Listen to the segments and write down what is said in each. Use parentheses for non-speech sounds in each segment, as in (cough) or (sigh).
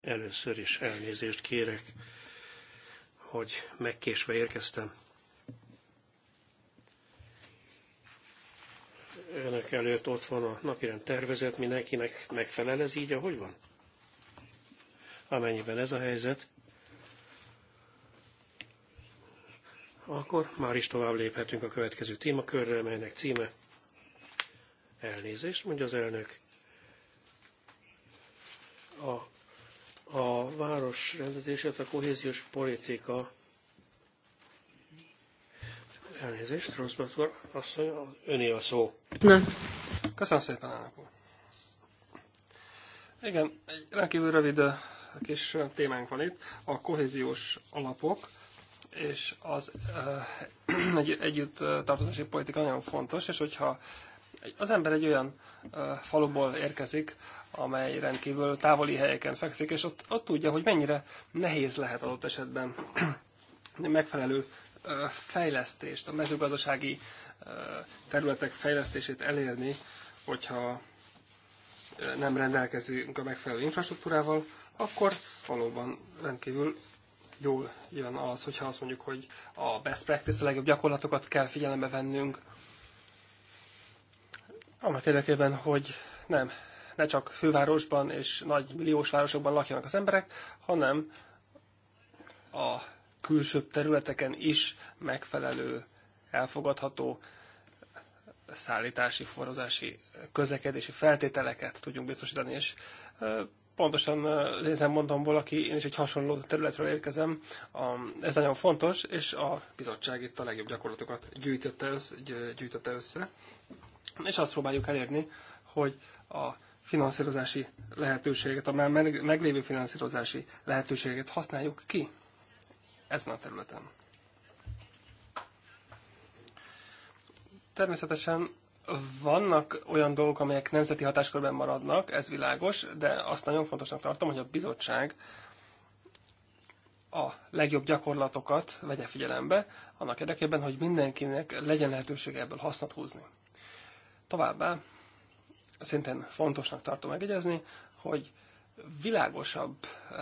Először is elnézést kérek, hogy megkésve érkeztem. Önök előtt ott van a napirend tervezet, mindenkinek megfelel ez így, ahogy van? Amennyiben ez a helyzet, akkor már is tovább léphetünk a következő témakörre, melynek címe Elnézést, mondja az elnök. A a városrendezés, illetve a kohéziós politika elnézést, Transzmator asszony, öné a szó. Na, Köszönöm szépen, elnök úr. Igen, egy rendkívül rövid kis témánk van itt, a kohéziós alapok, és az egy, együtt tartozási politika nagyon fontos, és hogyha az ember egy olyan faluból érkezik, amely rendkívül távoli helyeken fekszik, és ott, ott tudja, hogy mennyire nehéz lehet adott esetben (clears throat) megfelelő fejlesztést, a mezőgazdasági területek fejlesztését elérni, hogyha nem rendelkezünk a megfelelő infrastruktúrával, akkor valóban rendkívül jól jön az, hogyha azt mondjuk, hogy a best practice, a legjobb gyakorlatokat kell figyelembe vennünk, annak érdekében, hogy nem, ne csak fővárosban és nagy milliós városokban lakjanak az emberek, hanem a külsőbb területeken is megfelelő, elfogadható szállítási, forrozási, közlekedési feltételeket tudjunk biztosítani, és pontosan lézen mondom valaki, én is egy hasonló területről érkezem, a, ez nagyon fontos, és a bizottság itt a legjobb gyakorlatokat gyűjtötte, össze, gyűjtötte össze és azt próbáljuk elérni, hogy a finanszírozási lehetőséget, a már meglévő finanszírozási lehetőséget használjuk ki ezen a területen. Természetesen vannak olyan dolgok, amelyek nemzeti hatáskörben maradnak, ez világos, de azt nagyon fontosnak tartom, hogy a bizottság a legjobb gyakorlatokat vegye figyelembe, annak érdekében, hogy mindenkinek legyen lehetősége ebből hasznot húzni. Továbbá szintén fontosnak tartom megjegyezni, hogy világosabb,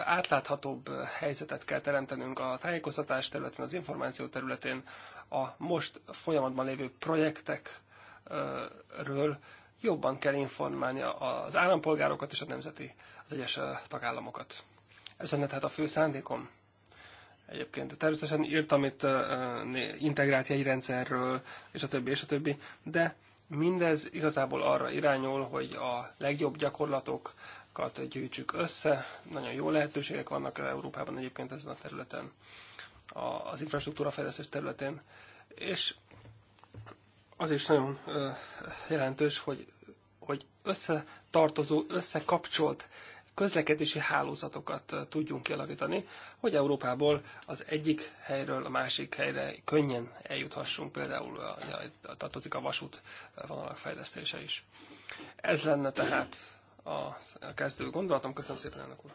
átláthatóbb helyzetet kell teremtenünk a tájékoztatás területén, az információ területén, a most folyamatban lévő projektekről jobban kell informálni az állampolgárokat és a nemzeti, az egyes tagállamokat. Ez lenne tehát a fő szándékom. Egyébként természetesen írtam itt integrált jegyrendszerről, és a többi, és a többi, de Mindez igazából arra irányul, hogy a legjobb gyakorlatokat gyűjtsük össze. Nagyon jó lehetőségek vannak Európában egyébként ezen a területen, az infrastruktúrafejlesztés területén. És az is nagyon jelentős, hogy, hogy összetartozó, összekapcsolt közlekedési hálózatokat tudjunk kialakítani, hogy Európából az egyik helyről a másik helyre könnyen eljuthassunk, például a, a, tartozik a vasút vonalak fejlesztése is. Ez lenne tehát a, a kezdő gondolatom. Köszönöm szépen, elnök úr!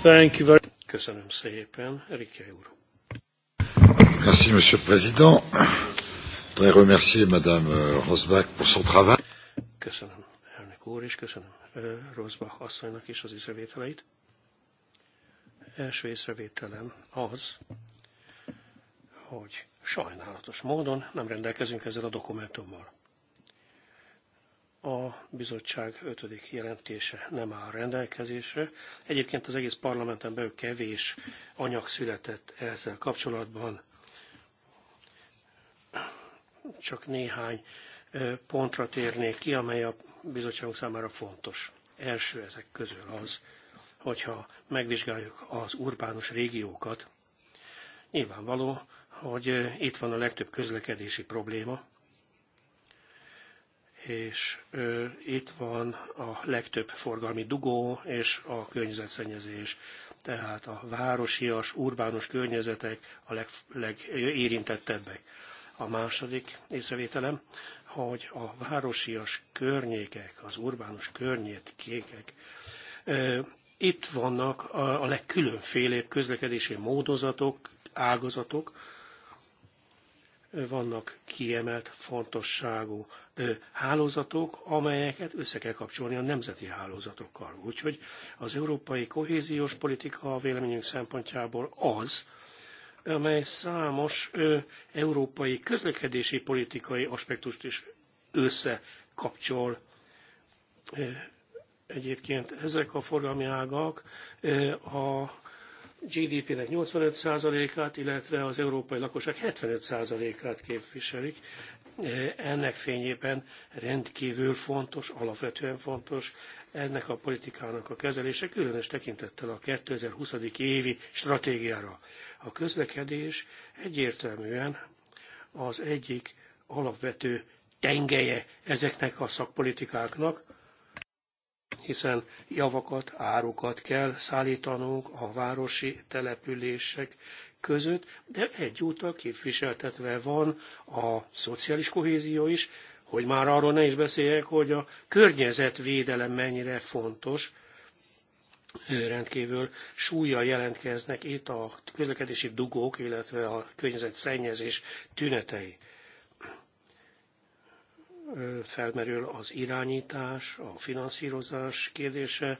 Thank you very... Köszönöm szépen, Erike úr! Merci, Monsieur le Président. Très voudrais remercier Madame euh, Rosbach pour son travail. Köszönöm úr, és köszönöm Rosbach asszonynak is az észrevételeit. Első észrevételem az, hogy sajnálatos módon nem rendelkezünk ezzel a dokumentummal. A bizottság ötödik jelentése nem áll rendelkezésre. Egyébként az egész parlamenten belül kevés anyag született ezzel kapcsolatban. Csak néhány pontra térnék ki, amely a bizottságunk számára fontos. Első ezek közül az, hogyha megvizsgáljuk az urbánus régiókat, nyilvánvaló, hogy itt van a legtöbb közlekedési probléma, és ö, itt van a legtöbb forgalmi dugó és a környezetszennyezés. Tehát a városias, urbánus környezetek a leg, legérintettebbek. A második észrevételem, hogy a városias környékek, az urbánus környékek, itt vannak a legkülönfélébb közlekedési módozatok, ágazatok, vannak kiemelt fontosságú hálózatok, amelyeket össze kell kapcsolni a nemzeti hálózatokkal. Úgyhogy az európai kohéziós politika a véleményünk szempontjából az, amely számos európai közlekedési politikai aspektust is összekapcsol. Egyébként ezek a forgalmi ágak a GDP-nek 85%-át, illetve az európai lakosság 75%-át képviselik. Ennek fényében rendkívül fontos, alapvetően fontos ennek a politikának a kezelése, különös tekintettel a 2020. évi stratégiára. A közlekedés egyértelműen az egyik alapvető tengeje ezeknek a szakpolitikáknak, hiszen javakat, árukat kell szállítanunk a városi települések között, de egyúttal képviseltetve van a szociális kohézió is, hogy már arról ne is beszéljek, hogy a környezetvédelem mennyire fontos, rendkívül súlyjal jelentkeznek itt a közlekedési dugók, illetve a környezetszennyezés tünetei. Felmerül az irányítás, a finanszírozás kérdése.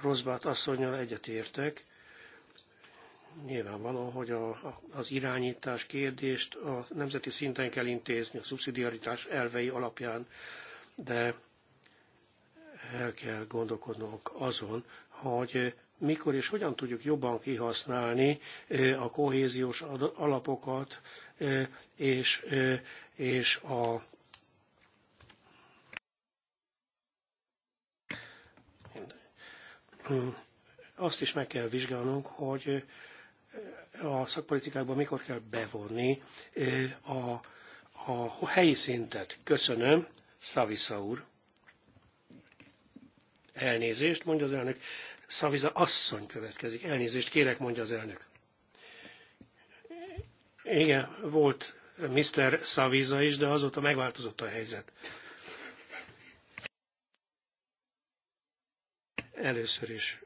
Rozbát asszonynal egyetértek. Nyilvánvaló, hogy a, az irányítás kérdést a nemzeti szinten kell intézni, a szubszidiaritás elvei alapján, de el kell gondolkodnunk azon, hogy mikor és hogyan tudjuk jobban kihasználni a kohéziós alapokat és, és a hm. azt is meg kell vizsgálnunk, hogy a szakpolitikákban mikor kell bevonni a, a helyi szintet. Köszönöm, Szavisza úr. Elnézést, mondja az elnök. Szaviza asszony következik. Elnézést kérek, mondja az elnök. Igen, volt Mr. Szaviza is, de azóta megváltozott a helyzet. Először is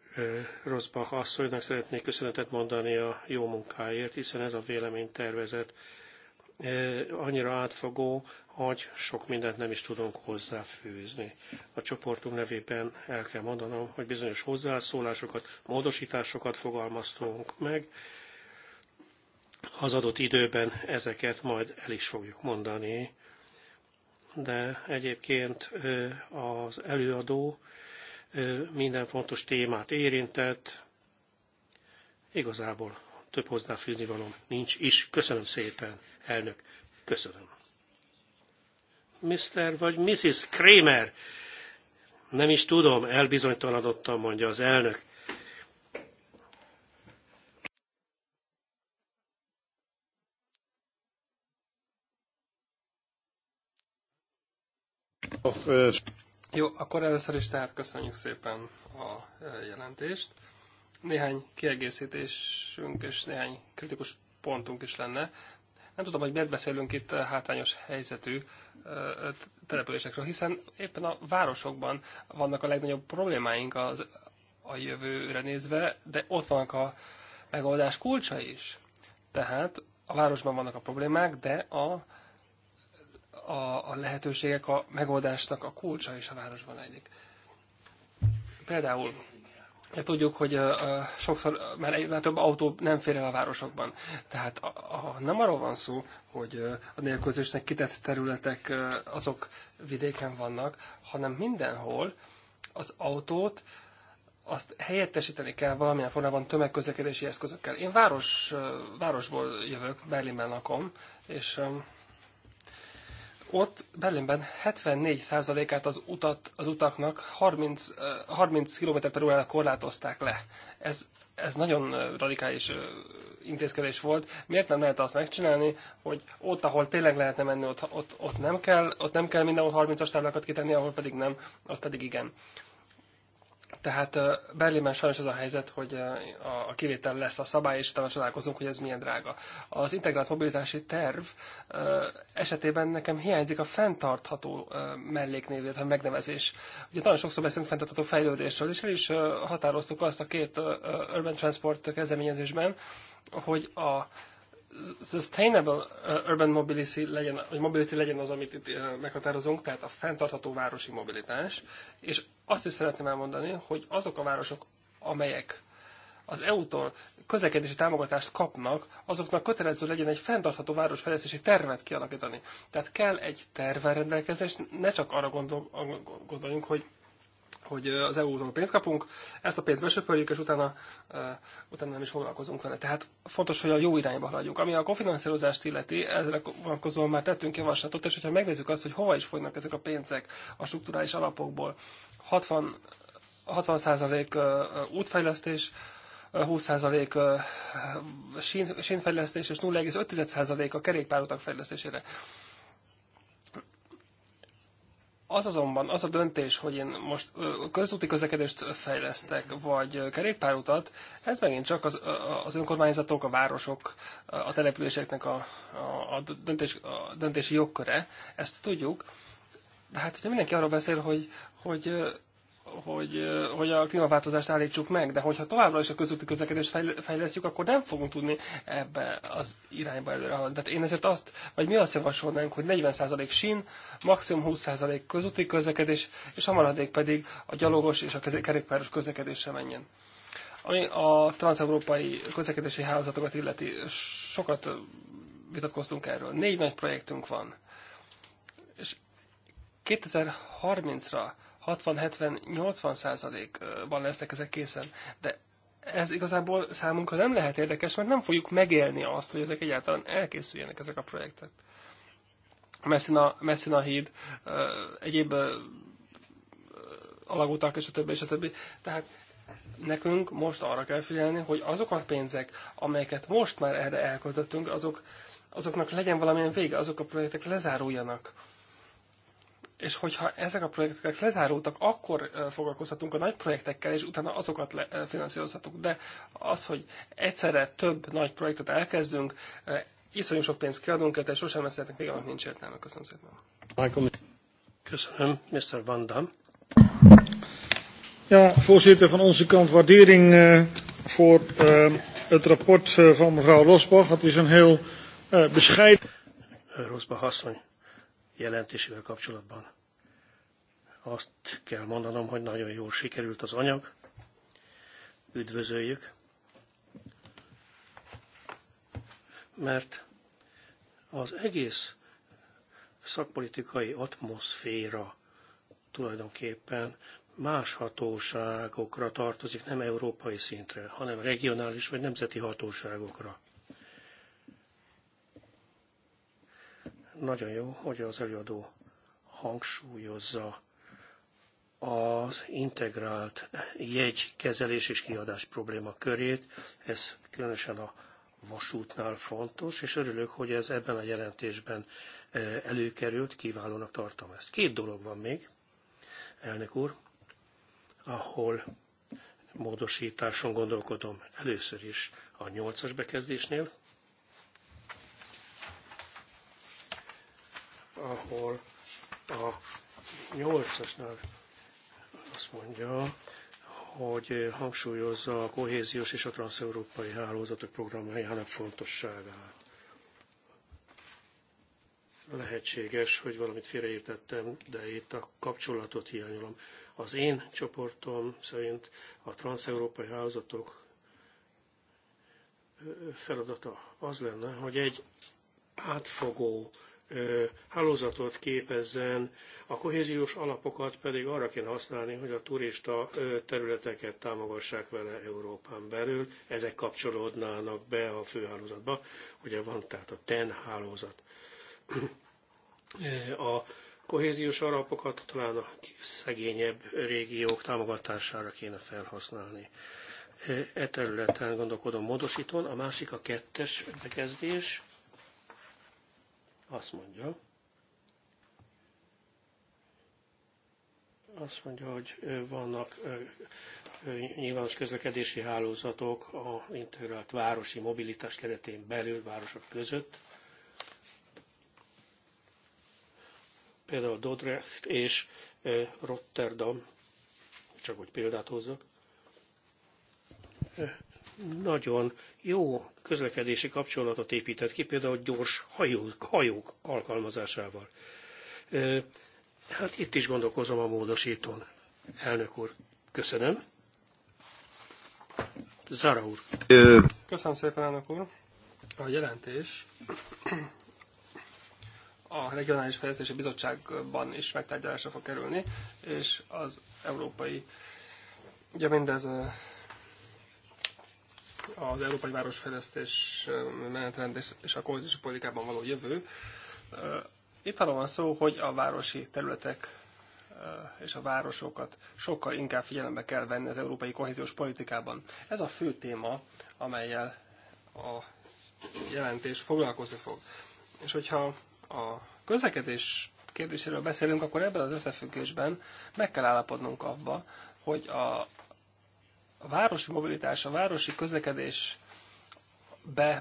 Rosbach asszonynak szeretnék köszönetet mondani a jó munkáért, hiszen ez a véleménytervezet annyira átfogó, hogy sok mindent nem is tudunk hozzáfűzni. A csoportunk nevében el kell mondanom, hogy bizonyos hozzászólásokat, módosításokat fogalmaztunk meg, az adott időben ezeket majd el is fogjuk mondani, de egyébként az előadó minden fontos témát érintett, igazából több hozzáfűzni valom nincs is. Köszönöm szépen, elnök. Köszönöm. Mr. vagy Mrs. Kramer. Nem is tudom, elbizonytalanodtam, mondja az elnök. Jó, akkor először is tehát köszönjük szépen a jelentést. Néhány kiegészítésünk és néhány kritikus pontunk is lenne. Nem tudom, hogy miért beszélünk itt eh, hátrányos helyzetű eh, településekről, hiszen éppen a városokban vannak a legnagyobb problémáink az, a jövőre nézve, de ott vannak a megoldás kulcsa is. Tehát a városban vannak a problémák, de a, a, a lehetőségek a megoldásnak a kulcsa is a városban egyik. Például tudjuk, hogy sokszor már egyre több autó nem fér el a városokban. Tehát a, a, nem arról van szó, hogy a nélkülözésnek kitett területek azok vidéken vannak, hanem mindenhol az autót azt helyettesíteni kell valamilyen formában tömegközlekedési eszközökkel. Én város, városból jövök, Berlinben lakom, és ott Berlinben 74%-át az, utat, az utaknak 30, 30 km per órára korlátozták le. Ez, ez nagyon radikális intézkedés volt. Miért nem lehet azt megcsinálni, hogy ott, ahol tényleg lehetne menni, ott, ott, ott nem kell, ott nem kell mindenhol 30-as táblákat kitenni, ahol pedig nem, ott pedig igen. Tehát Berlinben sajnos az a helyzet, hogy a kivétel lesz a szabály, és utána találkozunk, hogy ez milyen drága. Az integrált mobilitási terv esetében nekem hiányzik a fenntartható melléknév, illetve megnevezés. Ugye nagyon sokszor beszélünk fenntartható fejlődésről, és el is határoztuk azt a két Urban Transport kezdeményezésben, hogy a sustainable uh, urban mobility legyen, vagy mobility legyen az, amit itt uh, meghatározunk, tehát a fenntartható városi mobilitás. És azt is szeretném elmondani, hogy azok a városok, amelyek az EU-tól közlekedési támogatást kapnak, azoknak kötelező legyen egy fenntartható városfejlesztési tervet kialakítani. Tehát kell egy tervvel rendelkezés, ne csak arra gondol, gondoljunk, hogy hogy az EU-tól pénzt kapunk, ezt a pénzt besöpörjük, és utána, utána nem is foglalkozunk vele. Tehát fontos, hogy a jó irányba haladjunk. Ami a kofinanszírozást illeti, ezzel vonatkozóan már tettünk javaslatot, és hogyha megnézzük azt, hogy hova is folynak ezek a pénzek a strukturális alapokból, 60, 60% útfejlesztés, 20% sín, sínfejlesztés és 0,5% a kerékpárutak fejlesztésére. Az azonban, az a döntés, hogy én most közúti közlekedést fejlesztek, vagy kerékpárutat, ez megint csak az, az önkormányzatok, a városok, a településeknek a, a, a, döntés, a döntési jogköre, ezt tudjuk. De hát, hogyha mindenki arról beszél, hogy, hogy hogy, hogy a klímaváltozást állítsuk meg, de hogyha továbbra is a közúti közlekedést fejlesztjük, akkor nem fogunk tudni ebbe az irányba előre haladni. Tehát én ezért azt, vagy mi azt javasolnánk, hogy 40% sín, maximum 20% közúti közlekedés, és a maradék pedig a gyalogos és a kerékpáros közlekedésre menjen. Ami a transeurópai közlekedési hálózatokat illeti, sokat vitatkoztunk erről. Négy nagy projektünk van. És 2030-ra 60-70-80 százalékban lesznek ezek készen. De ez igazából számunkra nem lehet érdekes, mert nem fogjuk megélni azt, hogy ezek egyáltalán elkészüljenek ezek a projektek. Messina, Messina híd, egyéb alagutak, és a többi, és a többi. Tehát nekünk most arra kell figyelni, hogy azok a pénzek, amelyeket most már erre elköltöttünk, azok, azoknak legyen valamilyen vége, azok a projektek lezáruljanak és hogyha ezek a projektek lezárultak, akkor foglalkozhatunk a nagy projektekkel, és utána azokat finanszírozhatunk. De az, hogy egyszerre több nagy projektet elkezdünk, iszonyú sok pénzt kiadunk, és sosem lesz még annak nincs értelme. Köszönöm szépen. Köszönöm, Mr. Van Dam. Ja, voorzitter, van onze kant waardering uh, voor uh, het rapport uh, van mevrouw Rosbach. Het is een heel uh, bescheiden... Uh, Rosbach, asszony jelentésével kapcsolatban. Azt kell mondanom, hogy nagyon jól sikerült az anyag. Üdvözöljük. Mert az egész szakpolitikai atmoszféra tulajdonképpen más hatóságokra tartozik, nem európai szintre, hanem regionális vagy nemzeti hatóságokra. Nagyon jó, hogy az előadó hangsúlyozza az integrált jegykezelés és kiadás probléma körét. Ez különösen a vasútnál fontos, és örülök, hogy ez ebben a jelentésben e, előkerült, kiválónak tartom ezt. Két dolog van még, elnök úr, ahol módosításon gondolkodom először is a nyolcas bekezdésnél. ahol a nyolcasnál azt mondja, hogy hangsúlyozza a kohéziós és a transzeurópai hálózatok programjának fontosságát. Lehetséges, hogy valamit félreértettem, de itt a kapcsolatot hiányolom. Az én csoportom szerint a transzeurópai hálózatok feladata az lenne, hogy egy átfogó hálózatot képezzen, a kohéziós alapokat pedig arra kéne használni, hogy a turista területeket támogassák vele Európán belül, ezek kapcsolódnának be a főhálózatba, ugye van tehát a TEN hálózat. A kohéziós alapokat talán a szegényebb régiók támogatására kéne felhasználni. E területen gondolkodom módosítón. A másik a kettes bekezdés azt mondja, azt mondja, hogy vannak nyilvános közlekedési hálózatok a integrált városi mobilitás keretén belül, városok között. Például Dodrecht és Rotterdam, csak hogy példát hozzak nagyon jó közlekedési kapcsolatot épített ki, például gyors hajók, hajók alkalmazásával. Hát itt is gondolkozom a módosítón. Elnök úr, köszönöm. Zara úr. Köszönöm szépen, elnök úr. A jelentés a Regionális Fejlesztési Bizottságban is megtárgyalásra fog kerülni, és az európai, ugye mindez az Európai Városfejlesztés eh, menetrend és a kohéziós politikában való jövő. Eh, itt arról van szó, hogy a városi területek eh, és a városokat sokkal inkább figyelembe kell venni az európai kohéziós politikában. Ez a fő téma, amelyel a jelentés foglalkozni fog. És hogyha a közlekedés kérdéséről beszélünk, akkor ebben az összefüggésben meg kell állapodnunk abba, hogy a a városi mobilitás, a városi közlekedésbe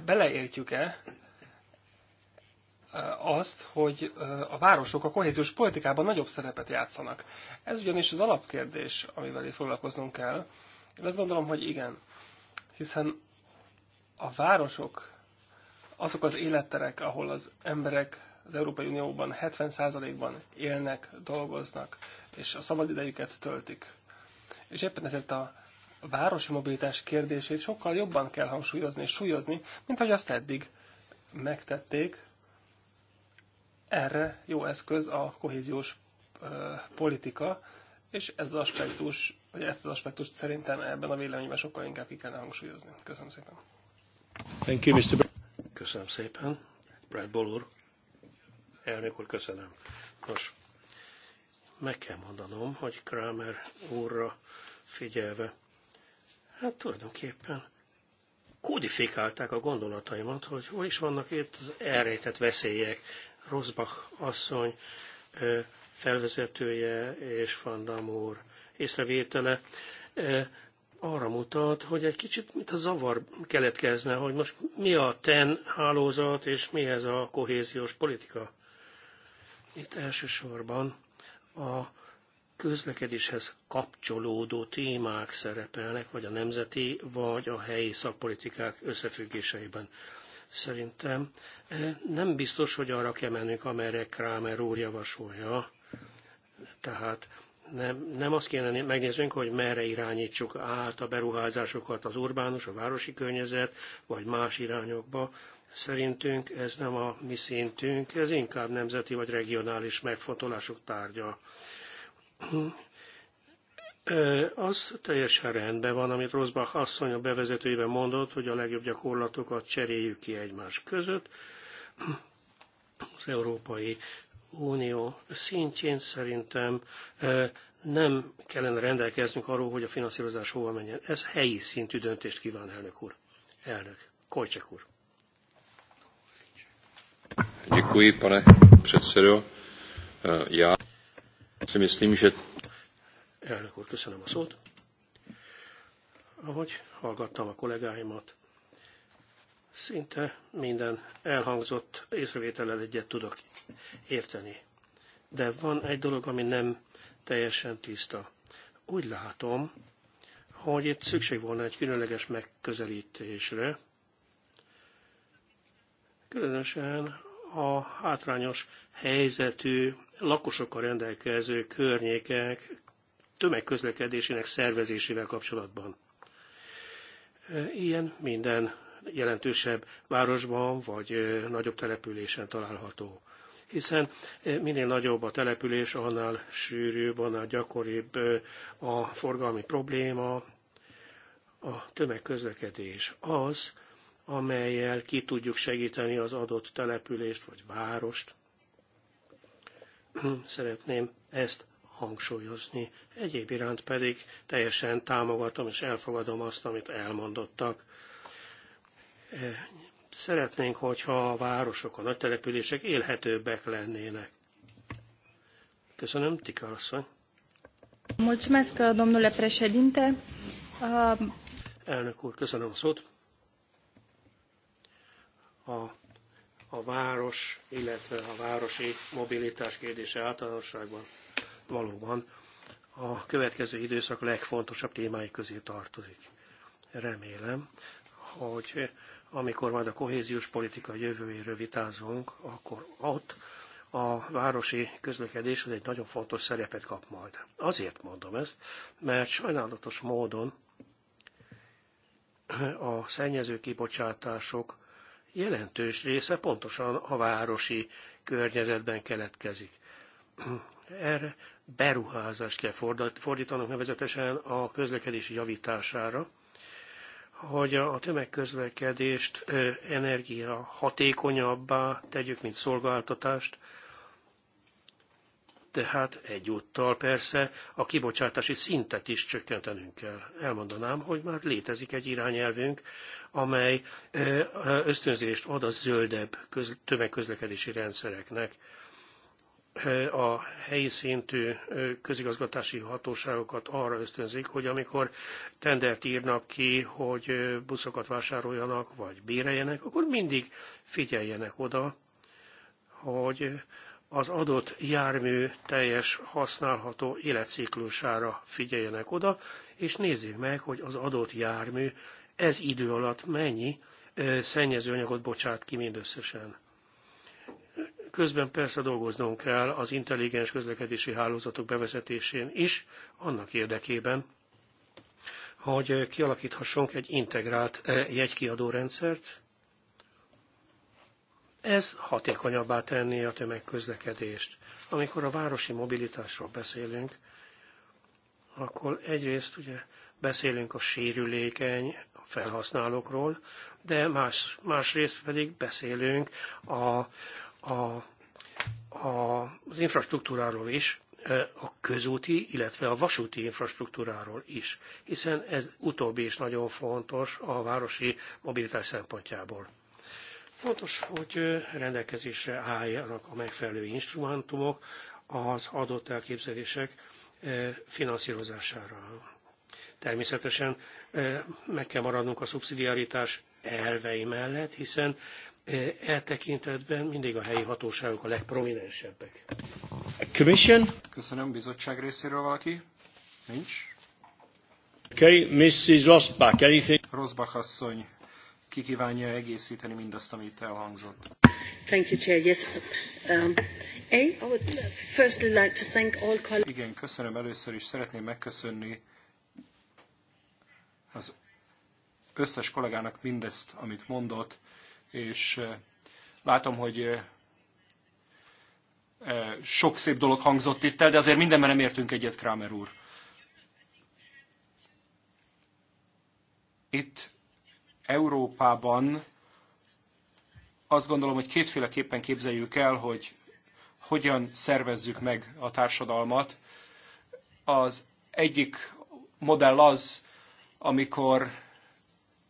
beleértjük-e eh, azt, hogy eh, a városok a kohéziós politikában nagyobb szerepet játszanak. Ez ugyanis az alapkérdés, amivel itt foglalkoznunk kell. Én azt gondolom, hogy igen, hiszen a városok azok az életterek, ahol az emberek az Európai Unióban 70%-ban élnek, dolgoznak, és a szabadidejüket töltik. És éppen ezért a a városi mobilitás kérdését sokkal jobban kell hangsúlyozni és súlyozni, mint ahogy azt eddig megtették. Erre jó eszköz a kohéziós ö, politika, és ez az aspektus, vagy ezt az aspektust szerintem ebben a véleményben sokkal inkább ki kellene hangsúlyozni. Köszönöm szépen. Thank you, Mr. Köszönöm szépen. Brad Bolur. Elnök úr, köszönöm. Nos, meg kell mondanom, hogy Kramer úrra figyelve Hát tulajdonképpen kódifikálták a gondolataimat, hogy hol is vannak itt az elrejtett veszélyek. Rosbach asszony felvezetője és Fandamor észrevétele arra mutat, hogy egy kicsit mint a zavar keletkezne, hogy most mi a TEN hálózat, és mi ez a kohéziós politika. Itt elsősorban a közlekedéshez kapcsolódó témák szerepelnek, vagy a nemzeti, vagy a helyi szakpolitikák összefüggéseiben. Szerintem eh, nem biztos, hogy arra kell mennünk, amerre Kramer úr javasolja. Tehát nem, nem azt kéne megnéznünk, hogy merre irányítsuk át a beruházásokat az urbánus, a városi környezet, vagy más irányokba. Szerintünk ez nem a mi szintünk, ez inkább nemzeti vagy regionális megfontolások tárgya. Az teljesen rendben van, amit Rosbach asszony a bevezetőjében mondott, hogy a legjobb gyakorlatokat cseréljük ki egymás között. Az Európai Unió szintjén szerintem nem kellene rendelkeznünk arról, hogy a finanszírozás hova menjen. Ez helyi szintű döntést kíván, elnök úr. Elnök. Kojcsek úr. Děkuji, pane předsedo. Já... Elnök úr, köszönöm a szót. Ahogy hallgattam a kollégáimat, szinte minden elhangzott észrevétellel egyet tudok érteni. De van egy dolog, ami nem teljesen tiszta. Úgy látom, hogy itt szükség volna egy különleges megközelítésre, különösen a hátrányos helyzetű lakosokkal rendelkező környékek tömegközlekedésének szervezésével kapcsolatban. E, ilyen minden jelentősebb városban vagy e, nagyobb településen található. Hiszen e, minél nagyobb a település, annál sűrűbb, annál gyakoribb a forgalmi probléma, a tömegközlekedés az, amelyel ki tudjuk segíteni az adott települést vagy várost. (clears throat) Szeretném ezt hangsúlyozni. Egyéb iránt pedig teljesen támogatom és elfogadom azt, amit elmondottak. E, szeretnénk, hogyha a városok, a nagytelepülések élhetőbbek lennének. Köszönöm, Tika asszony. Mulțumesc, domnule președinte. Elnök úr, köszönöm a szót a, a város, illetve a városi mobilitás kérdése általánosságban valóban a következő időszak legfontosabb témái közé tartozik. Remélem, hogy amikor majd a kohéziós politika jövőjéről vitázunk, akkor ott a városi közlekedés egy nagyon fontos szerepet kap majd. Azért mondom ezt, mert sajnálatos módon a szennyező kibocsátások jelentős része pontosan a városi környezetben keletkezik. Erre beruházást kell fordítanunk nevezetesen a közlekedés javítására, hogy a tömegközlekedést energia hatékonyabbá tegyük, mint szolgáltatást, tehát egyúttal persze a kibocsátási szintet is csökkentenünk kell. Elmondanám, hogy már létezik egy irányelvünk, amely ösztönzést ad a zöldebb tömegközlekedési rendszereknek. A helyi szintű közigazgatási hatóságokat arra ösztönzik, hogy amikor tendert írnak ki, hogy buszokat vásároljanak, vagy béreljenek, akkor mindig figyeljenek oda, hogy az adott jármű teljes használható életciklusára figyeljenek oda, és nézzék meg, hogy az adott jármű ez idő alatt mennyi szennyezőanyagot bocsát ki mindösszesen. Közben persze dolgoznunk kell az intelligens közlekedési hálózatok bevezetésén is, annak érdekében, hogy kialakíthassunk egy integrált jegykiadó rendszert. Ez hatékonyabbá tenné a tömegközlekedést. Amikor a városi mobilitásról beszélünk, akkor egyrészt ugye beszélünk a sérülékeny felhasználókról, de más, másrészt pedig beszélünk a, a, a, az infrastruktúráról is, a közúti, illetve a vasúti infrastruktúráról is, hiszen ez utóbbi is nagyon fontos a városi mobilitás szempontjából. Fontos, hogy rendelkezésre álljanak a megfelelő instrumentumok az adott elképzelések finanszírozására. Természetesen meg kell maradnunk a szubszidiaritás elvei mellett, hiszen e tekintetben mindig a helyi hatóságok a legprominensebbek. A commission? Köszönöm, bizottság részéről valaki? Nincs. Okay, Mrs. Rosbach, anything? Rosbach asszony, ki kívánja egészíteni mindazt, amit elhangzott? Thank you, Chair. Yes. Um, I would firstly like to thank all colleagues. Igen, köszönöm először is. Szeretném megköszönni az összes kollégának mindezt, amit mondott, és eh, látom, hogy eh, eh, sok szép dolog hangzott itt el, de azért mindenben nem értünk egyet, Kramer úr. Itt Európában azt gondolom, hogy kétféleképpen képzeljük el, hogy hogyan szervezzük meg a társadalmat. Az egyik modell az, amikor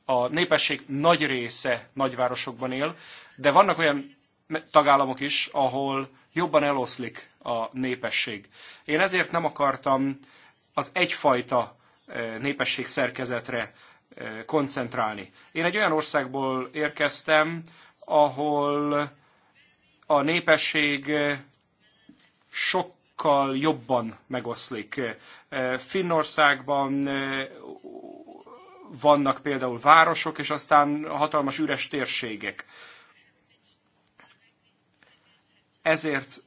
a népesség nagy része nagyvárosokban él, de vannak olyan tagállamok is, ahol jobban eloszlik a népesség. Én ezért nem akartam az egyfajta e, népesség szerkezetre e, koncentrálni. Én egy olyan országból érkeztem, ahol a népesség e, sok sokkal jobban megoszlik. Finnországban vannak például városok, és aztán hatalmas üres térségek. Ezért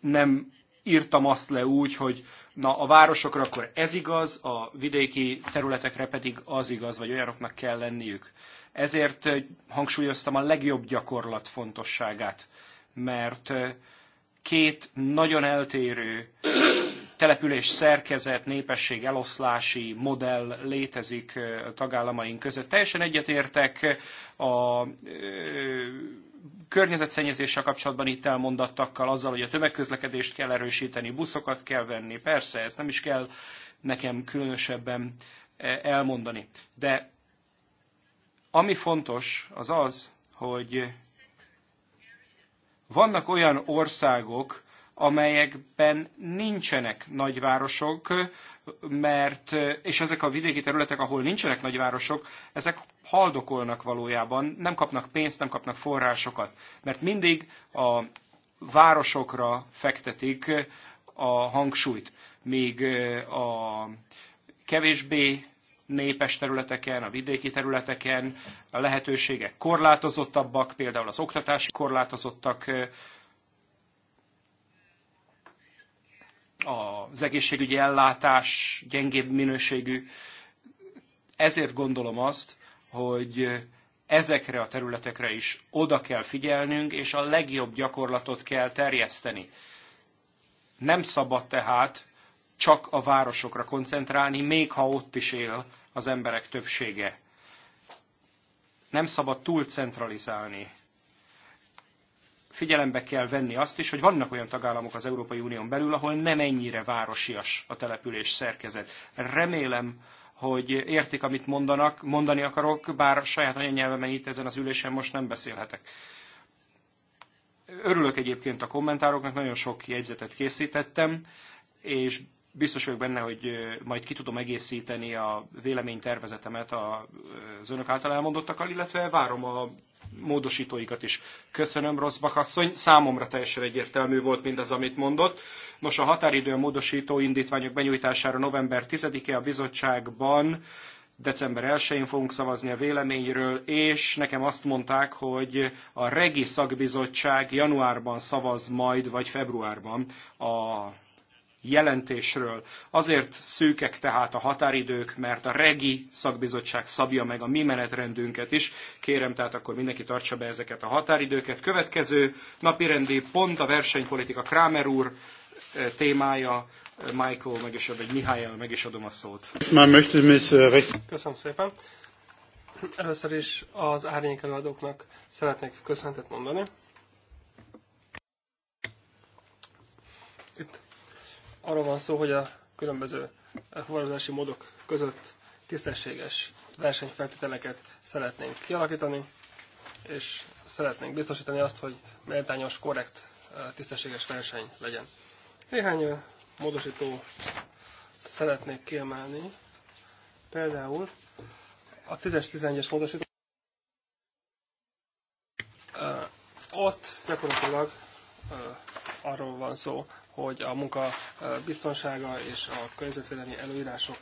nem írtam azt le úgy, hogy na a városokra akkor ez igaz, a vidéki területekre pedig az igaz, vagy olyanoknak kell lenniük. Ezért hangsúlyoztam a legjobb gyakorlat fontosságát, mert két nagyon eltérő település szerkezet, népesség eloszlási modell létezik a tagállamaink között. Teljesen egyetértek a környezetszennyezéssel kapcsolatban itt elmondattakkal, azzal, hogy a tömegközlekedést kell erősíteni, buszokat kell venni, persze, ezt nem is kell nekem különösebben elmondani. De ami fontos, az az, hogy vannak olyan országok, amelyekben nincsenek nagyvárosok, mert, és ezek a vidéki területek, ahol nincsenek nagyvárosok, ezek haldokolnak valójában, nem kapnak pénzt, nem kapnak forrásokat, mert mindig a városokra fektetik a hangsúlyt, míg a kevésbé népes területeken, a vidéki területeken, a lehetőségek korlátozottabbak, például az oktatási korlátozottak, az egészségügyi ellátás gyengébb minőségű. Ezért gondolom azt, hogy ezekre a területekre is oda kell figyelnünk, és a legjobb gyakorlatot kell terjeszteni. Nem szabad tehát csak a városokra koncentrálni, még ha ott is él az emberek többsége. Nem szabad túl centralizálni. Figyelembe kell venni azt is, hogy vannak olyan tagállamok az Európai Unión belül, ahol nem ennyire városias a település szerkezet. Remélem, hogy értik, amit mondanak, mondani akarok, bár saját anyanyelvemen itt ezen az ülésen most nem beszélhetek. Örülök egyébként a kommentároknak, nagyon sok jegyzetet készítettem, és Biztos vagyok benne, hogy majd ki tudom egészíteni a véleménytervezetemet az önök által elmondottakkal, illetve várom a módosítóikat is. Köszönöm, Rosszbach asszony. Számomra teljesen egyértelmű volt mindaz, amit mondott. Nos, a határidő a módosító indítványok benyújtására november 10-e a bizottságban december 1-én fogunk szavazni a véleményről, és nekem azt mondták, hogy a Regi Szakbizottság januárban szavaz majd, vagy februárban a jelentésről. Azért szűkek tehát a határidők, mert a REGI szakbizottság szabja meg a mi menetrendünket is. Kérem tehát akkor mindenki tartsa be ezeket a határidőket. Következő napirendi pont a versenypolitika Kramer úr eh, témája. Eh, Michael, meg is, vagy Mihály meg is adom a szót. Eh, Köszönöm szépen. Először is az árnyék előadóknak szeretnék köszöntet mondani. arról van szó, hogy a különböző fuvarozási módok között tisztességes versenyfeltételeket szeretnénk kialakítani, és szeretnénk biztosítani azt, hogy méltányos, korrekt, tisztességes verseny legyen. Néhány módosító szeretnék kiemelni. Például a 10-es, 11-es módosító. Ott gyakorlatilag arról van szó, hogy a munka biztonsága és a környezetvédelmi előírások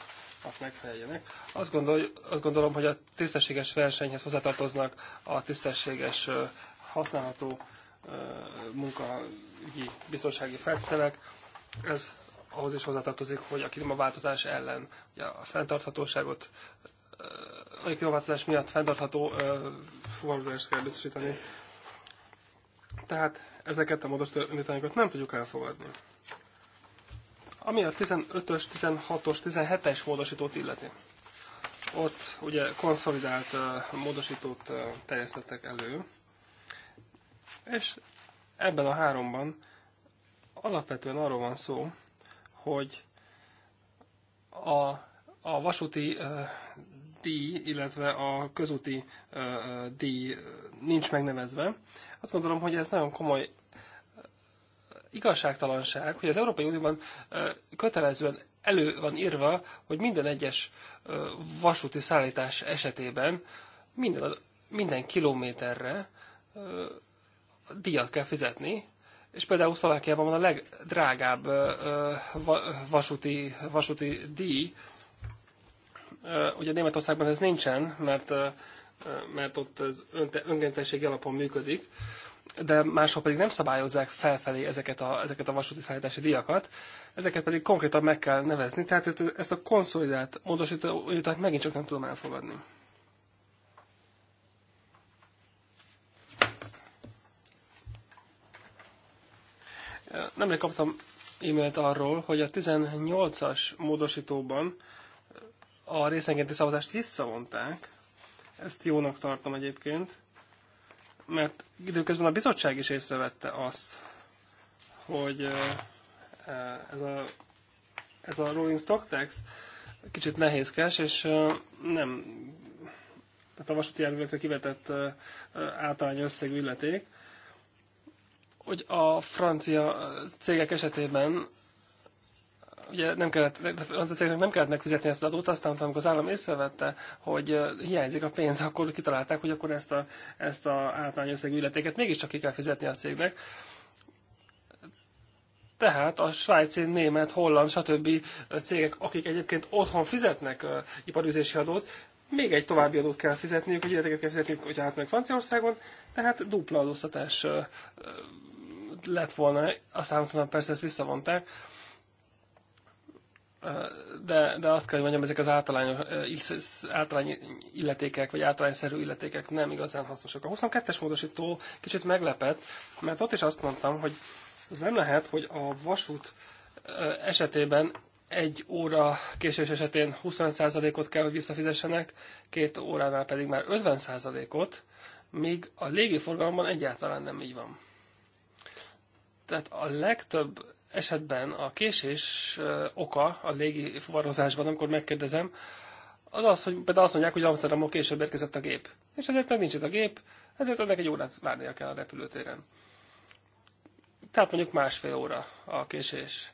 megfeleljenek. Azt, gondol, azt gondolom, hogy a tisztességes versenyhez hozzátartoznak a tisztességes használható munkaügyi biztonsági feltételek. Ez ahhoz is hozzátartozik, hogy a klímaváltozás ellen ugye a fenntarthatóságot a klímaváltozás miatt fenntartható fuvarzást kell biztosítani tehát ezeket a tanítványokat nem tudjuk elfogadni. Ami a 15-ös, 16-os, 17-es módosítót illeti. Ott ugye konszolidált módosítót terjesztettek elő, és ebben a háromban alapvetően arról van szó, hogy a, a vasúti díj, illetve a közúti díj nincs megnevezve. Azt gondolom, hogy ez nagyon komoly igazságtalanság, hogy az Európai Unióban kötelezően elő van írva, hogy minden egyes vasúti szállítás esetében minden, minden kilométerre díjat kell fizetni, és például Szlovákiában van a legdrágább vasúti, vasúti díj, Ugye Németországban ez nincsen, mert, mert ott az önkéntességi alapon működik, de máshol pedig nem szabályozzák felfelé ezeket a, ezeket a vasúti szállítási díjakat, ezeket pedig konkrétan meg kell nevezni, tehát ezt a konszolidált módosítót megint csak nem tudom elfogadni. Nemrég kaptam e-mailt arról, hogy a 18-as módosítóban a részenkénti szavazást visszavonták. Ezt jónak tartom egyébként, mert időközben a bizottság is észrevette azt, hogy ez a, ez a rolling stock tax kicsit nehézkes, és nem tehát a vasúti járművekre kivetett általány összegű illeték, hogy a francia cégek esetében ugye nem kellett, az a cégnek nem kellett megfizetni ezt az adót, aztán amikor az állam észrevette, hogy hiányzik a pénz, (laughs) akkor kitalálták, hogy akkor ezt a, ezt a általány összegű illetéket mégiscsak ki kell fizetni a cégnek. Tehát a svájci, német, holland, stb. cégek, akik egyébként otthon fizetnek iparűzési adót, még egy további adót kell fizetniük, hogy illetéket kell fizetniük, hogy hát meg Franciaországon, tehát dupla adóztatás lett volna, aztán persze ezt visszavonták de, de azt kell, hogy mondjam, ezek az általány, általány illetékek, vagy általányszerű illetékek nem igazán hasznosak. A 22-es módosító kicsit meglepett, mert ott is azt mondtam, hogy ez nem lehet, hogy a vasút esetében egy óra késés esetén 20 ot kell, hogy visszafizessenek, két óránál pedig már 50%-ot, míg a légiforgalomban egyáltalán nem így van. Tehát a legtöbb esetben a késés oka a légi fuvarozásban, amikor megkérdezem, az az, hogy például azt mondják, hogy Amsterdamból később érkezett a gép. És ezért meg nincs itt a gép, ezért önnek egy órát várnia kell a repülőtéren. Tehát mondjuk másfél óra a késés.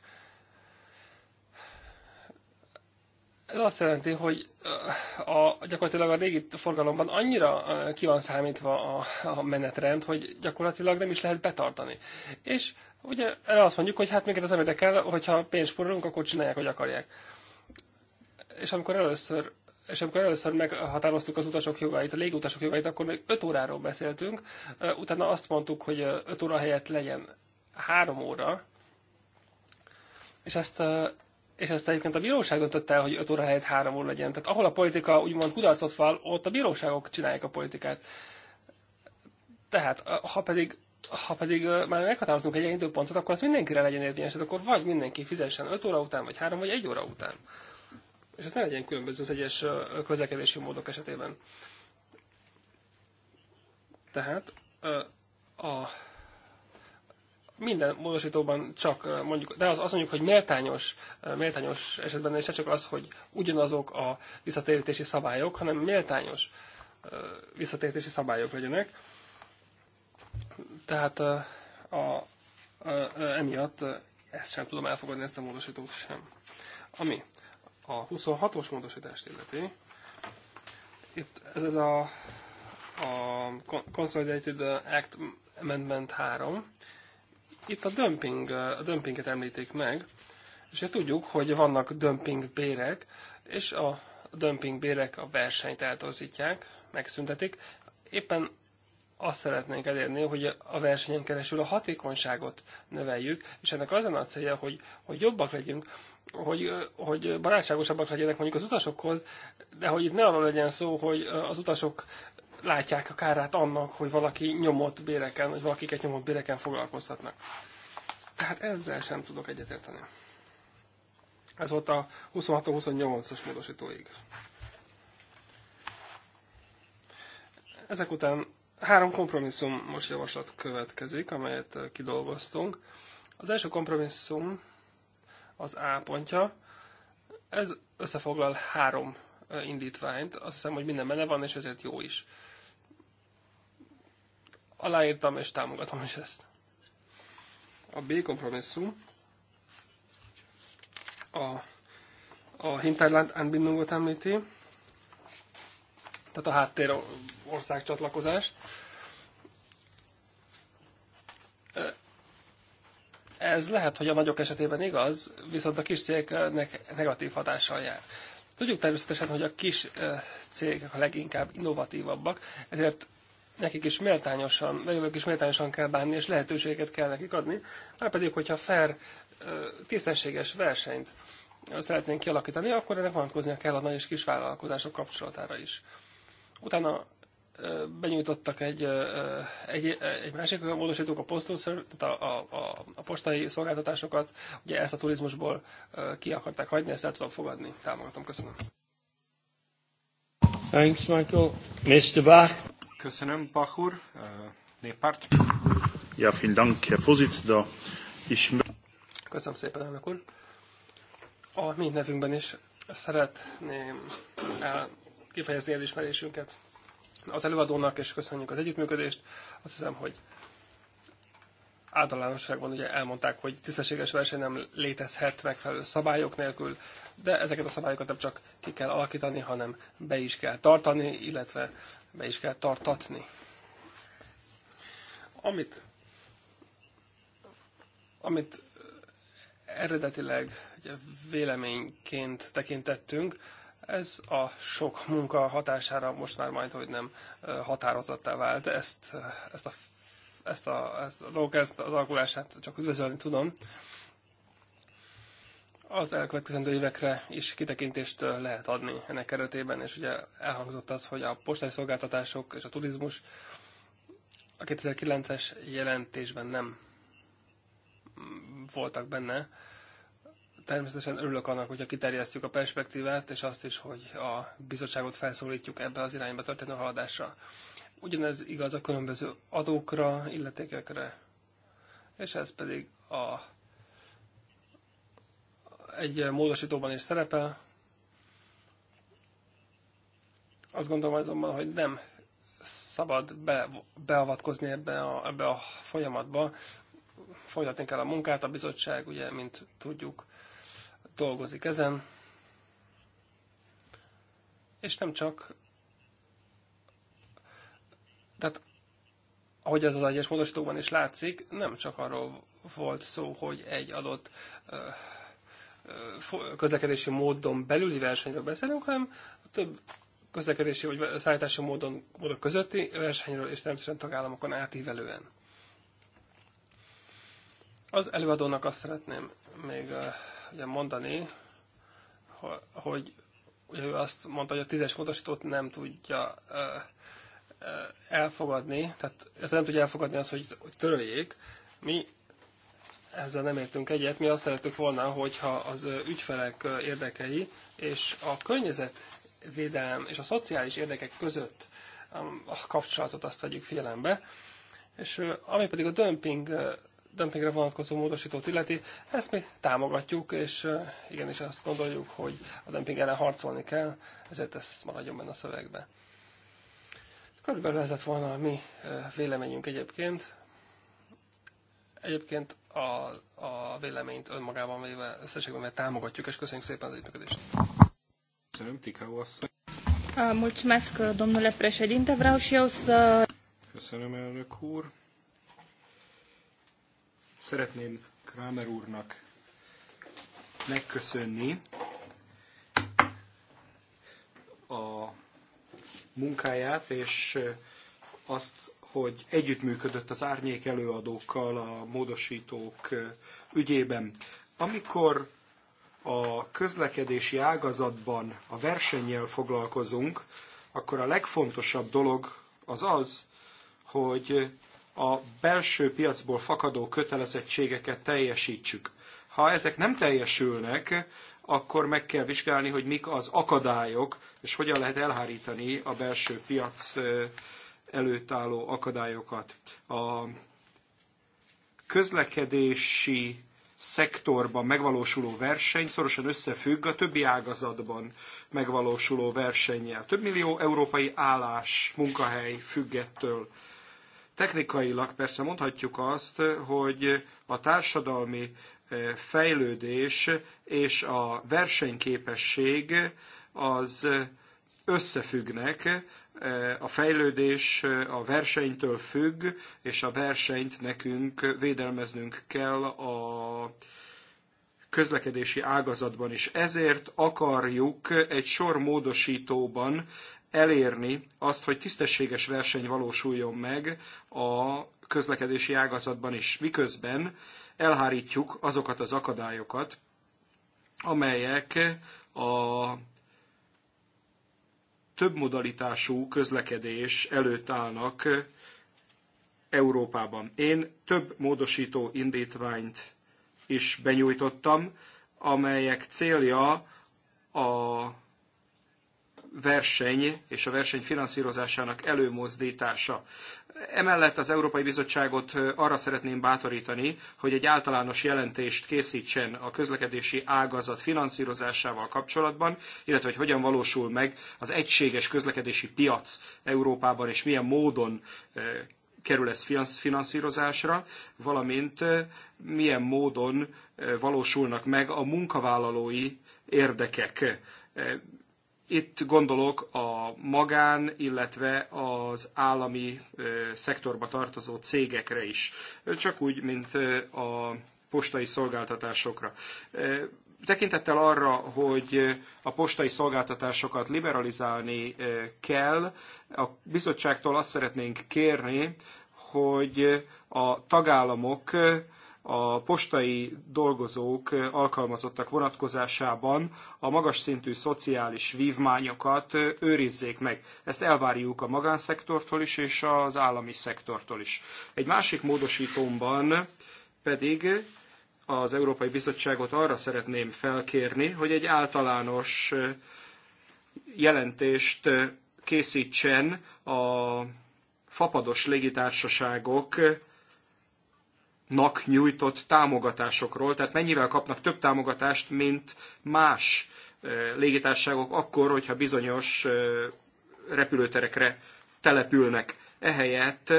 Ez azt jelenti, hogy a, gyakorlatilag a régi forgalomban annyira ki van számítva a, a menetrend, hogy gyakorlatilag nem is lehet betartani. És Ugye erre azt mondjuk, hogy hát minket az érdekel, e hogyha pénzt spórolunk, akkor csinálják, hogy akarják. És amikor először és amikor először meghatároztuk az utasok jogait, a légutasok jogait, akkor még 5 óráról beszéltünk, utána azt mondtuk, hogy 5 óra helyett legyen 3 óra, és ezt, és ezt egyébként a bíróság döntötte el, hogy 5 óra helyett 3 óra legyen. Tehát ahol a politika úgymond kudarcot fal, ott a bíróságok csinálják a politikát. Tehát, ha pedig ha pedig már meghatározunk egy ilyen időpontot, akkor az mindenkire legyen érvényes, tehát akkor vagy mindenki fizessen 5 óra után, vagy 3, vagy 1 óra után. És ez ne legyen különböző az egyes közlekedési módok esetében. Tehát a minden módosítóban csak mondjuk, de az, azt mondjuk, hogy méltányos, méltányos esetben, és csak az, hogy ugyanazok a visszatérítési szabályok, hanem méltányos visszatérítési szabályok legyenek tehát a, a, a, emiatt ezt sem tudom elfogadni, ezt a módosítót sem. Ami a 26-os módosítást illeti, itt ez, ez a, a Consolidated Act Amendment 3, itt a, dömping, a dömpinget említik meg, és tudjuk, hogy vannak dömping bérek, és a dömping bérek a versenyt eltorzítják, megszüntetik. Éppen azt szeretnénk elérni, hogy a versenyen keresül a hatékonyságot növeljük, és ennek az a célja, hogy, hogy jobbak legyünk, hogy, hogy barátságosabbak legyenek mondjuk az utasokhoz, de hogy itt ne arról legyen szó, hogy az utasok látják a kárát annak, hogy valaki nyomott béreken, vagy valakiket nyomott béreken foglalkoztatnak. Tehát ezzel sem tudok egyetérteni. Ez volt a 26-28-as módosítóig. Ezek után Három most javaslat következik, amelyet eh, kidolgoztunk. Az első kompromisszum az A pontja. Ez összefoglal három eh, indítványt. Azt hiszem, hogy minden benne van, és ezért jó is. Aláírtam és támogatom is ezt. A B kompromisszum a, a Hinterland Anbindungot említi, tehát a háttér ország csatlakozást. Ez lehet, hogy a nagyok esetében igaz, viszont a kis cégeknek negatív hatással jár. Tudjuk természetesen, hogy a kis cégek a leginkább innovatívabbak, ezért nekik is méltányosan, velük is méltányosan kell bánni, és lehetőséget kell nekik adni, már pedig, hogyha fair, tisztességes versenyt szeretnénk kialakítani, akkor ennek vonatkoznia kell a nagy és kis vállalkozások kapcsolatára is. Utána benyújtottak egy, egy, egy másik olyan módosítók a, postal, tehát a, a, a, postai szolgáltatásokat, ugye ezt a turizmusból ki akarták hagyni, ezt el tudom fogadni. Támogatom, köszönöm. Thanks, Michael. Mr. Bach. Köszönöm, Bach úr. Néppárt. Ja, vielen Dank, Herr Vorsitzender. Ich... Köszönöm szépen, elnök úr. A mi nevünkben is szeretném el kifejezni elismerésünket az előadónak, és köszönjük az együttműködést. Azt hiszem, hogy általánosságban ugye elmondták, hogy tisztességes verseny nem létezhet megfelelő szabályok nélkül, de ezeket a szabályokat nem csak ki kell alakítani, hanem be is kell tartani, illetve be is kell tartatni. Amit, amit eredetileg ugye, véleményként tekintettünk, ez a sok munka hatására most már majd, hogy nem határozattá vált. Ezt, ezt a ezt a, ezt a dolgok, ezt az alakulását csak üdvözölni tudom. Az elkövetkezendő évekre is kitekintést lehet adni ennek keretében, és ugye elhangzott az, hogy a postai szolgáltatások és a turizmus a 2009-es jelentésben nem voltak benne, Természetesen örülök annak, hogyha kiterjesztjük a perspektívát, és azt is, hogy a bizottságot felszólítjuk ebbe az irányba történő haladásra. Ugyanez igaz a különböző adókra, illetékekre, és ez pedig a, egy módosítóban is szerepel. Azt gondolom azonban, hogy nem szabad be, beavatkozni ebbe a, ebbe a folyamatba, folytatni kell a munkát, a bizottság ugye, mint tudjuk, dolgozik ezen, és nem csak, tehát ahogy az az egyes módosítóban is látszik, nem csak arról volt szó, hogy egy adott ö, ö, közlekedési módon belüli versenyről beszélünk, hanem több közlekedési vagy szállítási módon, módon közötti versenyről és természetesen tagállamokon átívelően. Az előadónak azt szeretném még ugye mondani, hogy ugye ő azt mondta, hogy a tízes módosítót nem tudja elfogadni, tehát nem tudja elfogadni azt, hogy, hogy töröljék. Mi ezzel nem értünk egyet, mi azt szerettük volna, hogyha az ügyfelek érdekei és a környezetvédelem és a szociális érdekek között a kapcsolatot azt vegyük figyelembe, és ami pedig a dömping dömpingre vonatkozó módosítót illeti, ezt mi támogatjuk, és igenis azt gondoljuk, hogy a dömping ellen harcolni kell, ezért ez maradjon benne a szövegbe. Körülbelül ez lett volna a mi véleményünk egyébként. Egyébként a, a véleményt önmagában véve összességben mert támogatjuk, és köszönjük szépen az együttműködést. Köszönöm, Tikau asszony. Mulțumesc, domnule președinte. Vreau și eu să... Köszönöm, elnök úr. Szeretném Kramer úrnak megköszönni a munkáját, és azt, hogy együttműködött az árnyék előadókkal a módosítók ügyében. Amikor a közlekedési ágazatban a versennyel foglalkozunk, akkor a legfontosabb dolog az az, hogy a belső piacból fakadó kötelezettségeket teljesítsük. Ha ezek nem teljesülnek, akkor meg kell vizsgálni, hogy mik az akadályok, és hogyan lehet elhárítani a belső piac előtt álló akadályokat. A közlekedési szektorban megvalósuló verseny szorosan összefügg a többi ágazatban megvalósuló versennyel. Több millió európai állás, munkahely függettől. Technikailag persze mondhatjuk azt, hogy a társadalmi eh, fejlődés és a versenyképesség az eh, összefüggnek, eh, a fejlődés a versenytől függ, és a versenyt nekünk védelmeznünk kell a közlekedési ágazatban is. Ezért akarjuk egy sor módosítóban elérni azt, hogy tisztességes verseny valósuljon meg a közlekedési ágazatban is, miközben elhárítjuk azokat az akadályokat, amelyek a több modalitású közlekedés előtt állnak Európában. Én több módosító indítványt is benyújtottam, amelyek célja a verseny és a verseny finanszírozásának előmozdítása. Emellett az Európai Bizottságot arra szeretném bátorítani, hogy egy általános jelentést készítsen a közlekedési ágazat finanszírozásával kapcsolatban, illetve hogy hogyan valósul meg az egységes közlekedési piac Európában, és milyen módon kerül ez finanszírozásra, valamint milyen módon valósulnak meg a munkavállalói érdekek itt gondolok a magán, illetve az állami szektorba tartozó cégekre is, csak úgy, mint a postai szolgáltatásokra. Tekintettel arra, hogy a postai szolgáltatásokat liberalizálni kell, a bizottságtól azt szeretnénk kérni, hogy a tagállamok a postai dolgozók alkalmazottak vonatkozásában a magas szintű szociális vívmányokat őrizzék meg. Ezt elvárjuk a magánszektortól is és az állami szektortól is. Egy másik módosítomban pedig az Európai Bizottságot arra szeretném felkérni, hogy egy általános jelentést készítsen a fapados légitársaságok nak nyújtott támogatásokról, tehát mennyivel kapnak több támogatást, mint más eh, légitárságok akkor, hogyha bizonyos eh, repülőterekre települnek. Ehelyett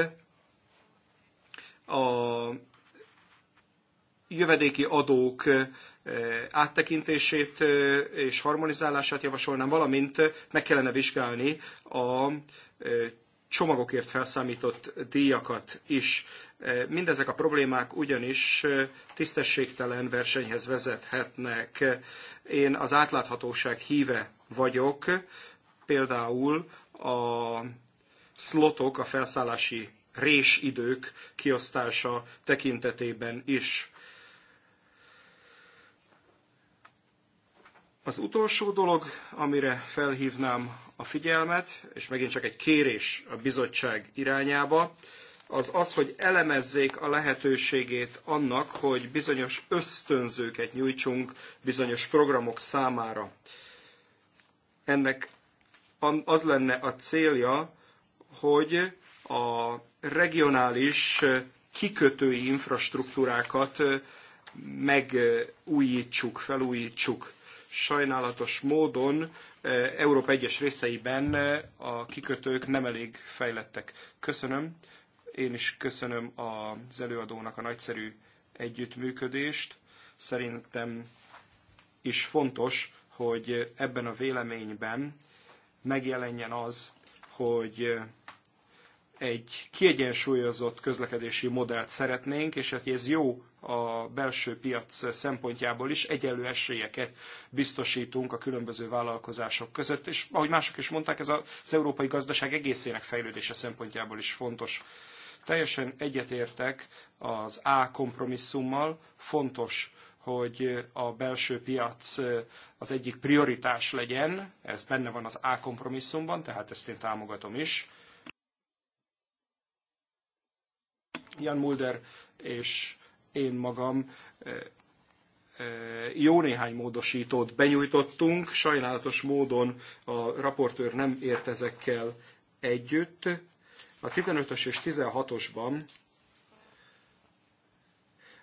a jövedéki adók eh, áttekintését és harmonizálását javasolnám, valamint meg kellene vizsgálni a csomagokért felszámított díjakat is. Mindezek a problémák ugyanis tisztességtelen versenyhez vezethetnek. Én az átláthatóság híve vagyok, például a szlotok, a felszállási résidők kiosztása tekintetében is. Az utolsó dolog, amire felhívnám a figyelmet, és megint csak egy kérés a bizottság irányába, az az, hogy elemezzék a lehetőségét annak, hogy bizonyos ösztönzőket nyújtsunk bizonyos programok számára. Ennek az lenne a célja, hogy a regionális kikötői infrastruktúrákat megújítsuk, felújítsuk. Sajnálatos módon e, Európa egyes részeiben e, a kikötők nem elég fejlettek. Köszönöm. Én is köszönöm az előadónak a nagyszerű együttműködést. Szerintem is fontos, hogy ebben a véleményben megjelenjen az, hogy egy kiegyensúlyozott közlekedési modellt szeretnénk, és hát ez jó a belső piac szempontjából is, egyenlő esélyeket biztosítunk a különböző vállalkozások között, és ahogy mások is mondták, ez az európai gazdaság egészének fejlődése szempontjából is fontos. Teljesen egyetértek az A kompromisszummal, fontos, hogy a belső piac az egyik prioritás legyen, ez benne van az A kompromisszumban, tehát ezt én támogatom is. Jan Mulder és én magam jó néhány módosítót benyújtottunk, sajnálatos módon a raportőr nem ért ezekkel együtt, a 15-ös és 16-osban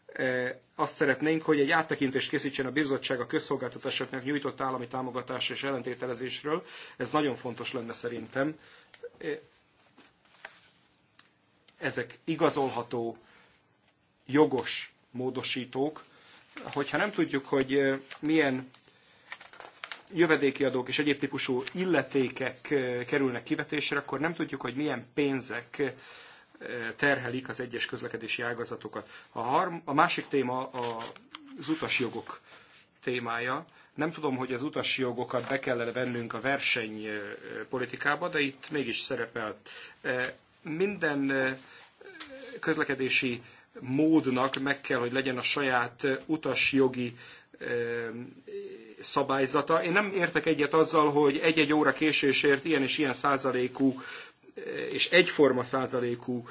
e, azt szeretnénk, hogy egy áttekintést készítsen a bizottság a közszolgáltatásoknak nyújtott állami támogatás és ellentételezésről. Ez nagyon fontos lenne szerintem. E, ezek igazolható, jogos módosítók. Hogyha nem tudjuk, hogy e, milyen jövedéki adók és egyéb típusú illetékek eh, kerülnek kivetésre, akkor nem tudjuk, hogy milyen pénzek eh, terhelik az egyes közlekedési ágazatokat. A, harm, a másik téma az utasjogok témája. Nem tudom, hogy az utasjogokat be kellene vennünk a versenypolitikába, eh, de itt mégis szerepel. Minden közlekedési módnak meg kell, hogy legyen a saját utasjogi szabályzata. Én nem értek egyet azzal, hogy egy-egy óra késésért ilyen és ilyen százalékú és egyforma százalékú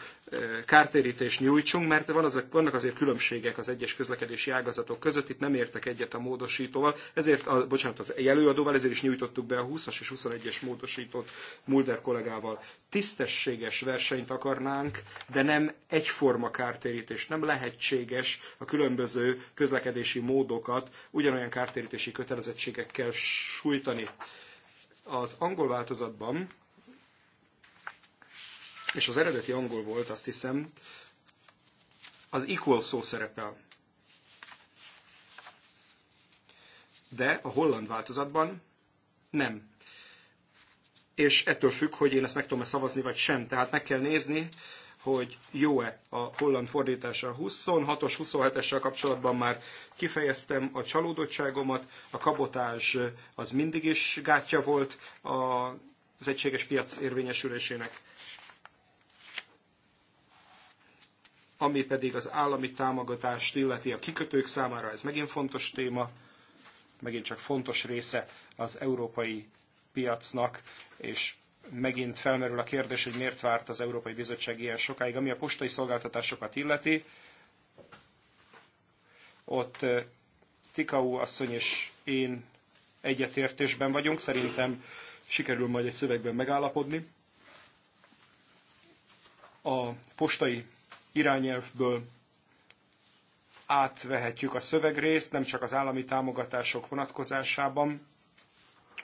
kártérítés nyújtsunk, mert van az, vannak azért különbségek az egyes közlekedési ágazatok között, itt nem értek egyet a módosítóval, ezért, a, bocsánat, az előadóval, ezért is nyújtottuk be a 20-as és 21-es módosítót Mulder kollégával. Tisztességes versenyt akarnánk, de nem egyforma kártérítés. Nem lehetséges a különböző közlekedési módokat ugyanolyan kártérítési kötelezettségekkel sújtani. Az angol változatban és az eredeti angol volt, azt hiszem, az equal szó szerepel. De a holland változatban nem. És ettől függ, hogy én ezt meg tudom-e szavazni, vagy sem. Tehát meg kell nézni, hogy jó-e a holland fordítása. 26-os, 27-essel kapcsolatban már kifejeztem a csalódottságomat, a kabotás az mindig is gátja volt az egységes piac érvényesülésének. ami pedig az állami támogatást illeti a kikötők számára, ez megint fontos téma, megint csak fontos része az európai piacnak, és megint felmerül a kérdés, hogy miért várt az Európai Bizottság ilyen sokáig. Ami a postai szolgáltatásokat illeti, ott Tikau asszony és én egyetértésben vagyunk, szerintem sikerül majd egy szövegben megállapodni. A postai irányelvből átvehetjük a szövegrészt, nem csak az állami támogatások vonatkozásában.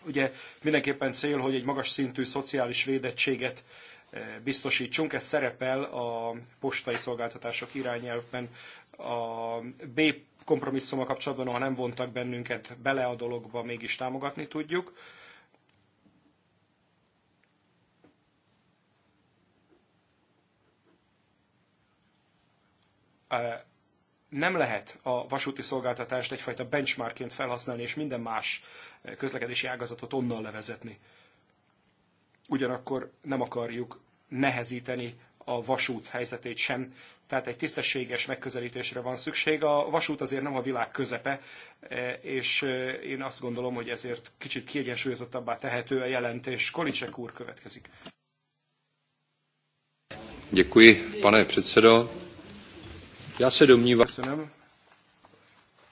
Ugye mindenképpen cél, hogy egy magas szintű szociális védettséget eh, biztosítsunk, ez szerepel a postai szolgáltatások irányelvben. A B kompromisszuma kapcsolatban, ha nem vontak bennünket bele a dologba, mégis támogatni tudjuk. nem lehet a vasúti szolgáltatást egyfajta benchmarkként felhasználni, és minden más közlekedési ágazatot onnan levezetni. Ugyanakkor nem akarjuk nehezíteni a vasút helyzetét sem. Tehát egy tisztességes megközelítésre van szükség. A vasút azért nem a világ közepe, és én azt gondolom, hogy ezért kicsit kiegyensúlyozottabbá tehető a jelentés. Kolicsek úr következik. Děkuji, pane předsedo. Já se domnívám. Köszönöm,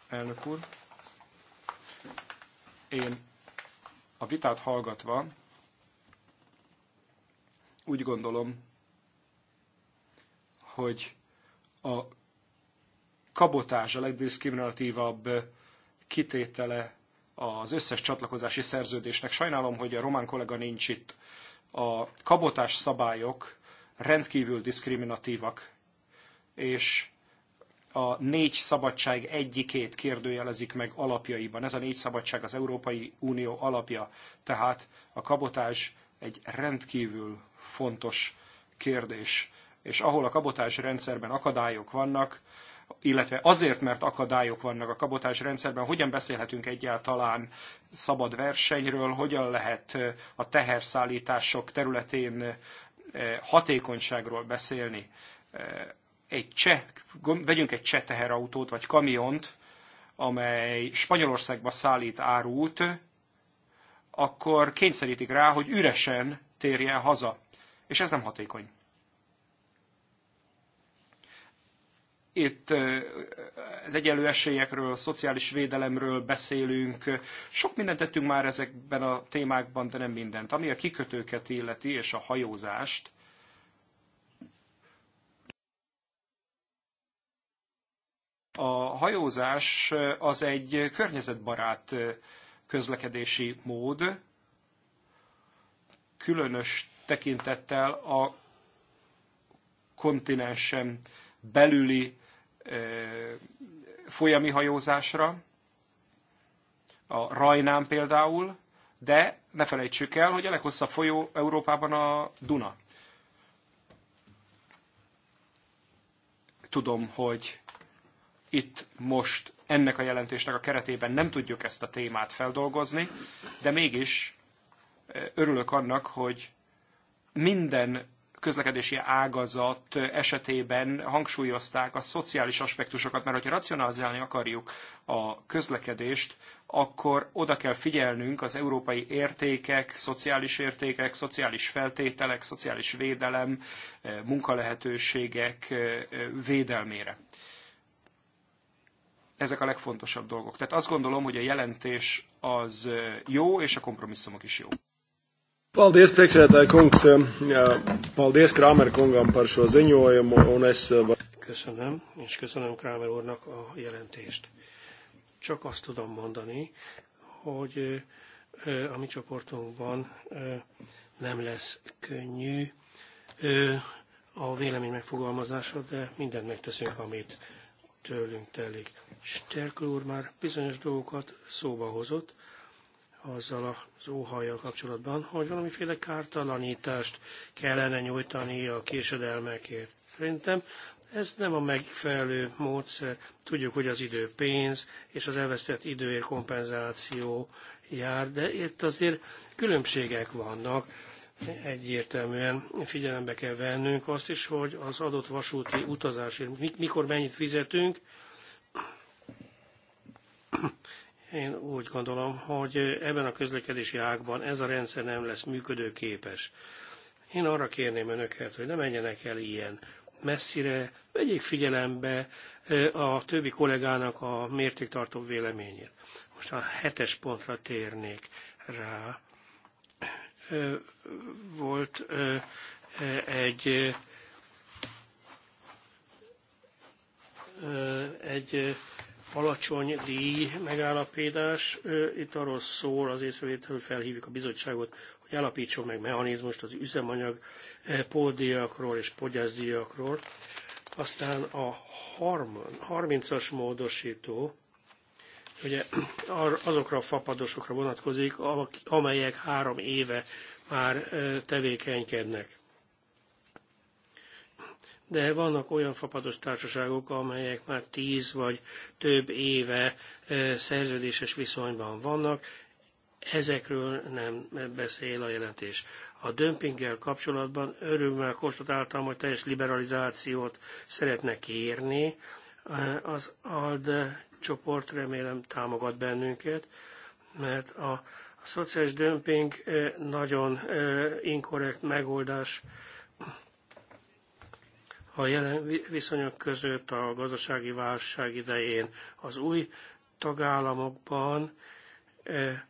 elnök úr. Én a vitát hallgatva úgy gondolom, hogy a kabotás a legdiszkriminatívabb kitétele az összes csatlakozási szerződésnek. Sajnálom, hogy a román kollega nincs itt. A kabotás szabályok rendkívül diszkriminatívak, és a négy szabadság egyikét kérdőjelezik meg alapjaiban. Ez a négy szabadság az Európai Unió alapja, tehát a kabotás egy rendkívül fontos kérdés. És ahol a kabotás rendszerben akadályok vannak, illetve azért, mert akadályok vannak a kabotás rendszerben, hogyan beszélhetünk egyáltalán szabad versenyről, hogyan lehet a teherszállítások területén hatékonyságról beszélni egy cseh, vegyünk egy cseh teherautót vagy kamiont, amely Spanyolországba szállít árút, akkor kényszerítik rá, hogy üresen térjen haza. És ez nem hatékony. itt az egyenlő esélyekről, szociális védelemről beszélünk, sok mindent tettünk már ezekben a témákban, de nem mindent. Ami a kikötőket illeti és a hajózást, a hajózás az egy környezetbarát közlekedési mód, különös tekintettel a kontinensen belüli folyami hajózásra, a Rajnán például, de ne felejtsük el, hogy a leghosszabb folyó Európában a Duna. Tudom, hogy itt most ennek a jelentésnek a keretében nem tudjuk ezt a témát feldolgozni, de mégis örülök annak, hogy minden közlekedési ágazat esetében hangsúlyozták a szociális aspektusokat, mert hogyha racionalizálni akarjuk a közlekedést, akkor oda kell figyelnünk az európai értékek, szociális értékek, szociális feltételek, szociális védelem, munkalehetőségek védelmére. Ezek a legfontosabb dolgok. Tehát azt gondolom, hogy a jelentés az jó, és a kompromisszumok is jó. Paldies, priekšsēdētāji kungs. Paldies Krāmer kungam par šo ziņojumu, un es... Köszönöm, és köszönöm Krámer úrnak a jelentést. Csak azt tudom mondani, hogy a mi csoportunkban nem lesz könnyű a vélemény megfogalmazása, de mindent megteszünk, amit tőlünk telik. Sterkel úr már bizonyos dolgokat szóba hozott, azzal az óhajjal kapcsolatban, hogy valamiféle kártalanítást kellene nyújtani a késedelmekért. Szerintem ez nem a megfelelő módszer. Tudjuk, hogy az idő pénz, és az elvesztett időért kompenzáció jár, de itt azért különbségek vannak. Egyértelműen figyelembe kell vennünk azt is, hogy az adott vasúti utazásért mikor mennyit fizetünk, én úgy gondolom, hogy ebben a közlekedési ágban ez a rendszer nem lesz működőképes. Én arra kérném önöket, hogy ne menjenek el ilyen messzire, vegyék figyelembe a többi kollégának a mértéktartó véleményét. Most a hetes pontra térnék rá. Volt egy egy alacsony díj megállapítás. Itt arról szól az észrevétel, hogy felhívjuk a bizottságot, hogy állapítson meg mechanizmust az üzemanyag eh, pódiakról és podgyászdíjakról. Aztán a 30-as módosító, ugye (clears throat) azokra a fapadosokra vonatkozik, amelyek három éve már eh, tevékenykednek de vannak olyan fapados társaságok, amelyek már tíz vagy több éve szerződéses viszonyban vannak, ezekről nem beszél a jelentés. A dömpinggel kapcsolatban örömmel konstatáltam, hogy teljes liberalizációt szeretne kérni. Az ALD csoport remélem támogat bennünket, mert a, szociális dömping nagyon inkorrekt megoldás a jelen viszonyok között a gazdasági válság idején az új tagállamokban e,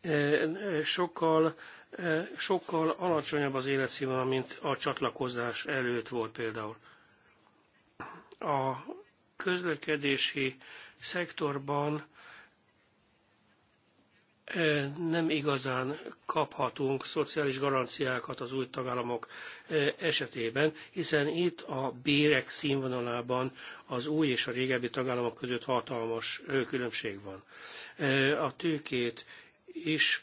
e, sokkal, e, sokkal alacsonyabb az életszínvonal, mint a csatlakozás előtt volt például. A közlekedési szektorban nem igazán kaphatunk szociális garanciákat az új tagállamok esetében, hiszen itt a bérek színvonalában az új és a régebbi tagállamok között hatalmas különbség van. A tőkét is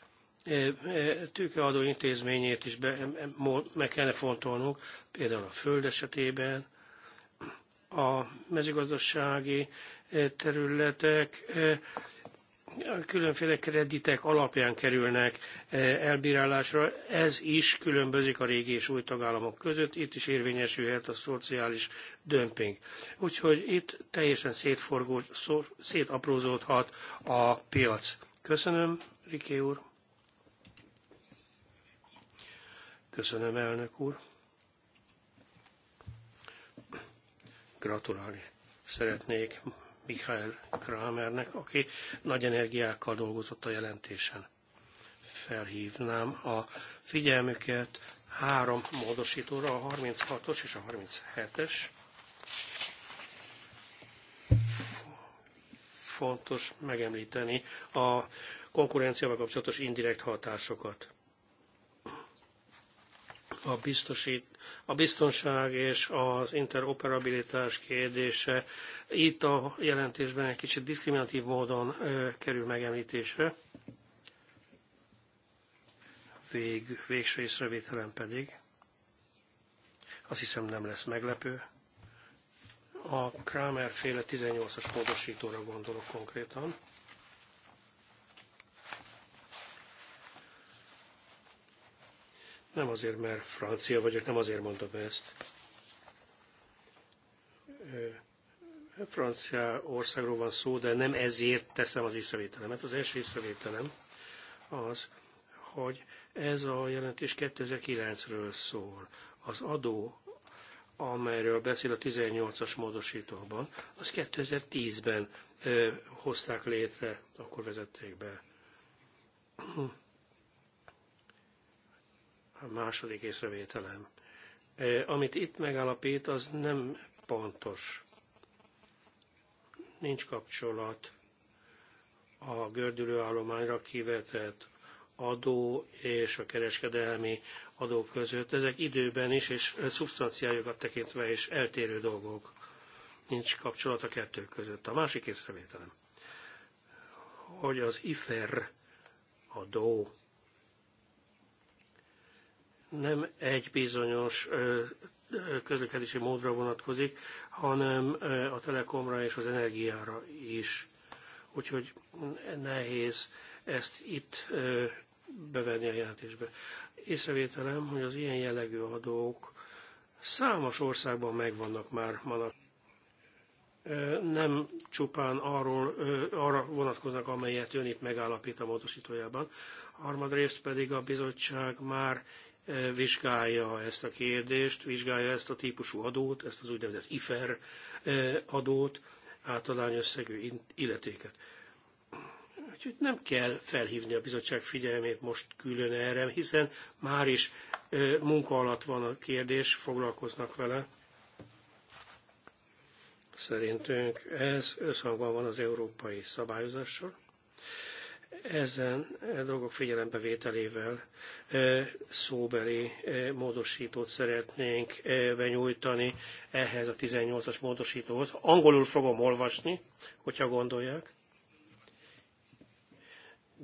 tőkeadó intézményét is be, meg kellene fontolnunk, például a föld esetében, a mezőgazdasági területek különféle kreditek alapján kerülnek e, elbírálásra. Ez is különbözik a régi és új tagállamok között, itt is érvényesülhet a szociális dömping. Úgyhogy itt teljesen szétforgó, szétaprózódhat a piac. Köszönöm, Riké úr. Köszönöm, elnök úr. Gratulálni szeretnék Michael Kramernek, aki nagy energiákkal dolgozott a jelentésen. Felhívnám a figyelmüket három módosítóra, a 36-os és a 37-es. Fontos megemlíteni a konkurenciával kapcsolatos indirekt hatásokat. A biztosít, a biztonság és az interoperabilitás kérdése itt a jelentésben egy kicsit diszkriminatív módon kerül megemlítésre. Vég, végső észrevételem pedig, azt hiszem nem lesz meglepő, a Kramer féle 18-as módosítóra gondolok konkrétan. Nem azért, mert francia vagyok, nem azért be ezt. Francia országról van szó, de nem ezért teszem az észrevételemet. Az első észrevételem az, hogy ez a jelentés 2009-ről szól. Az adó, amelyről beszél a 18-as módosítóban, az 2010-ben hozták létre, akkor vezették be a második észrevételem. E, amit itt megállapít, az nem pontos. Nincs kapcsolat a gördülőállományra kivetett adó és a kereskedelmi adók között. Ezek időben is és szubstanciájukat tekintve is eltérő dolgok. Nincs kapcsolat a kettő között. A másik észrevételem, hogy az IFER adó nem egy bizonyos közlekedési módra vonatkozik, hanem a telekomra és az energiára is. Úgyhogy nehéz ezt itt bevenni a jelentésbe. Észrevételem, hogy az ilyen jellegű adók számos országban megvannak már manapság nem csupán arról, arra vonatkoznak, amelyet ön itt megállapít a módosítójában. Harmadrészt pedig a bizottság már Eh, vizsgálja ezt a kérdést, vizsgálja ezt a típusú adót, ezt az úgynevezett IFER eh, adót, általány összegű illetéket. Úgyhogy nem kell felhívni a bizottság figyelmét most külön erre, hiszen már is eh, munka alatt van a kérdés, foglalkoznak vele. Szerintünk ez összhangban van az európai szabályozással ezen e, dolgok figyelembevételével e, szóbeli e, módosítót szeretnénk benyújtani ehhez a 18-as módosítóhoz. Angolul fogom olvasni, hogyha gondolják.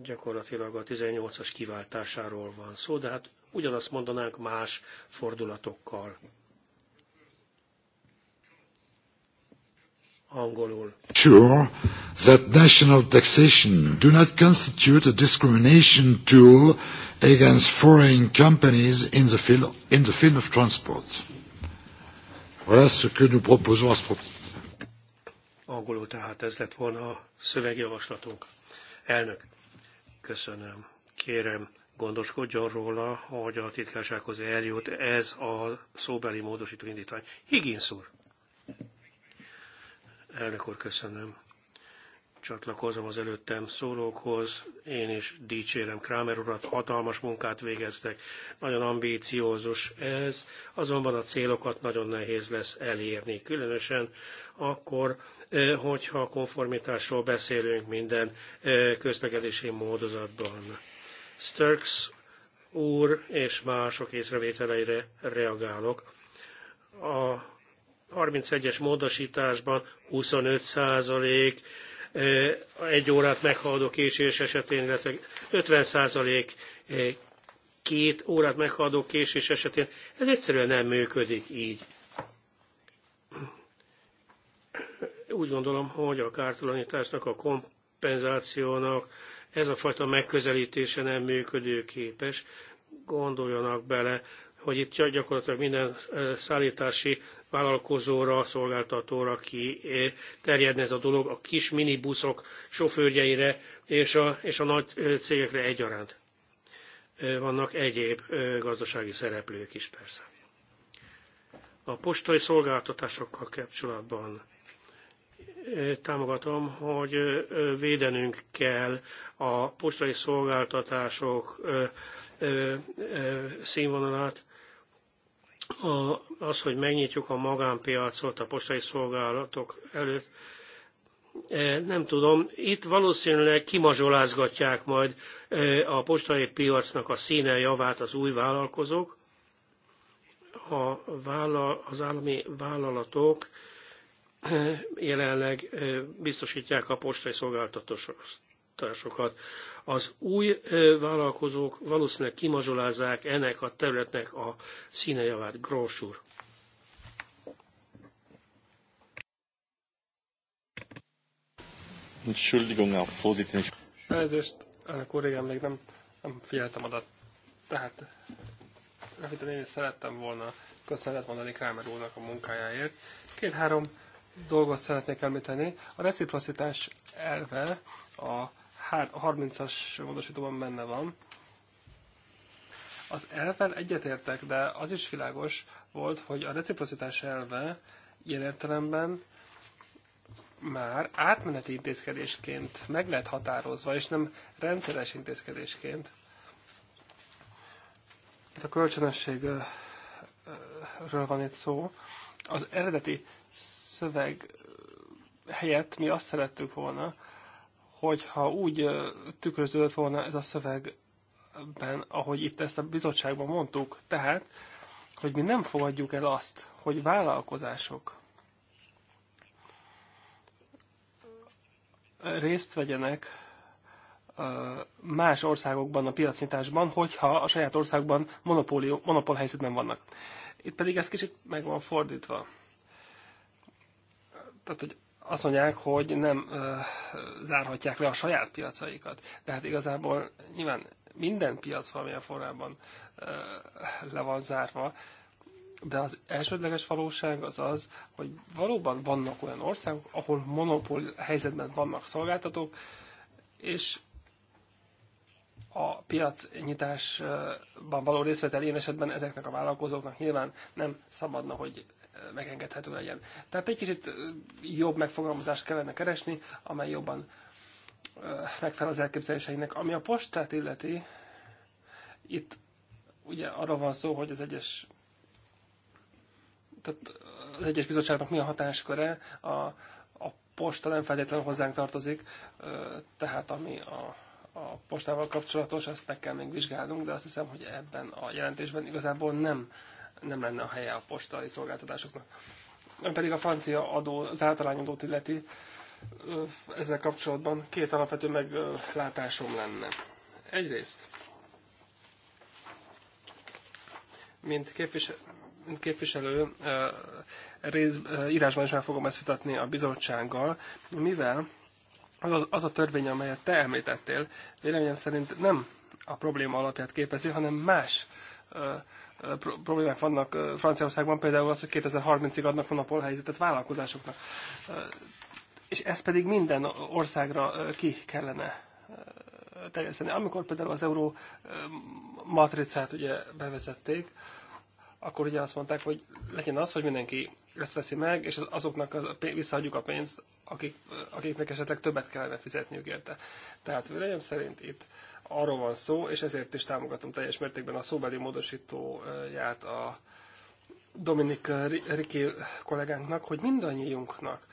Gyakorlatilag a 18-as kiváltásáról van szó, de hát ugyanazt mondanánk más fordulatokkal. angolul. Sure that national taxation do not constitute a discrimination tool against foreign companies in the field, in the field of transport. Voilà ce que nous proposons à ce propos. Angolul tehát ez lett volna a szövegjavaslatunk. Elnök, köszönöm. Kérem, gondoskodjon róla, hogy a titkársághoz eljut ez a szóbeli módosító indítvány. Higgins úr. Elnök úr, köszönöm. Csatlakozom az előttem szólókhoz. Én is dicsérem Kramer urat, hatalmas munkát végeztek. Nagyon ambíciózus ez, azonban a célokat nagyon nehéz lesz elérni. Különösen akkor, hogyha konformitásról beszélünk minden közlekedési módozatban. Sturks úr és mások észrevételeire reagálok. A 31-es módosításban 25 százalék, egy órát meghaladó késés esetén, illetve 50 százalék két órát meghaladó késés esetén, ez egyszerűen nem működik így. Úgy gondolom, hogy a kártalanításnak, a kompenzációnak ez a fajta megközelítése nem működőképes. Gondoljanak bele, hogy itt gyakorlatilag minden szállítási vállalkozóra, szolgáltatóra ki terjedne ez a dolog, a kis minibuszok sofőrjeire és a, és a nagy cégekre egyaránt. Vannak egyéb gazdasági szereplők is persze. A postai szolgáltatásokkal kapcsolatban támogatom, hogy védenünk kell a postai szolgáltatások színvonalát a, az, hogy megnyitjuk a magánpiacot a postai szolgálatok előtt, e, nem tudom, itt valószínűleg kimazsolázgatják majd e, a postai piacnak a színe javát az új vállalkozók, a vállal, az állami vállalatok e, jelenleg biztosítják a postai szolgáltatásokat kutatásokat. Az új vállalkozók valószínűleg kimazsolázzák ennek a területnek a színejavát. Gross úr. Entschuldigung, a Vorsitzender. Elnézést, kollégám, még nem, nem figyeltem adat. Tehát röviden én is szerettem volna köszönet mondani Krámer úrnak a munkájáért. Két-három dolgot szeretnék említeni. A reciprocitás elve a 30-as módosítóban benne van. Az elvel egyetértek, de az is világos volt, hogy a reciprocitás elve ilyen értelemben már átmeneti intézkedésként meg lehet határozva, és nem rendszeres intézkedésként. Itt a kölcsönösségről van itt szó. Az eredeti szöveg helyett mi azt szerettük volna, hogyha úgy tükröződött volna ez a szövegben, ahogy itt ezt a bizottságban mondtuk, tehát, hogy mi nem fogadjuk el azt, hogy vállalkozások részt vegyenek más országokban a piacnyitásban, hogyha a saját országban monopól helyzetben vannak. Itt pedig ez kicsit meg van fordítva. Tehát, hogy azt mondják, hogy nem ö, zárhatják le a saját piacaikat. De hát igazából nyilván minden piac valamilyen formában ö, le van zárva, de az elsődleges valóság az az, hogy valóban vannak olyan országok, ahol monopól helyzetben vannak szolgáltatók, és a piacnyitásban való részvétel ilyen esetben ezeknek a vállalkozóknak nyilván nem szabadna, hogy megengedhető legyen. Tehát egy kicsit jobb megfogalmazást kellene keresni, amely jobban megfelel az elképzeléseinek. Ami a postát illeti, itt ugye arra van szó, hogy az egyes tehát az egyes bizottságnak mi a hatásköre, a, a posta nem feltétlenül hozzánk tartozik, tehát ami a, a postával kapcsolatos, ezt meg kell még vizsgálnunk, de azt hiszem, hogy ebben a jelentésben igazából nem nem lenne a helye a postai szolgáltatásoknak. Pedig a francia adó, az általányadót illeti, ezzel kapcsolatban két alapvető meglátásom lenne. Egyrészt, mint képviselő, mint képviselő rész, írásban is meg fogom ezt vitatni a bizottsággal, mivel az, az a törvény, amelyet te említettél, véleményem szerint nem a probléma alapját képezi, hanem más problémák vannak Franciaországban, például az, hogy 2030-ig adnak monopólhelyzetet vállalkozásoknak. És ezt pedig minden országra ki kellene terjeszteni. Amikor például az euró matricát ugye bevezették, akkor ugye azt mondták, hogy legyen az, hogy mindenki ezt veszi meg, és azoknak a pénz, visszaadjuk a pénzt, akik, akiknek esetleg többet kellene fizetniük érte. Tehát véleményem szerint itt uh, arról van szó, és ezért is támogatom teljes mértékben a szóbeli módosítóját a Dominik Riki kollégánknak, hogy mindannyiunknak,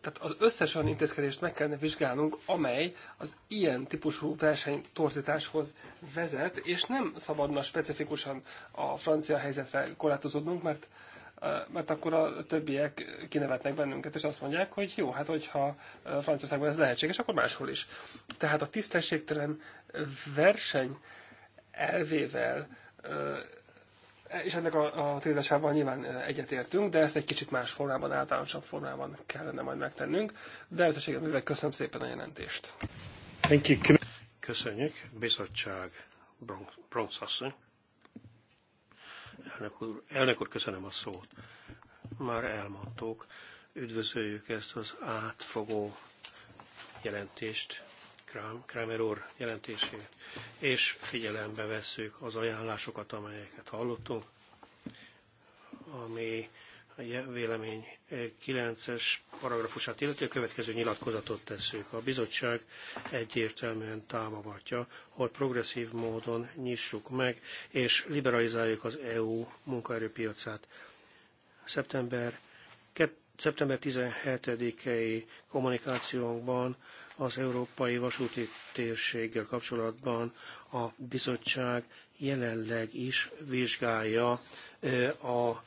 tehát az összes olyan intézkedést meg kellene vizsgálnunk, amely az ilyen típusú versenytorzításhoz vezet, és nem szabadna specifikusan a francia helyzetre korlátozódnunk, mert mert akkor a többiek kinevetnek bennünket, és azt mondják, hogy jó, hát hogyha Franciaországban ez lehetséges, akkor máshol is. Tehát a tisztességtelen verseny elvével és ennek a, a tiltásával nyilván egyetértünk, de ezt egy kicsit más formában, általánosabb formában kellene majd megtennünk. De összességében mivel köszönöm szépen a jelentést. Thank you. Köszönjük. Bizottság Bronx, Bronx asszony. Elnök úr, elnök úr, köszönöm a szót. Már elmondtuk, üdvözöljük ezt az átfogó jelentést, Kramer úr jelentését, és figyelembe vesszük az ajánlásokat, amelyeket hallottunk, ami a vélemény 9-es eh, paragrafusát illeti, a következő nyilatkozatot tesszük. A bizottság egyértelműen támogatja, hogy progresszív módon nyissuk meg, és liberalizáljuk az EU munkaerőpiacát. Szeptember, szeptember 17-i kommunikációnkban az európai vasúti térséggel kapcsolatban a bizottság jelenleg is vizsgálja a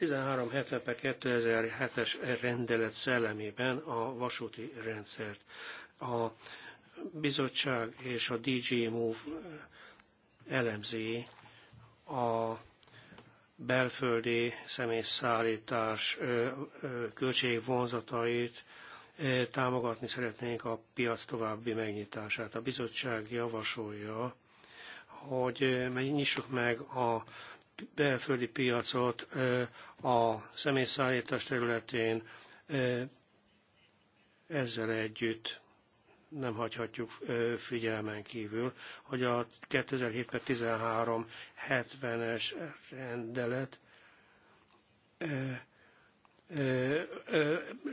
1370 per 2007-es rendelet szellemében a vasúti rendszert. A bizottság és a DG Move elemzi a belföldi személyszállítás költségvonzatait, Eh, támogatni szeretnénk a piac további megnyitását. A bizottság javasolja, hogy eh, nyissuk meg a belföldi piacot eh, a személyszállítás területén, ezzel együtt nem hagyhatjuk figyelmen kívül, hogy a 2007-13 70-es rendelet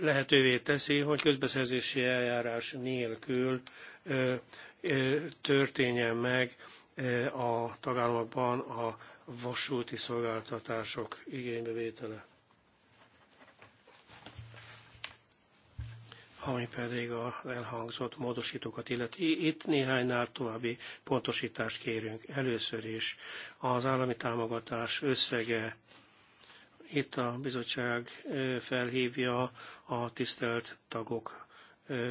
lehetővé teszi, hogy közbeszerzési eljárás nélkül történjen meg a tagállamokban a vasúti szolgáltatások igénybevétele. ami pedig a elhangzott módosítókat illeti. Itt néhánynál további pontosítást kérünk. Először is az állami támogatás összege itt a bizottság felhívja a tisztelt tagok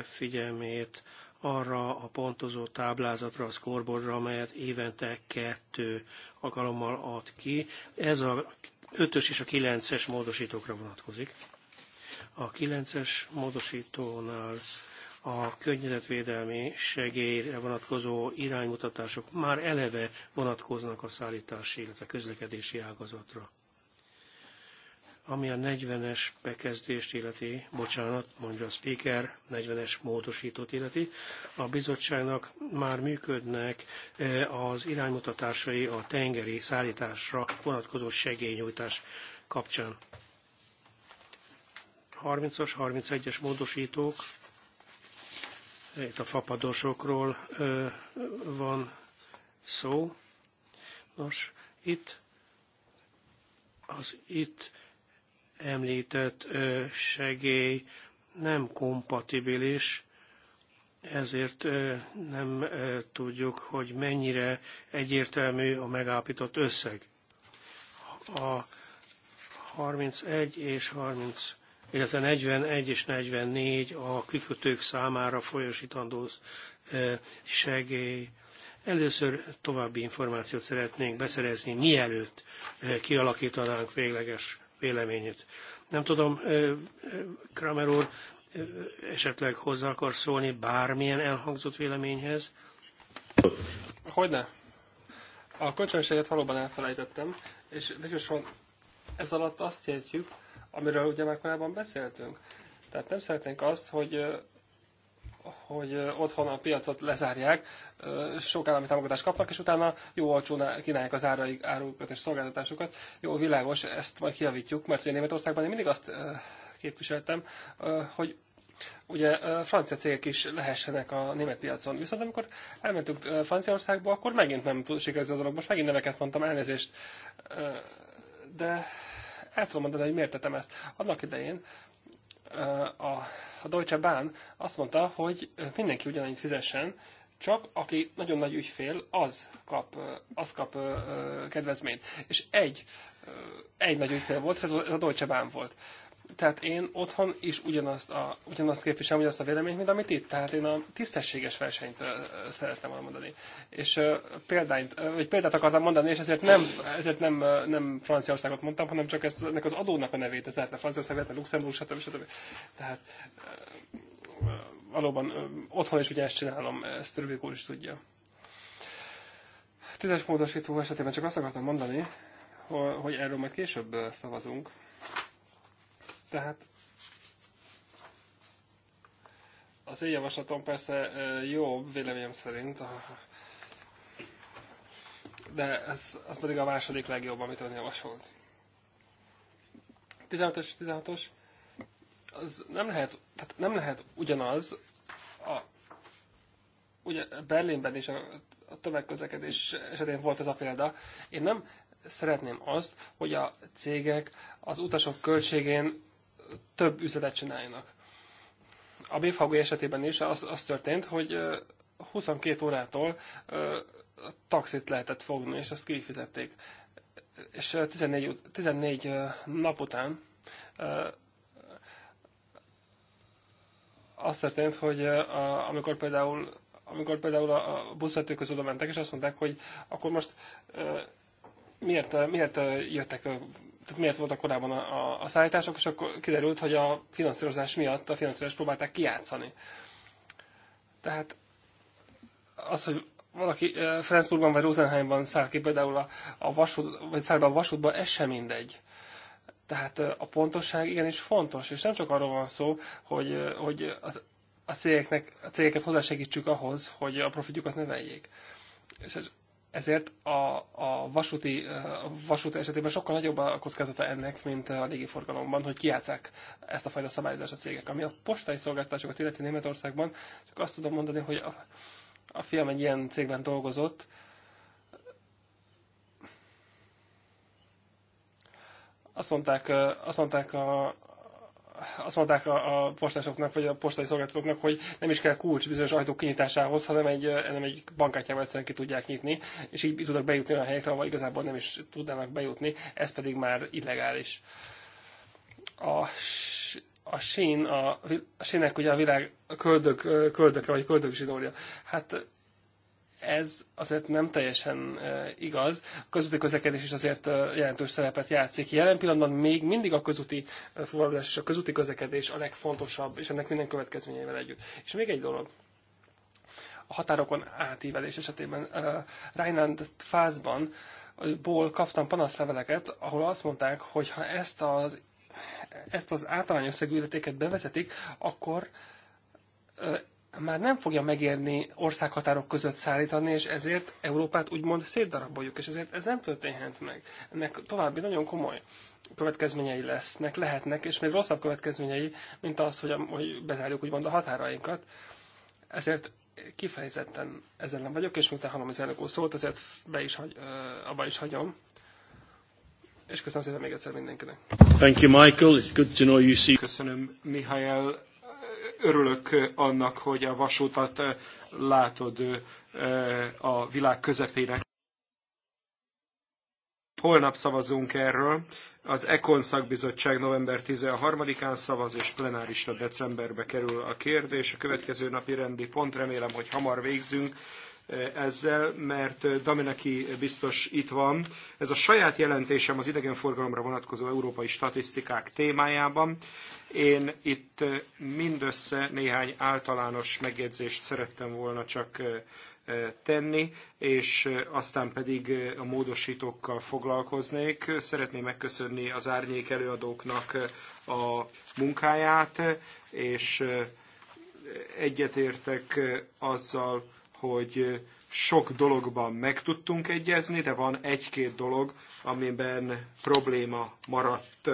figyelmét arra a pontozó táblázatra, a scoreboardra, amelyet évente kettő alkalommal ad ki. Ez a 5-ös és a 9-es módosítókra vonatkozik. A 9-es módosítónál a környezetvédelmi segélyre vonatkozó iránymutatások már eleve vonatkoznak a szállítási, illetve közlekedési ágazatra. Ami a 40-es bekezdést illeti, bocsánat, mondja a speaker, 40-es módosítót illeti, a bizottságnak már működnek e, az iránymutatásai a tengeri szállításra vonatkozó segélynyújtás kapcsán. 30-as, 31-es módosítók, itt a fapadosokról e, van szó. Nos, itt az itt említett segély nem kompatibilis, ezért nem tudjuk, hogy mennyire egyértelmű a megállapított összeg. A 31 és 30, illetve 41 és 44 a kikötők számára folyosítandó segély. Először további információt szeretnénk beszerezni, mielőtt kialakítanánk végleges véleményét. Nem tudom, Kramer úr, esetleg hozzá akar szólni bármilyen elhangzott véleményhez? Hogyne? A kölcsönséget valóban elfelejtettem, és végülis van, ez alatt azt értjük, amiről ugye már korábban beszéltünk. Tehát nem szeretnénk azt, hogy hogy otthon a piacot lezárják, sok állami támogatást kapnak, és utána jó olcsón kínálják az áraik, árukat és szolgáltatásukat, Jó, világos, ezt majd kiavítjuk, mert ugye Németországban én mindig azt képviseltem, hogy ugye francia cégek is lehessenek a német piacon. Viszont amikor elmentünk Franciaországba, akkor megint nem sikerült a dolog. Most megint neveket mondtam, elnézést. De el tudom mondani, hogy miért tettem ezt. Annak idején a Deutsche Bahn azt mondta, hogy mindenki ugyanannyit fizessen, csak aki nagyon nagy ügyfél, az kap, az kap kedvezményt. És egy, egy nagy ügyfél volt, ez a Deutsche Bahn volt tehát én otthon is ugyanazt, a, ugyanazt képviselem, ugyanazt a véleményt, mint amit itt. Tehát én a tisztességes versenyt ö, szerettem volna mondani. És uh, példányt, uh, vagy példát akartam mondani, és ezért nem, ezért nem, uh, nem Franciaországot mondtam, hanem csak ezt, ennek az adónak a nevét, ez lehetne Franciaország, lehetne Luxemburg, stb. stb. Tehát uh, valóban uh, otthon is ugye ezt csinálom, ezt Rubik úr is tudja. Tízes módosító esetében csak azt akartam mondani, hogy erről majd később szavazunk, tehát az én javaslatom persze jobb, véleményem szerint, de ez, az pedig a második legjobb, amit ön javasolt. 15-ös, 16-os, az nem lehet, tehát nem lehet ugyanaz, a, ugye Berlinben is a, a tömegközlekedés esetén volt ez a példa. Én nem szeretném azt, hogy a cégek az utasok költségén több üzletet csináljanak. A BFHG esetében is az, az történt, hogy 22 órától a taxit lehetett fogni, és azt kifizették. És 14, 14 nap után az történt, hogy amikor például amikor például a buszvetők közül mentek, és azt mondták, hogy akkor most miért, miért jöttek tehát miért voltak korábban a, a, a szállítások, és akkor kiderült, hogy a finanszírozás miatt a finanszírozást próbálták kijátszani. Tehát az, hogy valaki eh, Frenzburgban vagy Rosenheimban száll ki, például a, a vasút, vagy száll be a vasútba, ez sem mindegy. Tehát a pontosság igenis fontos, és nem csak arról van szó, hogy, hogy a, a, cégeknek, a cégeket hozzásegítsük ahhoz, hogy a profitjukat növeljék. És ez ezért a, a vasúti, a vasút esetében sokkal nagyobb a kockázata ennek, mint a légiforgalomban, hogy kiátszák ezt a fajta szabályozást a cégek. Ami a postai szolgáltatásokat illeti Németországban, csak azt tudom mondani, hogy a, a fiam egy ilyen cégben dolgozott, azt mondták, azt mondták a, azt mondták a, a postásoknak, vagy a postai szolgáltatóknak, hogy nem is kell kulcs bizonyos ajtók kinyitásához, hanem egy, eh, nem egy bankkártyával egyszerűen ki tudják nyitni, és így, tudnak bejutni olyan helyekre, ahol igazából nem is tudnának bejutni, ez pedig már illegális. A, a sín, a, a sínek ugye a világ köldök, eh, köldöke, vagy köldök zsinórja. Hát ez azért nem teljesen igaz. A közúti közlekedés is azért jelentős szerepet játszik. Jelen pillanatban még mindig a közúti fuvarozás és a közúti közlekedés a legfontosabb, és ennek minden következményeivel együtt. És még egy dolog. A határokon átívelés esetében Rheinland fázban ból kaptam panaszleveleket, ahol azt mondták, hogy ha ezt az, ezt az általányos szegű illetéket bevezetik, akkor már nem fogja megérni országhatárok között szállítani, és ezért Európát úgymond szétdaraboljuk, és ezért ez nem történhet meg. Ennek további nagyon komoly következményei lesznek, lehetnek, és még rosszabb következményei, mint az, hogy, hogy bezárjuk úgymond a határainkat. Ezért kifejezetten ezzel nem vagyok, és miután hallom az elnök úr szólt, ezért be is hagy, abba is hagyom. És köszönöm szépen még egyszer mindenkinek. Thank you, Michael. It's good to know you see. Köszönöm, Mihály örülök eh, annak, hogy a vasútat eh, látod eh, a világ közepének. Holnap szavazunk erről. Az Ekon szakbizottság november 13-án szavaz, és plenárisra decemberbe kerül a kérdés. A következő napi rendi pont, remélem, hogy hamar végzünk, ezzel, mert Dameneki biztos itt van. Ez a saját jelentésem az idegenforgalomra vonatkozó európai statisztikák témájában. Én itt mindössze néhány általános megjegyzést szerettem volna csak tenni, és aztán pedig a módosítókkal foglalkoznék. Szeretném megköszönni az árnyék előadóknak a munkáját, és egyetértek azzal, hogy sok dologban meg tudtunk egyezni, de van egy-két dolog, amiben probléma maradt.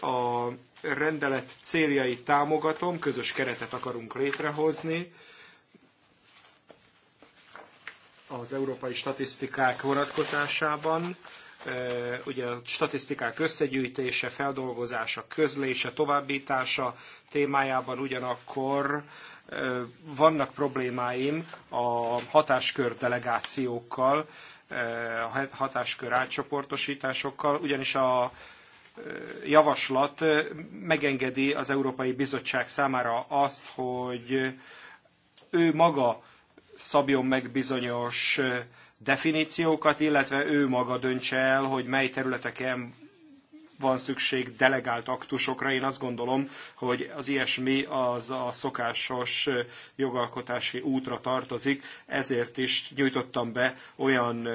A rendelet céljai támogatom, közös keretet akarunk létrehozni, az európai statisztikák vonatkozásában ugye a statisztikák összegyűjtése, feldolgozása, közlése, továbbítása témájában ugyanakkor vannak problémáim a hatáskör delegációkkal, a hatáskör átcsoportosításokkal, ugyanis a javaslat megengedi az Európai Bizottság számára azt, hogy ő maga szabjon meg bizonyos definíciókat, illetve ő maga döntse el, hogy mely területeken van szükség delegált aktusokra. Én azt gondolom, hogy az ilyesmi az a szokásos jogalkotási útra tartozik, ezért is nyújtottam be olyan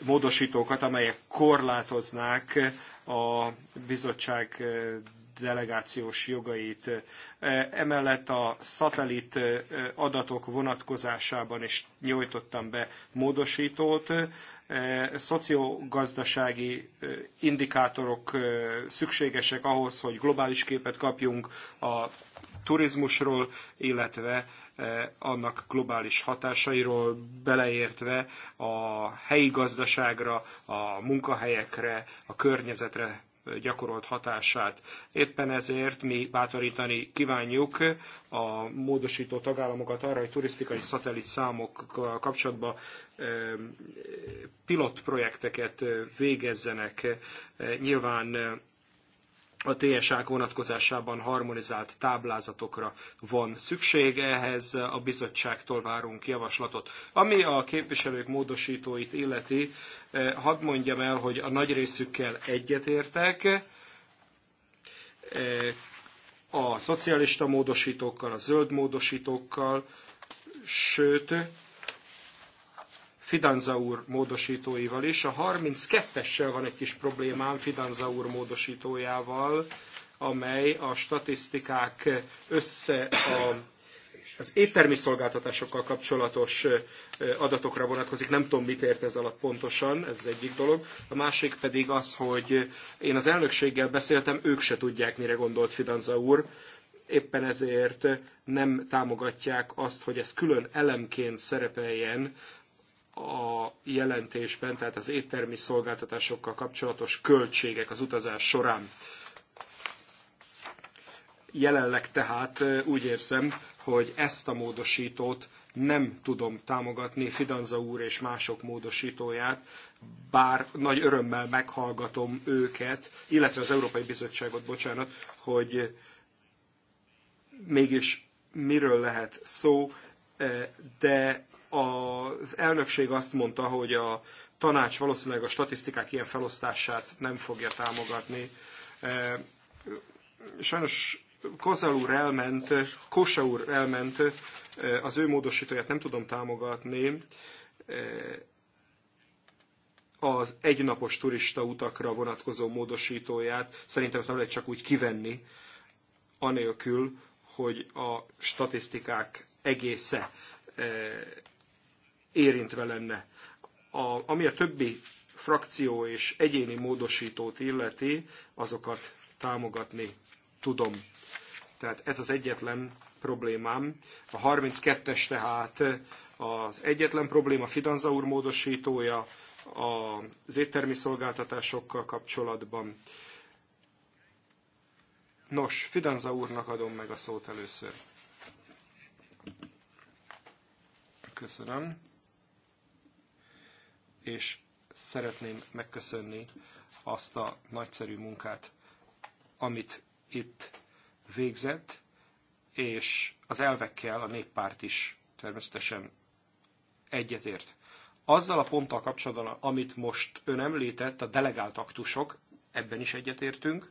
módosítókat, amelyek korlátoznák a bizottság delegációs jogait. E, emellett a szatellit e, adatok vonatkozásában is nyújtottam be módosítót, e, szociogazdasági indikátorok szükségesek ahhoz, hogy globális képet kapjunk a turizmusról, illetve annak globális hatásairól, beleértve a helyi gazdaságra, a munkahelyekre, a környezetre gyakorolt hatását. Éppen ezért mi bátorítani kívánjuk a módosító tagállamokat arra, hogy turisztikai szatellit számok kapcsolatban pilotprojekteket végezzenek. Nyilván a TSA-k vonatkozásában harmonizált táblázatokra van szükség, ehhez a bizottságtól várunk javaslatot. Ami a képviselők módosítóit illeti, eh, hadd mondjam el, hogy a nagy részükkel egyetértek, eh, a szocialista módosítókkal, a zöld módosítókkal, sőt, Fidanza úr módosítóival is. A 32-essel van egy kis problémám Fidanza úr módosítójával, amely a statisztikák össze a az éttermi szolgáltatásokkal kapcsolatos adatokra vonatkozik. Nem tudom, mit ért ez alatt pontosan, ez az egyik dolog. A másik pedig az, hogy én az elnökséggel beszéltem, ők se tudják, mire gondolt Fidanza úr. Éppen ezért nem támogatják azt, hogy ez külön elemként szerepeljen a jelentésben, tehát az éttermi szolgáltatásokkal kapcsolatos költségek az utazás során. Jelenleg tehát úgy érzem, hogy ezt a módosítót nem tudom támogatni, Fidanza úr és mások módosítóját, bár nagy örömmel meghallgatom őket, illetve az Európai Bizottságot, bocsánat, hogy mégis miről lehet szó, de az elnökség azt mondta, hogy a tanács valószínűleg a statisztikák ilyen felosztását nem fogja támogatni. E, sajnos Kozal úr elment, Kosa úr elment, e, az ő módosítóját nem tudom támogatni. E, az egynapos turista utakra vonatkozó módosítóját szerintem ezt nem lehet csak úgy kivenni, anélkül, hogy a statisztikák egésze érintve lenne. A, ami a többi frakció és egyéni módosítót illeti, azokat támogatni tudom. Tehát ez az egyetlen problémám. A 32-es tehát az egyetlen probléma Fidanza úr módosítója az éttermi szolgáltatásokkal kapcsolatban. Nos, Fidanza úrnak adom meg a szót először. Köszönöm és szeretném megköszönni azt a nagyszerű munkát, amit itt végzett, és az elvekkel a néppárt is természetesen egyetért. Azzal a ponttal kapcsolatban, amit most ön említett, a delegált aktusok, ebben is egyetértünk.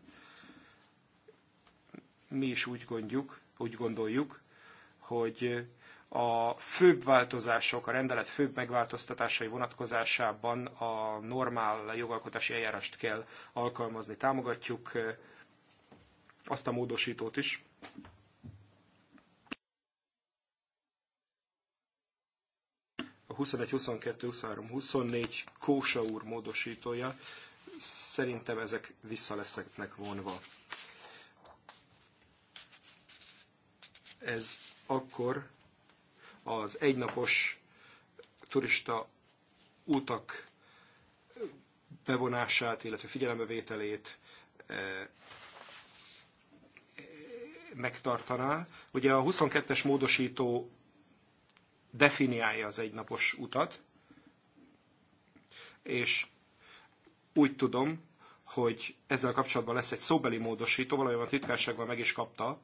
Mi is úgy gondjuk, úgy gondoljuk hogy a főbb változások, a rendelet főbb megváltoztatásai vonatkozásában a normál jogalkotási eljárást kell alkalmazni. Támogatjuk eh, azt a módosítót is, a 21, 22, 23, 24 Kósa úr módosítója, szerintem ezek vissza leszeknek vonva. Ez akkor az egynapos turista utak bevonását, illetve figyelembevételét eh, megtartaná. Ugye a 22-es módosító definiálja az egynapos utat, és úgy tudom, hogy ezzel kapcsolatban lesz egy szóbeli módosító, valójában a titkárságban meg is kapta,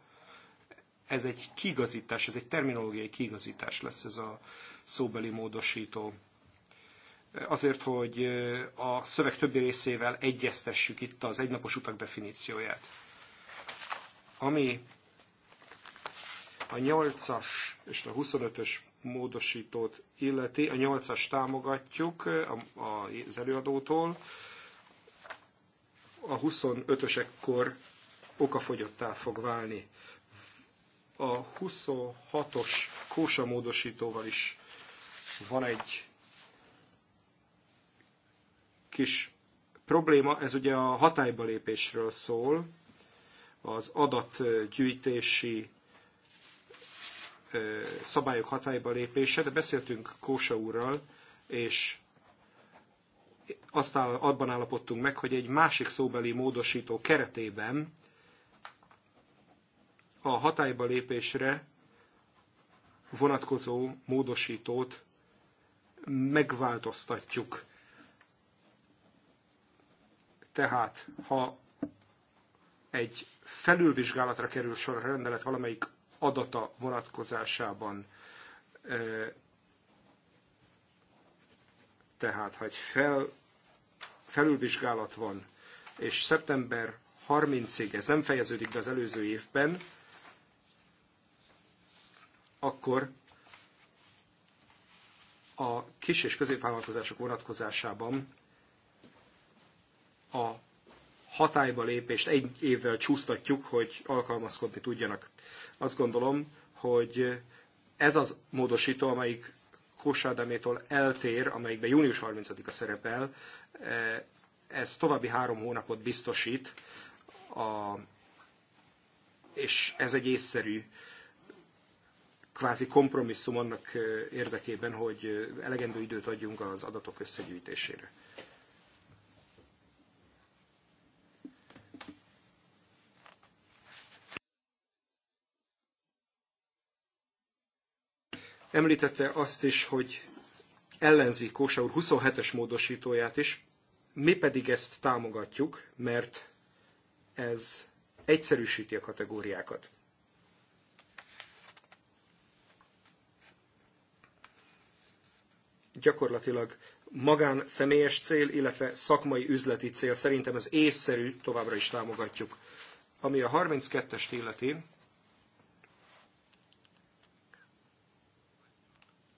ez egy kigazítás, ez egy terminológiai kigazítás lesz ez a szóbeli módosító. Azért, hogy a szöveg többi részével egyeztessük itt az egynapos utak definícióját. Ami a 8-as és a 25-ös módosítót illeti, a 8-as támogatjuk az előadótól, a 25-ösekkor okafogyottá fog válni a 26-os kósa módosítóval is van egy kis probléma, ez ugye a hatályba lépésről szól, az adatgyűjtési szabályok hatályba lépése, de beszéltünk Kósa úrral, és aztán abban állapodtunk meg, hogy egy másik szóbeli módosító keretében a hatályba lépésre vonatkozó módosítót megváltoztatjuk. Tehát, ha egy felülvizsgálatra kerül sor a rendelet valamelyik adata vonatkozásában, e, tehát ha egy fel, felülvizsgálat van, és szeptember 30-ig ez nem fejeződik be az előző évben, akkor a kis és középvállalkozások vonatkozásában a hatályba lépést egy évvel csúsztatjuk, hogy alkalmazkodni tudjanak. Azt gondolom, hogy ez az módosító, amelyik Kósádamétól eltér, amelyikben június 30-a szerepel, ez további három hónapot biztosít, a, és ez egy észszerű kvázi kompromisszum annak érdekében, hogy elegendő időt adjunk az adatok összegyűjtésére. Említette azt is, hogy ellenzi Kósa úr 27-es módosítóját is, mi pedig ezt támogatjuk, mert ez egyszerűsíti a kategóriákat. gyakorlatilag magán személyes cél, illetve szakmai üzleti cél. Szerintem ez észszerű, továbbra is támogatjuk. Ami a 32-est illeti,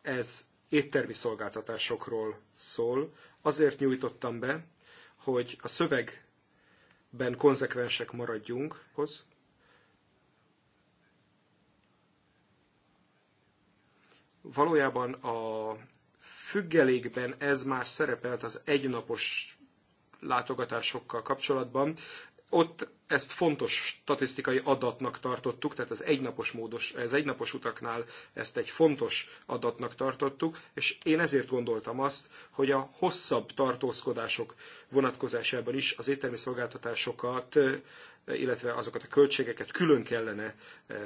ez éttermi szolgáltatásokról szól. Azért nyújtottam be, hogy a szövegben konzekvensek maradjunk. Valójában a függelékben ez már szerepelt az egynapos látogatásokkal kapcsolatban. Ott ezt fontos statisztikai adatnak tartottuk, tehát az egynapos módos, az egynapos utaknál ezt egy fontos adatnak tartottuk, és én ezért gondoltam azt, hogy a hosszabb tartózkodások vonatkozásában is az éttermi szolgáltatásokat, illetve azokat a költségeket külön kellene eh,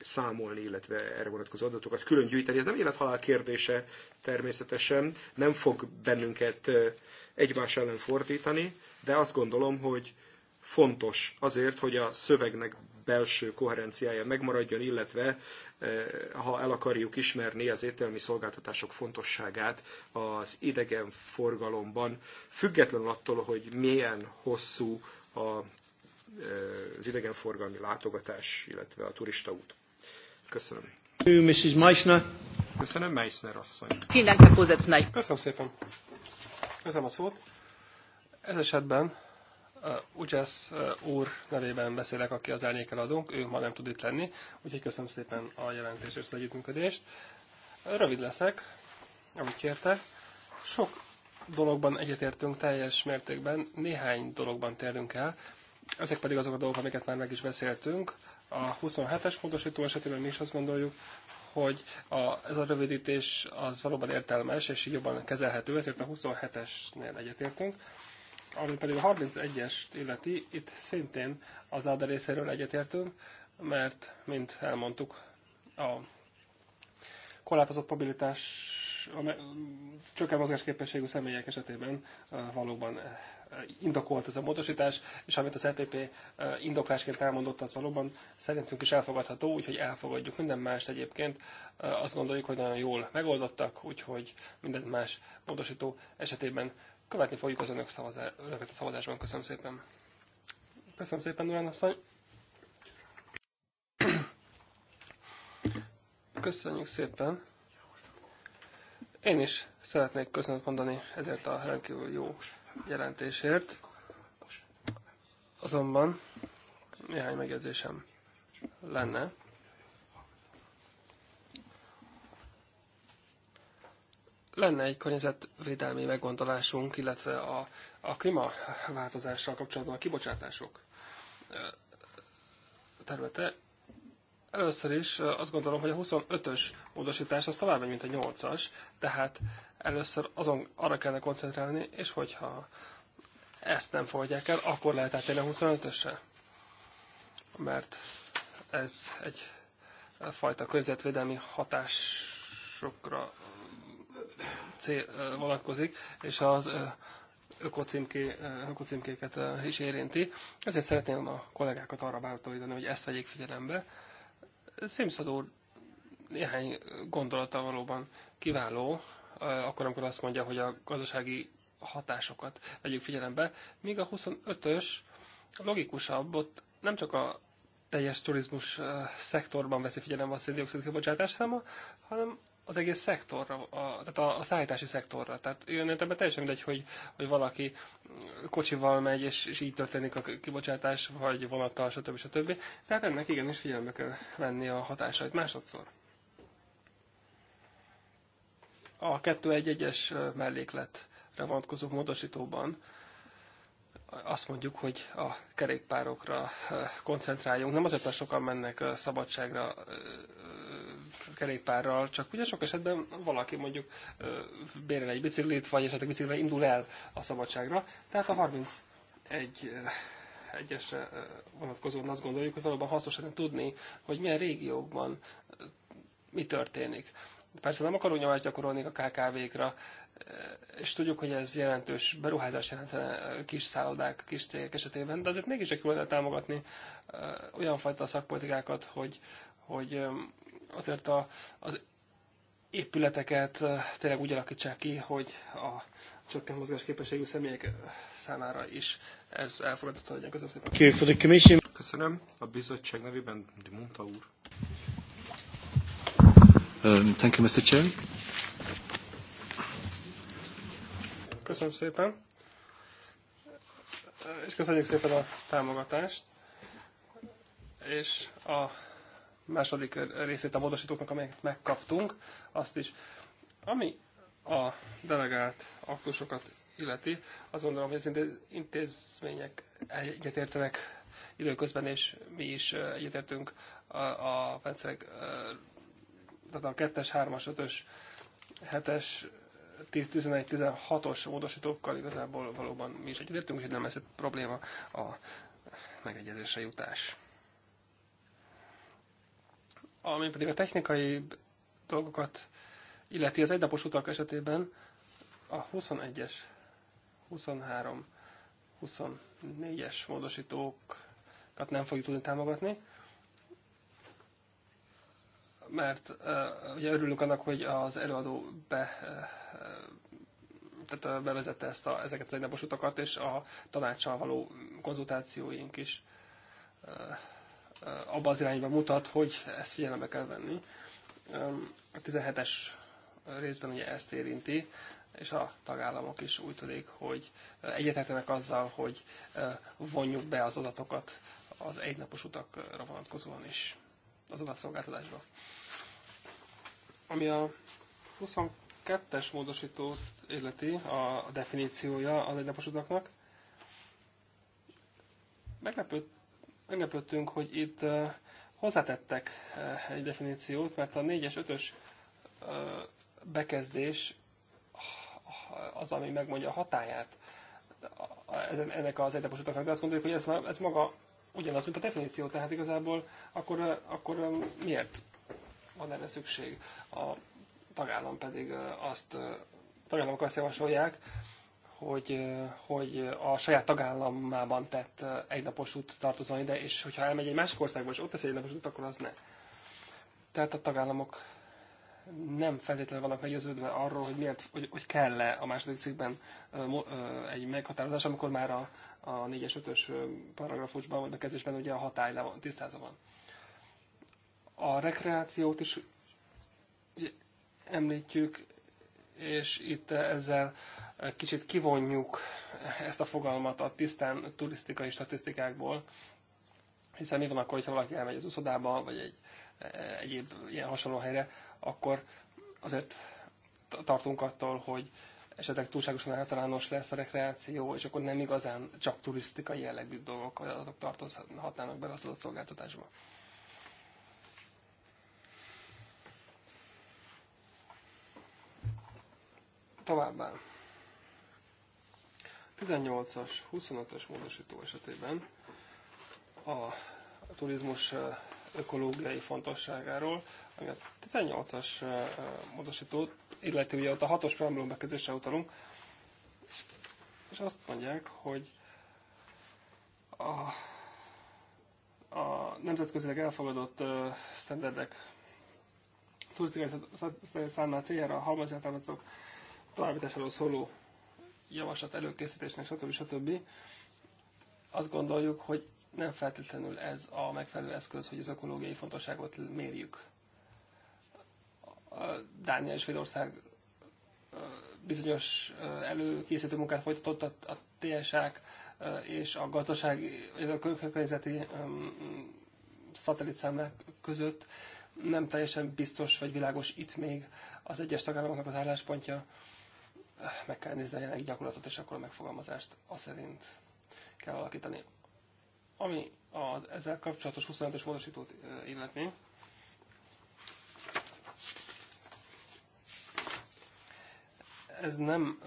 számolni, illetve erre vonatkozó adatokat külön gyűjteni. Ez nem élethalál kérdése természetesen, nem fog bennünket egymás ellen fordítani, de azt gondolom, hogy fontos azért, hogy a szövegnek belső koherenciája megmaradjon, illetve ha el akarjuk ismerni az ételmi szolgáltatások fontosságát az idegen forgalomban, függetlenül attól, hogy milyen hosszú a, az idegenforgalmi látogatás, illetve a turistaút. Köszönöm. Mrs. Meissner. Köszönöm, Meissner asszony. Köszönöm szépen. Köszönöm a szót. Ez esetben uh, Ugyász úr nevében beszélek, aki az adunk, ő ma nem tud itt lenni, úgyhogy köszönöm szépen a jelentést és az együttműködést. Rövid leszek, amit kérte. Sok dologban egyetértünk teljes mértékben, néhány dologban térünk el, ezek pedig azok a dolgok, amiket már meg is beszéltünk. A 27-es módosító esetében mi is azt gondoljuk, hogy a, ez a rövidítés az valóban értelmes, és így jobban kezelhető, ezért a 27-esnél egyetértünk. Ami pedig a 31-est illeti, itt szintén az ADA részéről egyetértünk, mert, mint elmondtuk, a korlátozott mobilitás, a csökken mozgásképességű személyek esetében valóban indokolt ez a módosítás, és amit az EPP indoklásként elmondott, az valóban szerintünk is elfogadható, úgyhogy elfogadjuk minden mást egyébként. Azt gondoljuk, hogy nagyon jól megoldottak, úgyhogy minden más módosító esetében követni fogjuk az önök szavazá- a szavazásban. Köszönöm szépen. Köszönöm szépen, Durán asszony. Köszönjük szépen. Én is szeretnék köszönet mondani ezért a rendkívül jó jelentésért, azonban néhány megjegyzésem lenne. Lenne egy környezetvédelmi meggondolásunk, illetve a, a klímaváltozással kapcsolatban a kibocsátások területe Először is azt gondolom, hogy a 25-ös módosítás az tovább megy, mint a 8-as, tehát először azon arra kellene koncentrálni, és hogyha ezt nem fogadják el, akkor lehet átélni a 25-ösre. Mert ez egy fajta környezetvédelmi hatásokra cél, vonatkozik, és az ökocímkéket is érinti. Ezért szeretném a kollégákat arra bátorítani, hogy ezt vegyék figyelembe, Simpson úr néhány gondolata valóban kiváló, akkor, amikor azt mondja, hogy a gazdasági hatásokat vegyük figyelembe, míg a 25-ös logikusabb, ott nem csak a teljes turizmus szektorban veszi figyelembe a széndiokszid kibocsátás száma, hanem az egész szektorra, a, tehát a, a szállítási szektorra. Tehát én ebben teljesen mindegy, hogy, hogy valaki kocsival megy, és, és így történik a kibocsátás, vagy vonattal, stb. stb. Tehát ennek igenis figyelembe kell venni a hatásait másodszor. A 2.1.1-es mellékletre vonatkozó módosítóban azt mondjuk, hogy a kerékpárokra eh, koncentráljunk. Nem azért, mert sokan mennek eh, szabadságra eh, kerékpárral, csak ugye sok esetben valaki mondjuk bérel egy biciklit, vagy esetleg biciklivel indul el a szabadságra. Tehát a 31 egyes vonatkozóan azt gondoljuk, hogy valóban hasznos lenne tudni, hogy milyen régiókban mi történik. Persze nem akarunk nyomást gyakorolni a KKV-kra, és tudjuk, hogy ez jelentős beruházás jelentene kis szállodák, kis cégek esetében, de azért mégis kell támogatni olyan fajta szakpolitikákat, hogy, hogy azért a, az épületeket eh, tényleg úgy alakítsák ki, hogy a csökkent mozgásképességű személyek eh, számára is ez elfogadható legyen. Köszönöm szépen. Köszönöm. A bizottság nevében Dimonta úr. Um, thank you, Mr. Chair. Köszönöm szépen. És köszönjük szépen a támogatást. És a második részét a módosítóknak, amelyeket megkaptunk, azt is. Ami a delegált aktusokat illeti, azt gondolom, hogy az intézmények egyetértenek időközben, és mi is egyetértünk a, a rendszerek, tehát a 2-es, 3-as, 5-ös, 7-es, 10, 11, 16-os módosítókkal igazából valóban mi is egyetértünk, hogy nem lesz egy probléma a megegyezésre jutás. Ami pedig a technikai dolgokat illeti az egynapos utak esetében, a 21-es, 23, 24-es módosítókat nem fogjuk tudni támogatni, mert uh, ugye örülünk annak, hogy az előadó be, uh, tehát, uh, bevezette ezt a, ezeket az egynapos utakat, és a tanácssal való konzultációink is uh, abba az irányba mutat, hogy ezt figyelembe kell venni. A 17-es részben ugye ezt érinti, és a tagállamok is úgy tudik, hogy egyetértenek azzal, hogy vonjuk be az adatokat az egynapos utakra vonatkozóan is az adatszolgáltatásba. Ami a 22-es módosítót illeti, a definíciója az egynapos utaknak, meglepőtt meglepődtünk, hogy itt hozzátettek egy definíciót, mert a 4-es, 5-ös bekezdés az, ami megmondja a hatáját e-, ennek az egyetemes utaknak, de azt gondoljuk, hogy ez, ez maga ugyanaz, mint a definíció, tehát igazából akkor, akkor miért van erre szükség? A tagállam pedig azt, tagállamok azt javasolják, hogy, hogy a saját tagállamában tett egynapos út tartozon ide, és hogyha elmegy egy másik országba, és ott tesz egy egynapos út, akkor az ne. Tehát a tagállamok nem feltétlenül vannak meggyőződve arról, hogy, miért, hogy, hogy kell-e a második cikkben egy meghatározás, amikor már a, a 4-es, 5-ös paragrafusban vagy bekezdésben ugye a hatály le van, tisztázva van. A rekreációt is említjük, és itt ezzel kicsit kivonjuk ezt a fogalmat a tisztán turisztikai statisztikákból, hiszen mi van akkor, hogyha valaki elmegy az uszodába, vagy egy egyéb ilyen hasonló helyre, akkor azért tartunk attól, hogy esetleg túlságosan általános lesz a rekreáció, és akkor nem igazán csak turisztikai jellegű dolgok, azok tartozhatnának bele az adott szolgáltatásba. Továbbá. 18-as, 25-ös módosító esetében a turizmus ökológiai fontosságáról, ami a 18-as módosító, illetve ugye ott a 6-os preambulum bekezdésre utalunk, és azt mondják, hogy a, a nemzetközileg elfogadott uh, standardek turisztikai számlát céljára a halmazjátámasztók továbbításáról szóló javaslat előkészítésnek, stb. stb. Azt gondoljuk, hogy nem feltétlenül ez a megfelelő eszköz, hogy az ökológiai fontosságot mérjük. Dánia és Svédország bizonyos előkészítő munkát folytatott a TSák és a gazdasági, a környezeti szatellitszámlák között. Nem teljesen biztos vagy világos itt még az egyes tagállamoknak az álláspontja meg kell nézni a jelenlegi gyakorlatot, és akkor a megfogalmazást az szerint kell alakítani. Ami az ezzel kapcsolatos 25-ös módosítót illetni, ez nem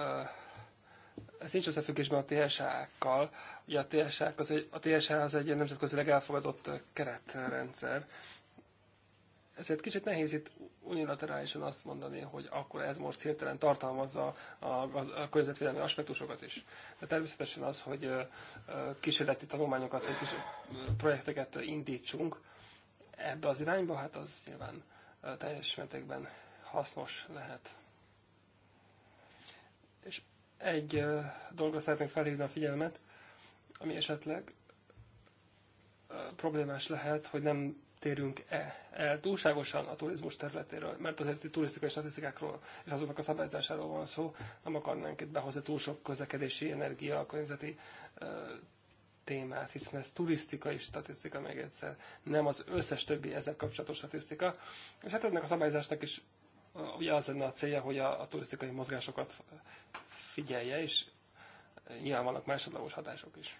ez nincs összefüggésben a TSA-kkal. Ugye a TSA az egy, a TSA az egy nemzetközileg elfogadott keretrendszer, ezért kicsit nehéz itt unilaterálisan azt mondani, hogy akkor ez most hirtelen tartalmazza a, a, a környezetvédelmi aspektusokat is. De természetesen az, hogy kísérleti tanulmányokat, vagy kis projekteket indítsunk ebbe az irányba, hát az nyilván teljes mértékben hasznos lehet. És egy dolgot szeretnék felhívni a figyelmet, ami esetleg problémás lehet, hogy nem térünk -e el túlságosan a turizmus területéről, mert azért itt turisztikai statisztikákról és azoknak a szabályzásáról van szó, nem akarnánk itt behozni túl sok közlekedési, energia, környezeti e, témát, hiszen ez turisztikai statisztika még egyszer, nem az összes többi ezzel kapcsolatos statisztika. És hát ennek a szabályzásnak is e, ugye az lenne a célja, hogy a, a turisztikai mozgásokat e, figyelje, és nyilván vannak másodlagos hatások is.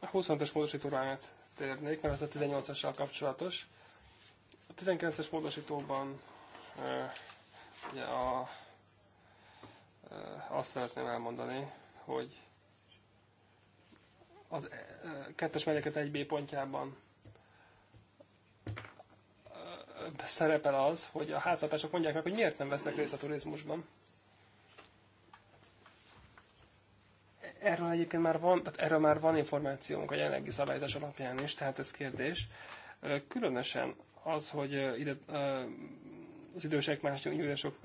A 25-ös módosítóra térnék, mert ez a 18-assal kapcsolatos. A 19-es módosítóban e, ugye a, e, azt szeretném elmondani, hogy az e, kettes melléket 1B pontjában szerepel az, hogy a háztartások mondják meg, hogy miért nem vesznek részt a turizmusban. Erről egyébként már van, tehát erről már van információnk a jelenlegi szabályozás alapján is, tehát ez kérdés. Különösen az, hogy ide az idősek, más nyugdíjasok,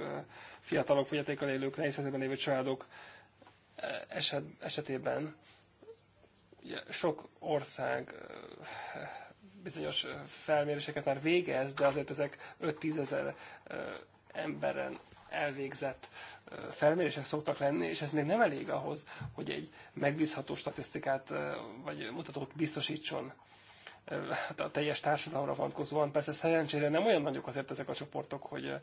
fiatalok, fogyatékkal élők, nehéz helyzetben lévő családok eset, esetében ugye, sok ország bizonyos felméréseket már végez, de azért ezek 5-10 ezer emberen elvégzett felmérések szoktak lenni, és ez még nem elég ahhoz, hogy egy megbízható statisztikát vagy mutatót biztosítson hát a teljes társadalomra vonatkozóan. Persze szerencsére nem olyan nagyok azért ezek a csoportok, hogy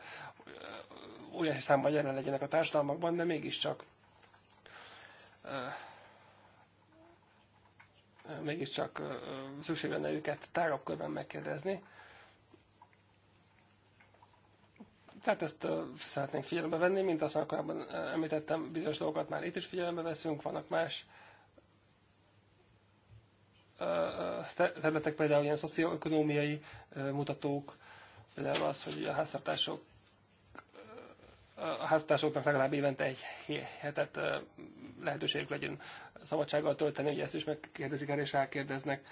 óriási számban jelen legyenek a társadalmakban, de mégiscsak mégiscsak szükség lenne őket tágabb körben megkérdezni. Tehát ezt uh, szeretnénk figyelembe venni, mint azt már korábban említettem, bizonyos dolgokat már itt is figyelembe veszünk, vannak más uh, területek, például ilyen szocioökonomiai uh, mutatók, például az, hogy a háztartások a háztartásoknak legalább évente egy hetet lehetőségük legyen szabadsággal tölteni, ugye ezt is megkérdezik el és rákérdeznek.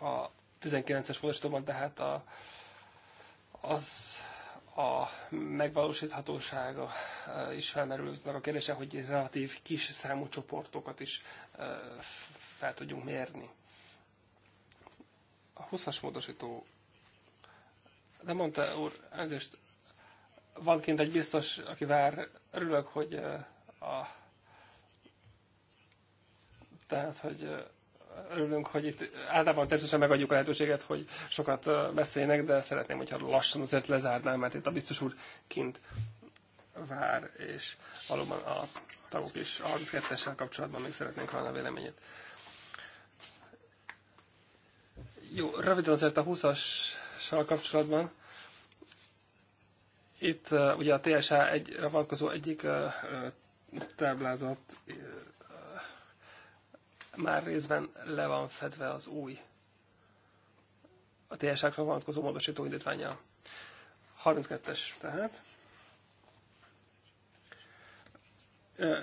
A 19-es fordítóban tehát a, az a megvalósíthatósága is felmerül a kérdése, hogy relatív kis számú csoportokat is fel tudjunk mérni. A 20-as módosító, de mondta úr, elnézést, van kint egy biztos, aki vár, örülök, hogy a, tehát, hogy örülünk, hogy itt általában természetesen megadjuk a lehetőséget, hogy sokat beszéljenek, de szeretném, hogyha lassan azért lezárnám, mert itt a biztos úr kint vár, és valóban a tagok is a 32-essel kapcsolatban még szeretnénk hallani a véleményét. Jó, röviden azért a 20-assal kapcsolatban. Itt uh, ugye a TSA egyre vonatkozó egyik uh, táblázat már részben le van fedve az új a TSA-kra vonatkozó módosító indítványjal. 32-es tehát.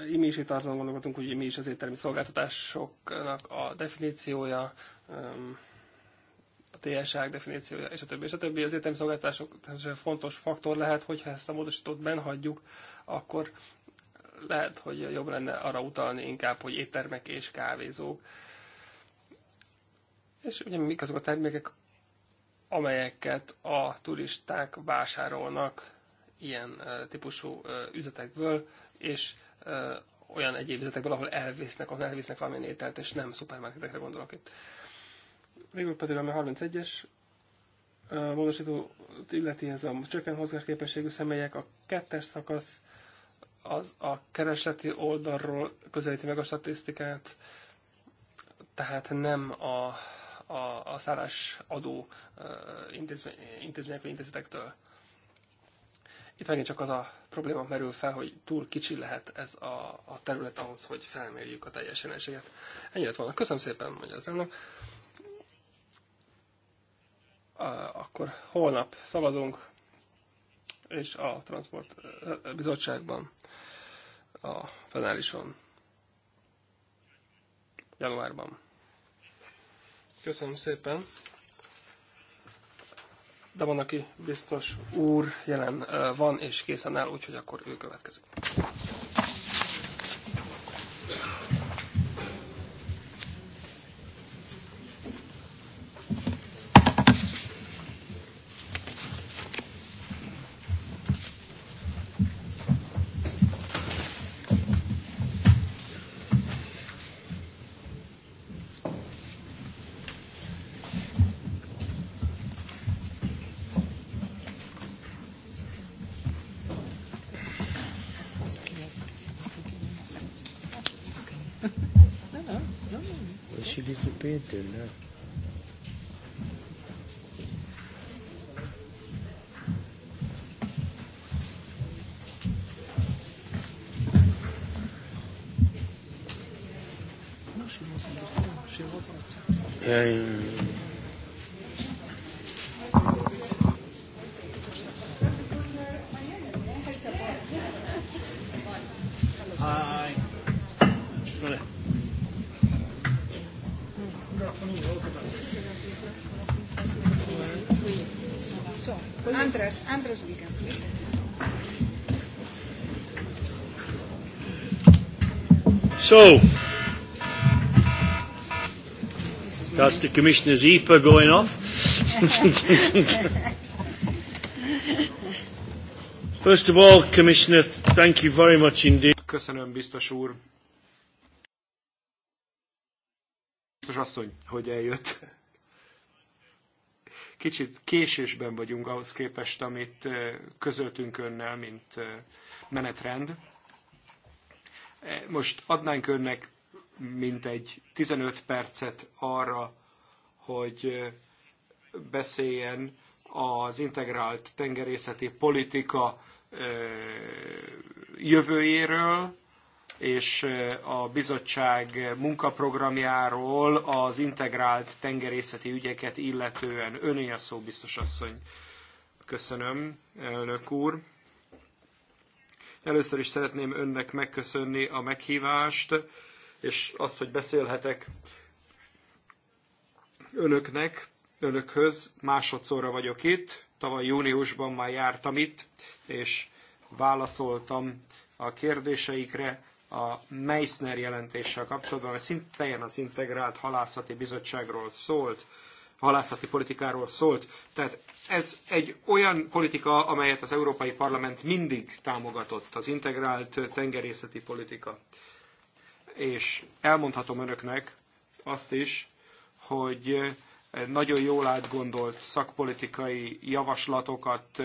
Mi is itt azon gondolkodunk, hogy mi is az éttermi szolgáltatásoknak a definíciója, a TSA definíciója, és a többi. És a többi az éttermi szolgáltatások fontos faktor lehet, hogyha ezt a módosítót benhagyjuk, akkor lehet, hogy jobb lenne arra utalni inkább, hogy éttermek és kávézók. És ugye mik azok a termékek, amelyeket a turisták vásárolnak ilyen típusú üzletekből, és olyan egyéb üzletekből, ahol elvisznek, ahol elvisznek valamilyen ételt, és nem szupermarketekre gondolok itt. Végül pedig, ami a 31-es módosító illeti ez a csökken mozgásképességű személyek, a kettes szakasz az a keresleti oldalról közelíti meg a statisztikát, tehát nem a, a, a szállásadó intézmény, intézmények vagy intézetektől. Itt megint csak az a probléma merül fel, hogy túl kicsi lehet ez a, a terület ahhoz, hogy felmérjük a teljes jelenséget. Ennyi lett volna. Köszönöm szépen, mondja az elnök. Akkor holnap szavazunk és a Transport Bizottságban a plenárison januárban. Köszönöm szépen. De van, aki biztos úr jelen van és készen áll, úgyhogy akkor ő következik. tényleg. So, that's the Commissioner's EPA going off. (laughs) First of all, Commissioner, thank you very much indeed. Köszönöm, biztos úr. Biztos asszony, hogy eljött. Kicsit késésben vagyunk ahhoz képest, amit közöltünk önnel, mint menetrend most adnánk önnek mintegy 15 percet arra, hogy beszéljen az integrált tengerészeti politika jövőjéről, és a bizottság munkaprogramjáról az integrált tengerészeti ügyeket illetően. Öné a szó, biztos asszony. Köszönöm, elnök úr. Először is szeretném önnek megköszönni a meghívást, és azt, hogy beszélhetek önöknek, önökhöz. Másodszorra vagyok itt, tavaly júniusban már jártam itt, és válaszoltam a kérdéseikre a Meissner jelentéssel kapcsolatban, mert szintén az Integrált Halászati Bizottságról szólt halászati politikáról szólt. Tehát ez egy olyan politika, amelyet az Európai Parlament mindig támogatott, az integrált tengerészeti politika. És elmondhatom önöknek azt is, hogy nagyon jól átgondolt szakpolitikai javaslatokat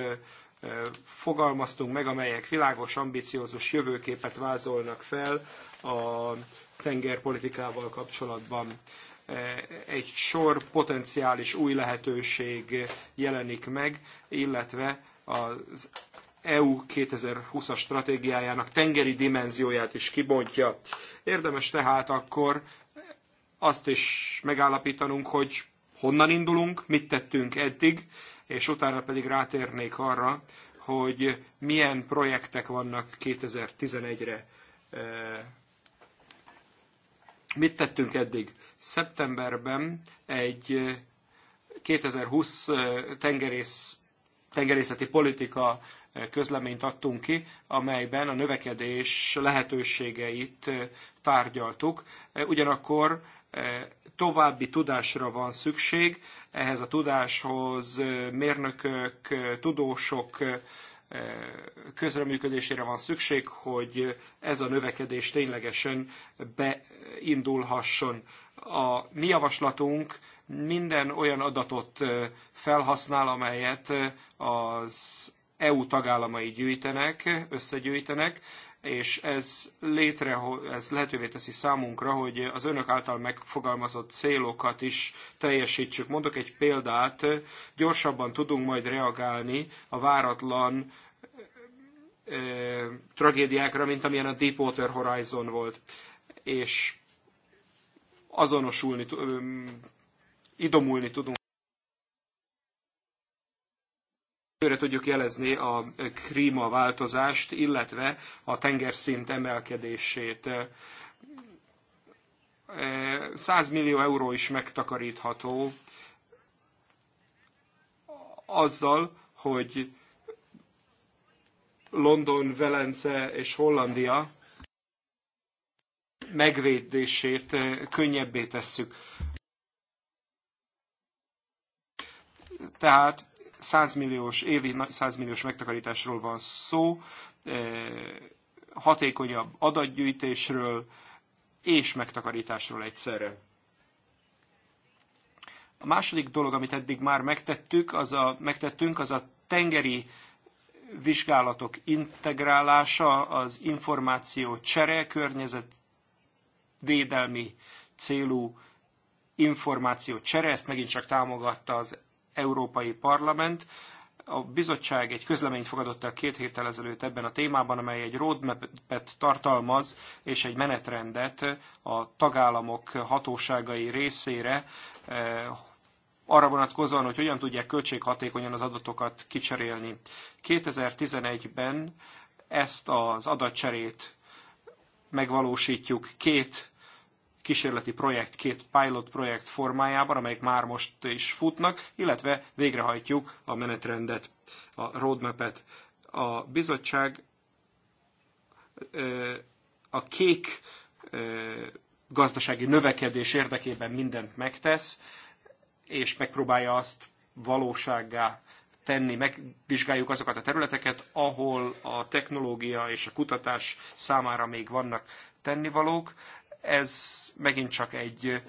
fogalmaztunk meg, amelyek világos, ambiciózus jövőképet vázolnak fel a tengerpolitikával kapcsolatban egy sor potenciális új lehetőség jelenik meg, illetve az EU 2020-as stratégiájának tengeri dimenzióját is kibontja. Érdemes tehát akkor azt is megállapítanunk, hogy honnan indulunk, mit tettünk eddig, és utána pedig rátérnék arra, hogy milyen projektek vannak 2011-re. Mit tettünk eddig? Szeptemberben egy 2020 tengerész, tengerészeti politika közleményt adtunk ki, amelyben a növekedés lehetőségeit tárgyaltuk. Ugyanakkor további tudásra van szükség, ehhez a tudáshoz mérnökök, tudósok közreműködésére van szükség, hogy ez a növekedés ténylegesen beindulhasson a mi javaslatunk minden olyan adatot felhasznál, amelyet az EU tagállamai gyűjtenek, összegyűjtenek, és ez, létre, ez lehetővé teszi számunkra, hogy az önök által megfogalmazott célokat is teljesítsük. Mondok egy példát, gyorsabban tudunk majd reagálni a váratlan ö, tragédiákra, mint amilyen a Deepwater Horizon volt. És azonosulni, idomulni tudunk. Őre tudjuk jelezni a klímaváltozást, illetve a tengerszint emelkedését. 100 e, millió euró is megtakarítható azzal, hogy London, Velence és Hollandia megvédését könnyebbé tesszük. Tehát 100 milliós, évi 100 milliós megtakarításról van szó, hatékonyabb adatgyűjtésről és megtakarításról egyszerre. A második dolog, amit eddig már megtettük, az a, megtettünk, az a tengeri vizsgálatok integrálása, az információ csere, környezet védelmi célú információ csere, ezt megint csak támogatta az Európai Parlament. A bizottság egy közleményt fogadott el két héttel ezelőtt ebben a témában, amely egy roadmap-et tartalmaz, és egy menetrendet a tagállamok hatóságai részére, eh, arra vonatkozóan, hogy hogyan tudják költséghatékonyan az adatokat kicserélni. 2011-ben ezt az adatcserét megvalósítjuk két kísérleti projekt, két pilot projekt formájában, amelyek már most is futnak, illetve végrehajtjuk a menetrendet, a roadmap-et. A bizottság a kék gazdasági növekedés érdekében mindent megtesz, és megpróbálja azt valósággá tenni, megvizsgáljuk azokat a területeket, ahol a technológia és a kutatás számára még vannak tennivalók, ez megint csak egy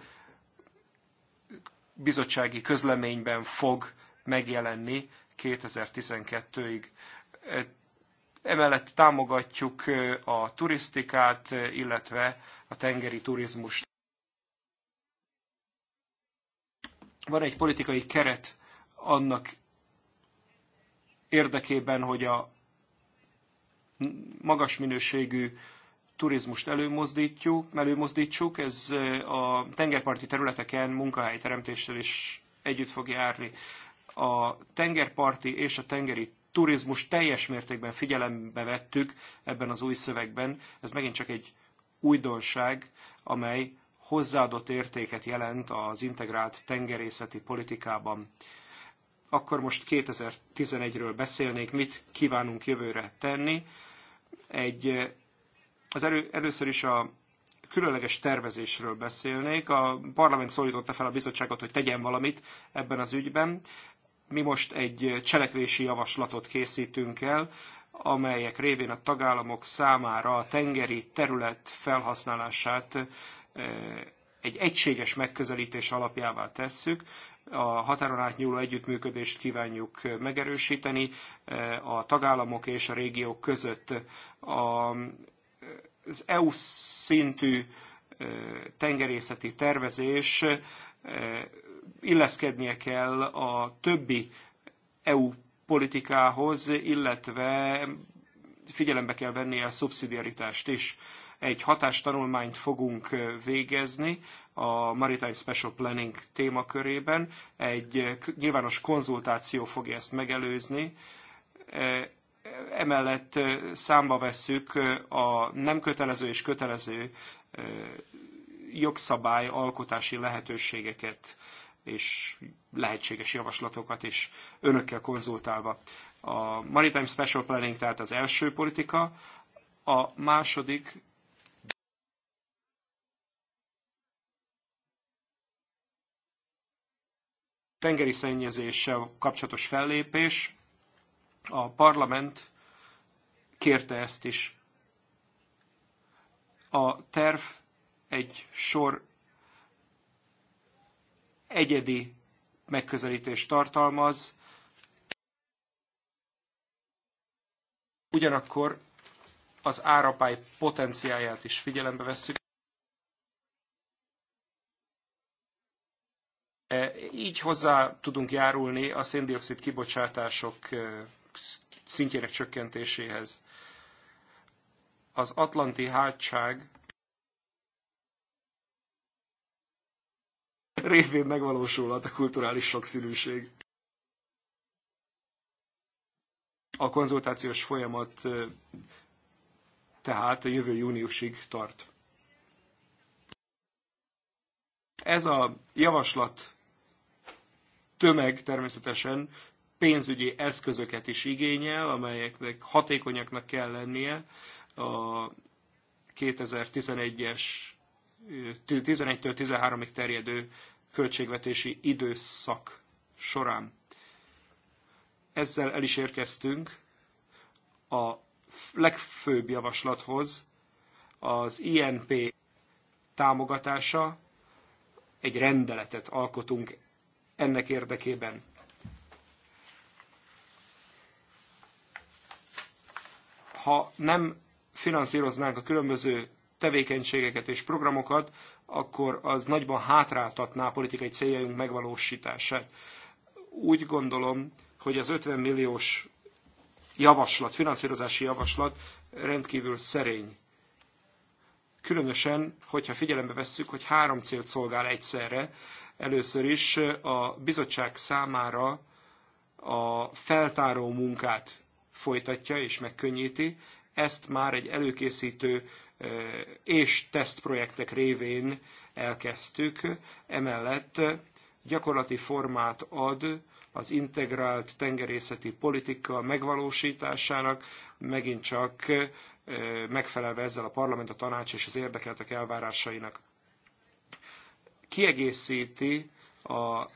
bizottsági közleményben fog megjelenni 2012-ig. Emellett támogatjuk a turisztikát, illetve a tengeri turizmust. Van egy politikai keret annak érdekében, hogy a magas minőségű turizmust előmozdítjuk, előmozdítsuk, ez a tengerparti területeken munkahelyteremtéssel is együtt fog járni. A tengerparti és a tengeri turizmus teljes mértékben figyelembe vettük ebben az új szövegben. Ez megint csak egy újdonság, amely hozzáadott értéket jelent az integrált tengerészeti politikában. Akkor most 2011-ről beszélnék, mit kívánunk jövőre tenni. Egy az erő, először is a különleges tervezésről beszélnék. A parlament szólította fel a bizottságot, hogy tegyen valamit ebben az ügyben. Mi most egy cselekvési javaslatot készítünk el, amelyek révén a tagállamok számára a tengeri terület felhasználását eh, egy egységes megközelítés alapjává tesszük. A határon átnyúló együttműködést kívánjuk megerősíteni eh, a tagállamok és a régiók között. A az EU szintű tengerészeti tervezés illeszkednie kell a többi EU politikához, illetve figyelembe kell vennie a szubszidiaritást is. Egy hatástanulmányt fogunk végezni a Maritime Special Planning témakörében. Egy nyilvános konzultáció fogja ezt megelőzni emellett számba vesszük a nem kötelező és kötelező jogszabály alkotási lehetőségeket és lehetséges javaslatokat is önökkel konzultálva. A Maritime Special Planning tehát az első politika, a második tengeri szennyezéssel kapcsolatos fellépés, a parlament kérte ezt is. A terv egy sor egyedi megközelítést tartalmaz, ugyanakkor az árapály potenciáját is figyelembe vesszük. E, így hozzá tudunk járulni a széndiokszid kibocsátások e, szintjének csökkentéséhez. Az atlanti hátság révén megvalósulhat a kulturális sokszínűség. A konzultációs folyamat tehát a jövő júniusig tart. Ez a javaslat tömeg természetesen pénzügyi eszközöket is igényel, amelyeknek hatékonyaknak kell lennie a 2011-es 11-től 13-ig terjedő költségvetési időszak során. Ezzel el is érkeztünk a legfőbb javaslathoz, az INP támogatása, egy rendeletet alkotunk ennek érdekében. ha nem finanszíroznánk a különböző tevékenységeket és programokat, akkor az nagyban hátráltatná a politikai céljaink megvalósítását. Úgy gondolom, hogy az 50 milliós javaslat, finanszírozási javaslat rendkívül szerény. Különösen, hogyha figyelembe vesszük, hogy három célt szolgál egyszerre. Először is a bizottság számára a feltáró munkát folytatja és megkönnyíti. Ezt már egy előkészítő és tesztprojektek révén elkezdtük. Emellett gyakorlati formát ad az integrált tengerészeti politika megvalósításának, megint csak megfelelve ezzel a parlament, a tanács és az érdekeltek elvárásainak. Kiegészíti a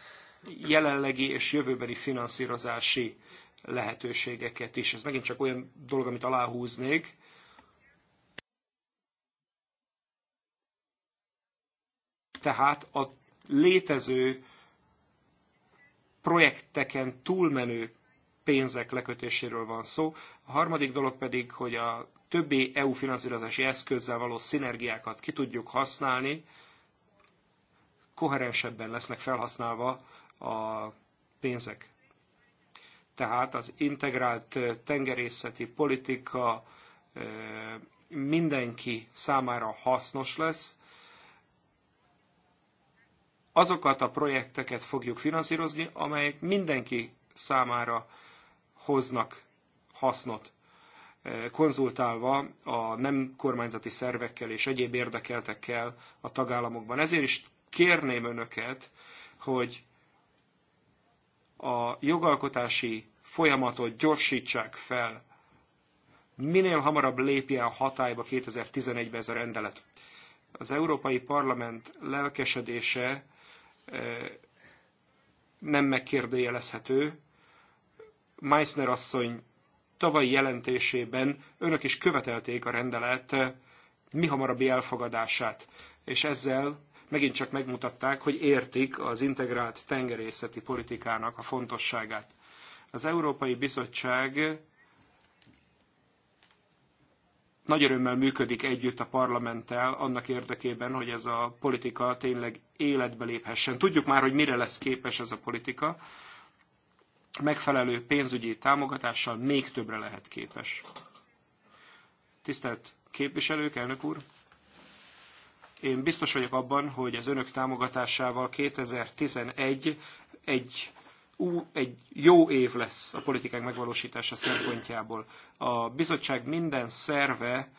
jelenlegi és jövőbeli finanszírozási lehetőségeket is. Ez megint csak olyan dolog, amit aláhúznék, tehát a létező projekteken túlmenő pénzek lekötéséről van szó. A harmadik dolog pedig, hogy a többi EU finanszírozási eszközzel való szinergiákat ki tudjuk használni, koherensebben lesznek felhasználva a pénzek tehát az integrált tengerészeti politika mindenki számára hasznos lesz. Azokat a projekteket fogjuk finanszírozni, amelyek mindenki számára hoznak hasznot, konzultálva a nem kormányzati szervekkel és egyéb érdekeltekkel a tagállamokban. Ezért is kérném önöket, hogy a jogalkotási folyamatot gyorsítsák fel, minél hamarabb lépjen hatályba 2011-ben ez a rendelet. Az Európai Parlament lelkesedése e, nem megkérdőjelezhető. Meissner asszony tavalyi jelentésében önök is követelték a rendelet mi hamarabbi elfogadását, és ezzel megint csak megmutatták, hogy értik az integrált tengerészeti politikának a fontosságát. Az Európai Bizottság nagy örömmel működik együtt a parlamenttel annak érdekében, hogy ez a politika tényleg életbe léphessen. Tudjuk már, hogy mire lesz képes ez a politika. Megfelelő pénzügyi támogatással még többre lehet képes. Tisztelt képviselők, elnök úr! Én biztos vagyok abban, hogy az önök támogatásával 2011 egy ú, egy jó év lesz a politikák megvalósítása szempontjából. A bizottság minden szerve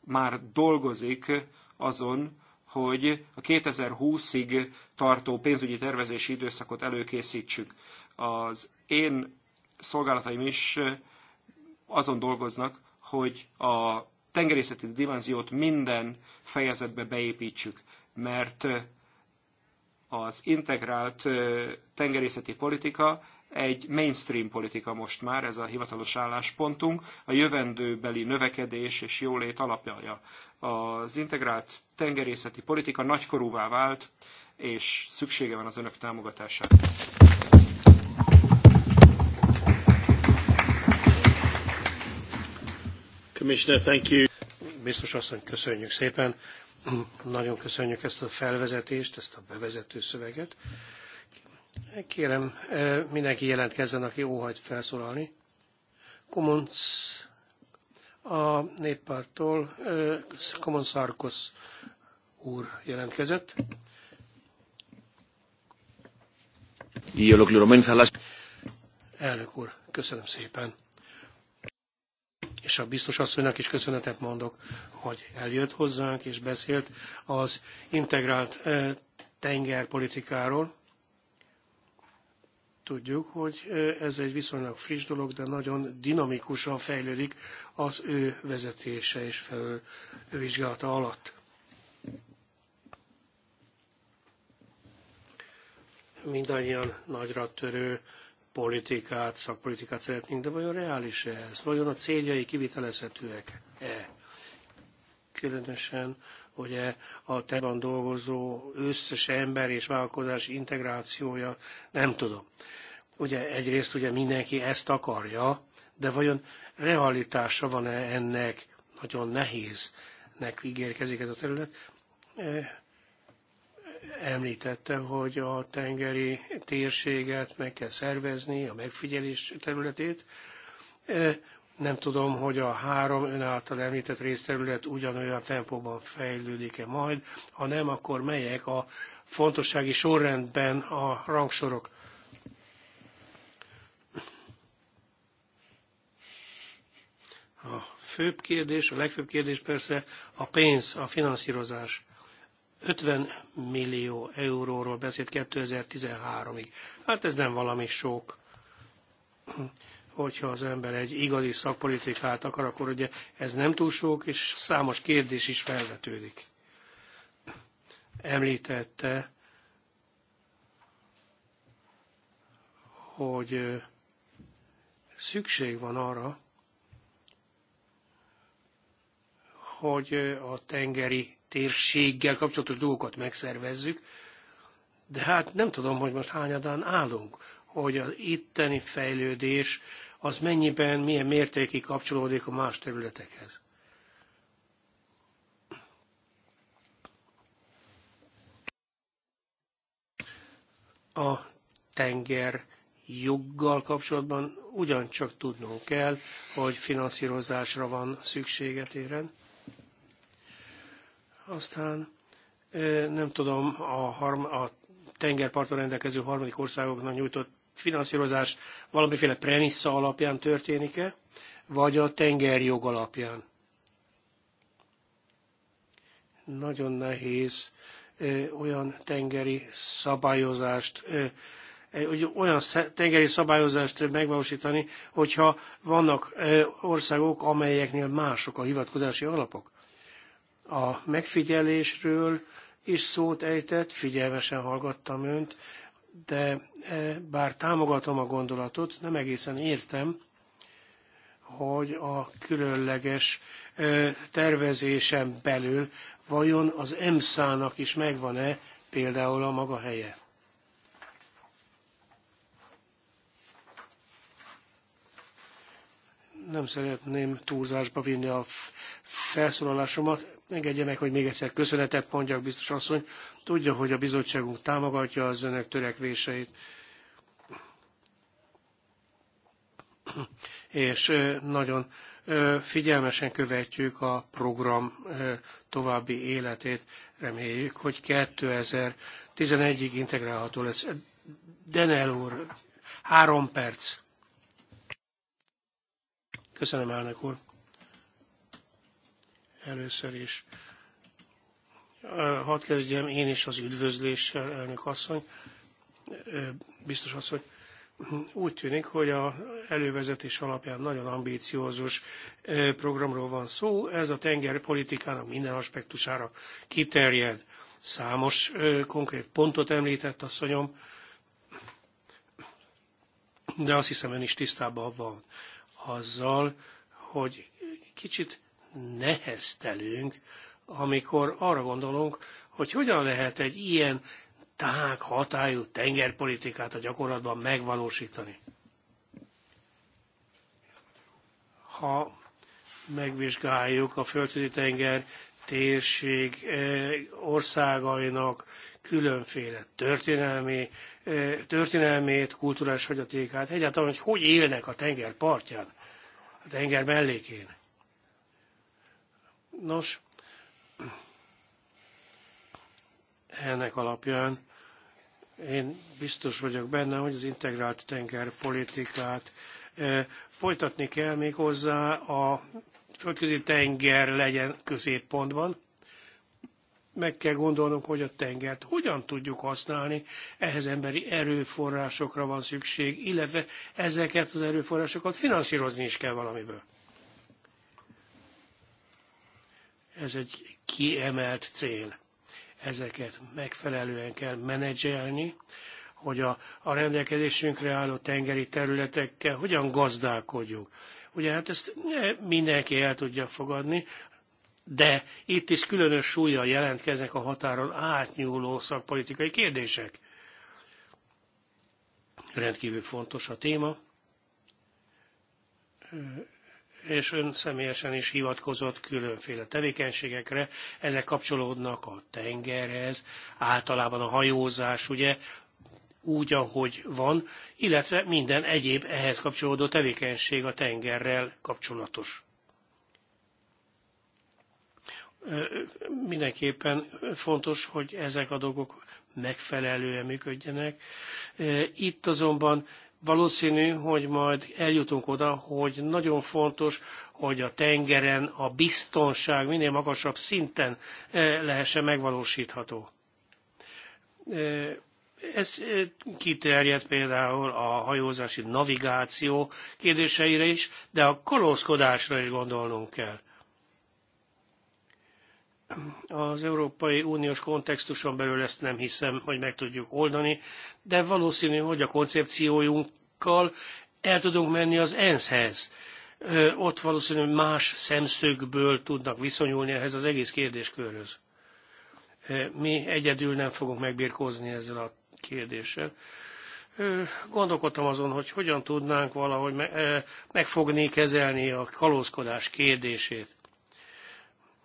már dolgozik azon, hogy a 2020-ig tartó pénzügyi tervezési időszakot előkészítsük. Az én szolgálataim is azon dolgoznak, hogy a tengerészeti dimenziót minden fejezetbe beépítsük, mert az integrált tengerészeti politika egy mainstream politika most már, ez a hivatalos álláspontunk, a jövendőbeli növekedés és jólét alapja. Az integrált tengerészeti politika nagykorúvá vált, és szüksége van az önök támogatására. Biztos asszony, köszönjük szépen. (clears throat) Nagyon köszönjük ezt a felvezetést, ezt a bevezető szöveget. Kérem, eh, mindenki jelentkezzen, aki óhajt felszólalni. Komonc a néppártól, Komon eh, Szárkosz úr jelentkezett. Elnök úr, köszönöm szépen és a biztos asszonynak is köszönetet mondok, hogy eljött hozzánk és beszélt az integrált tengerpolitikáról. Tudjuk, hogy ez egy viszonylag friss dolog, de nagyon dinamikusan fejlődik az ő vezetése és felvizsgálata alatt. Mindannyian nagyra törő politikát, szakpolitikát szeretnénk, de vajon reális -e ez? Vajon a céljai kivitelezhetőek-e? Különösen ugye a teban dolgozó összes ember és vállalkozás integrációja, nem tudom. Ugye egyrészt ugye mindenki ezt akarja, de vajon realitása van-e ennek? Nagyon nehéznek ígérkezik ez a terület említette, hogy a tengeri térséget meg kell szervezni, a megfigyelés területét. Nem tudom, hogy a három ön által említett részterület ugyanolyan tempóban fejlődik-e majd, ha nem, akkor melyek a fontossági sorrendben a rangsorok? A főbb kérdés, a legfőbb kérdés persze a pénz, a finanszírozás. 50 millió euróról beszélt 2013-ig. Hát ez nem valami sok. Hogyha az ember egy igazi szakpolitikát akar, akkor ugye ez nem túl sok, és számos kérdés is felvetődik. Említette, hogy szükség van arra, hogy a tengeri térséggel kapcsolatos dolgokat megszervezzük, de hát nem tudom, hogy most hányadán állunk, hogy az itteni fejlődés az mennyiben, milyen mértékig kapcsolódik a más területekhez. A tenger joggal kapcsolatban ugyancsak tudnunk kell, hogy finanszírozásra van szüksége téren. Aztán nem tudom, a, harm, a tengerparton rendelkező harmadik országoknak nyújtott finanszírozás valamiféle premissza alapján történik-e, vagy a tengerjog alapján. Nagyon nehéz olyan tengeri szabályozást, olyan tengeri szabályozást megvalósítani, hogyha vannak országok, amelyeknél mások a hivatkozási alapok a megfigyelésről is szót ejtett, figyelmesen hallgattam önt, de e, bár támogatom a gondolatot, nem egészen értem, hogy a különleges e, tervezésen belül vajon az EMSZ-nak is megvan-e például a maga helye. Nem szeretném túlzásba vinni a felszólalásomat, Engedje meg, hogy még egyszer köszönetet mondjak, biztos asszony. Tudja, hogy a bizottságunk támogatja az önök törekvéseit. És nagyon figyelmesen követjük a program további életét. Reméljük, hogy 2011-ig integrálható lesz. Denel úr, három perc. Köszönöm, elnök úr. Először is hadd kezdjem én is az üdvözléssel, elnök asszony, biztos asszony. Úgy tűnik, hogy a elővezetés alapján nagyon ambíciózus programról van szó. Ez a tengerpolitikának minden aspektusára kiterjed. Számos konkrét pontot említett asszonyom, de azt hiszem ön is tisztában van azzal, hogy kicsit neheztelünk, amikor arra gondolunk, hogy hogyan lehet egy ilyen tág hatályú tengerpolitikát a gyakorlatban megvalósítani. Ha megvizsgáljuk a földközi tenger térség e, országainak különféle történelmi, e, történelmét, kulturális hagyatékát, egyáltalán, hogy hogy élnek a tenger partján, a tenger mellékén. Nos, ennek alapján én biztos vagyok benne, hogy az integrált tengerpolitikát e, folytatni kell még hozzá a földközi tenger legyen középpontban. Meg kell gondolnunk, hogy a tengert hogyan tudjuk használni, ehhez emberi erőforrásokra van szükség, illetve ezeket az erőforrásokat finanszírozni is kell valamiből. ez egy kiemelt cél. Ezeket megfelelően kell menedzselni, hogy a, a rendelkezésünkre álló tengeri területekkel hogyan gazdálkodjuk. Ugye hát ezt mindenki el tudja fogadni, de itt is különös súlya jelentkeznek a határon átnyúló szakpolitikai kérdések. Rendkívül fontos a téma és ön személyesen is hivatkozott különféle tevékenységekre, ezek kapcsolódnak a tengerhez, általában a hajózás, ugye, úgy, ahogy van, illetve minden egyéb ehhez kapcsolódó tevékenység a tengerrel kapcsolatos. Mindenképpen fontos, hogy ezek a dolgok megfelelően működjenek. Itt azonban valószínű, hogy majd eljutunk oda, hogy nagyon fontos, hogy a tengeren a biztonság minél magasabb szinten eh, lehessen megvalósítható. Eh, ez eh, kiterjed például a hajózási navigáció kérdéseire is, de a kalózkodásra is gondolnunk kell az Európai Uniós kontextuson belül ezt nem hiszem, hogy meg tudjuk oldani, de valószínű, hogy a koncepciójunkkal el tudunk menni az ENSZ-hez. Ott valószínű más szemszögből tudnak viszonyulni ehhez az egész kérdéskörhöz. Mi egyedül nem fogunk megbirkózni ezzel a kérdéssel. Gondolkodtam azon, hogy hogyan tudnánk valahogy megfogni, kezelni a kalózkodás kérdését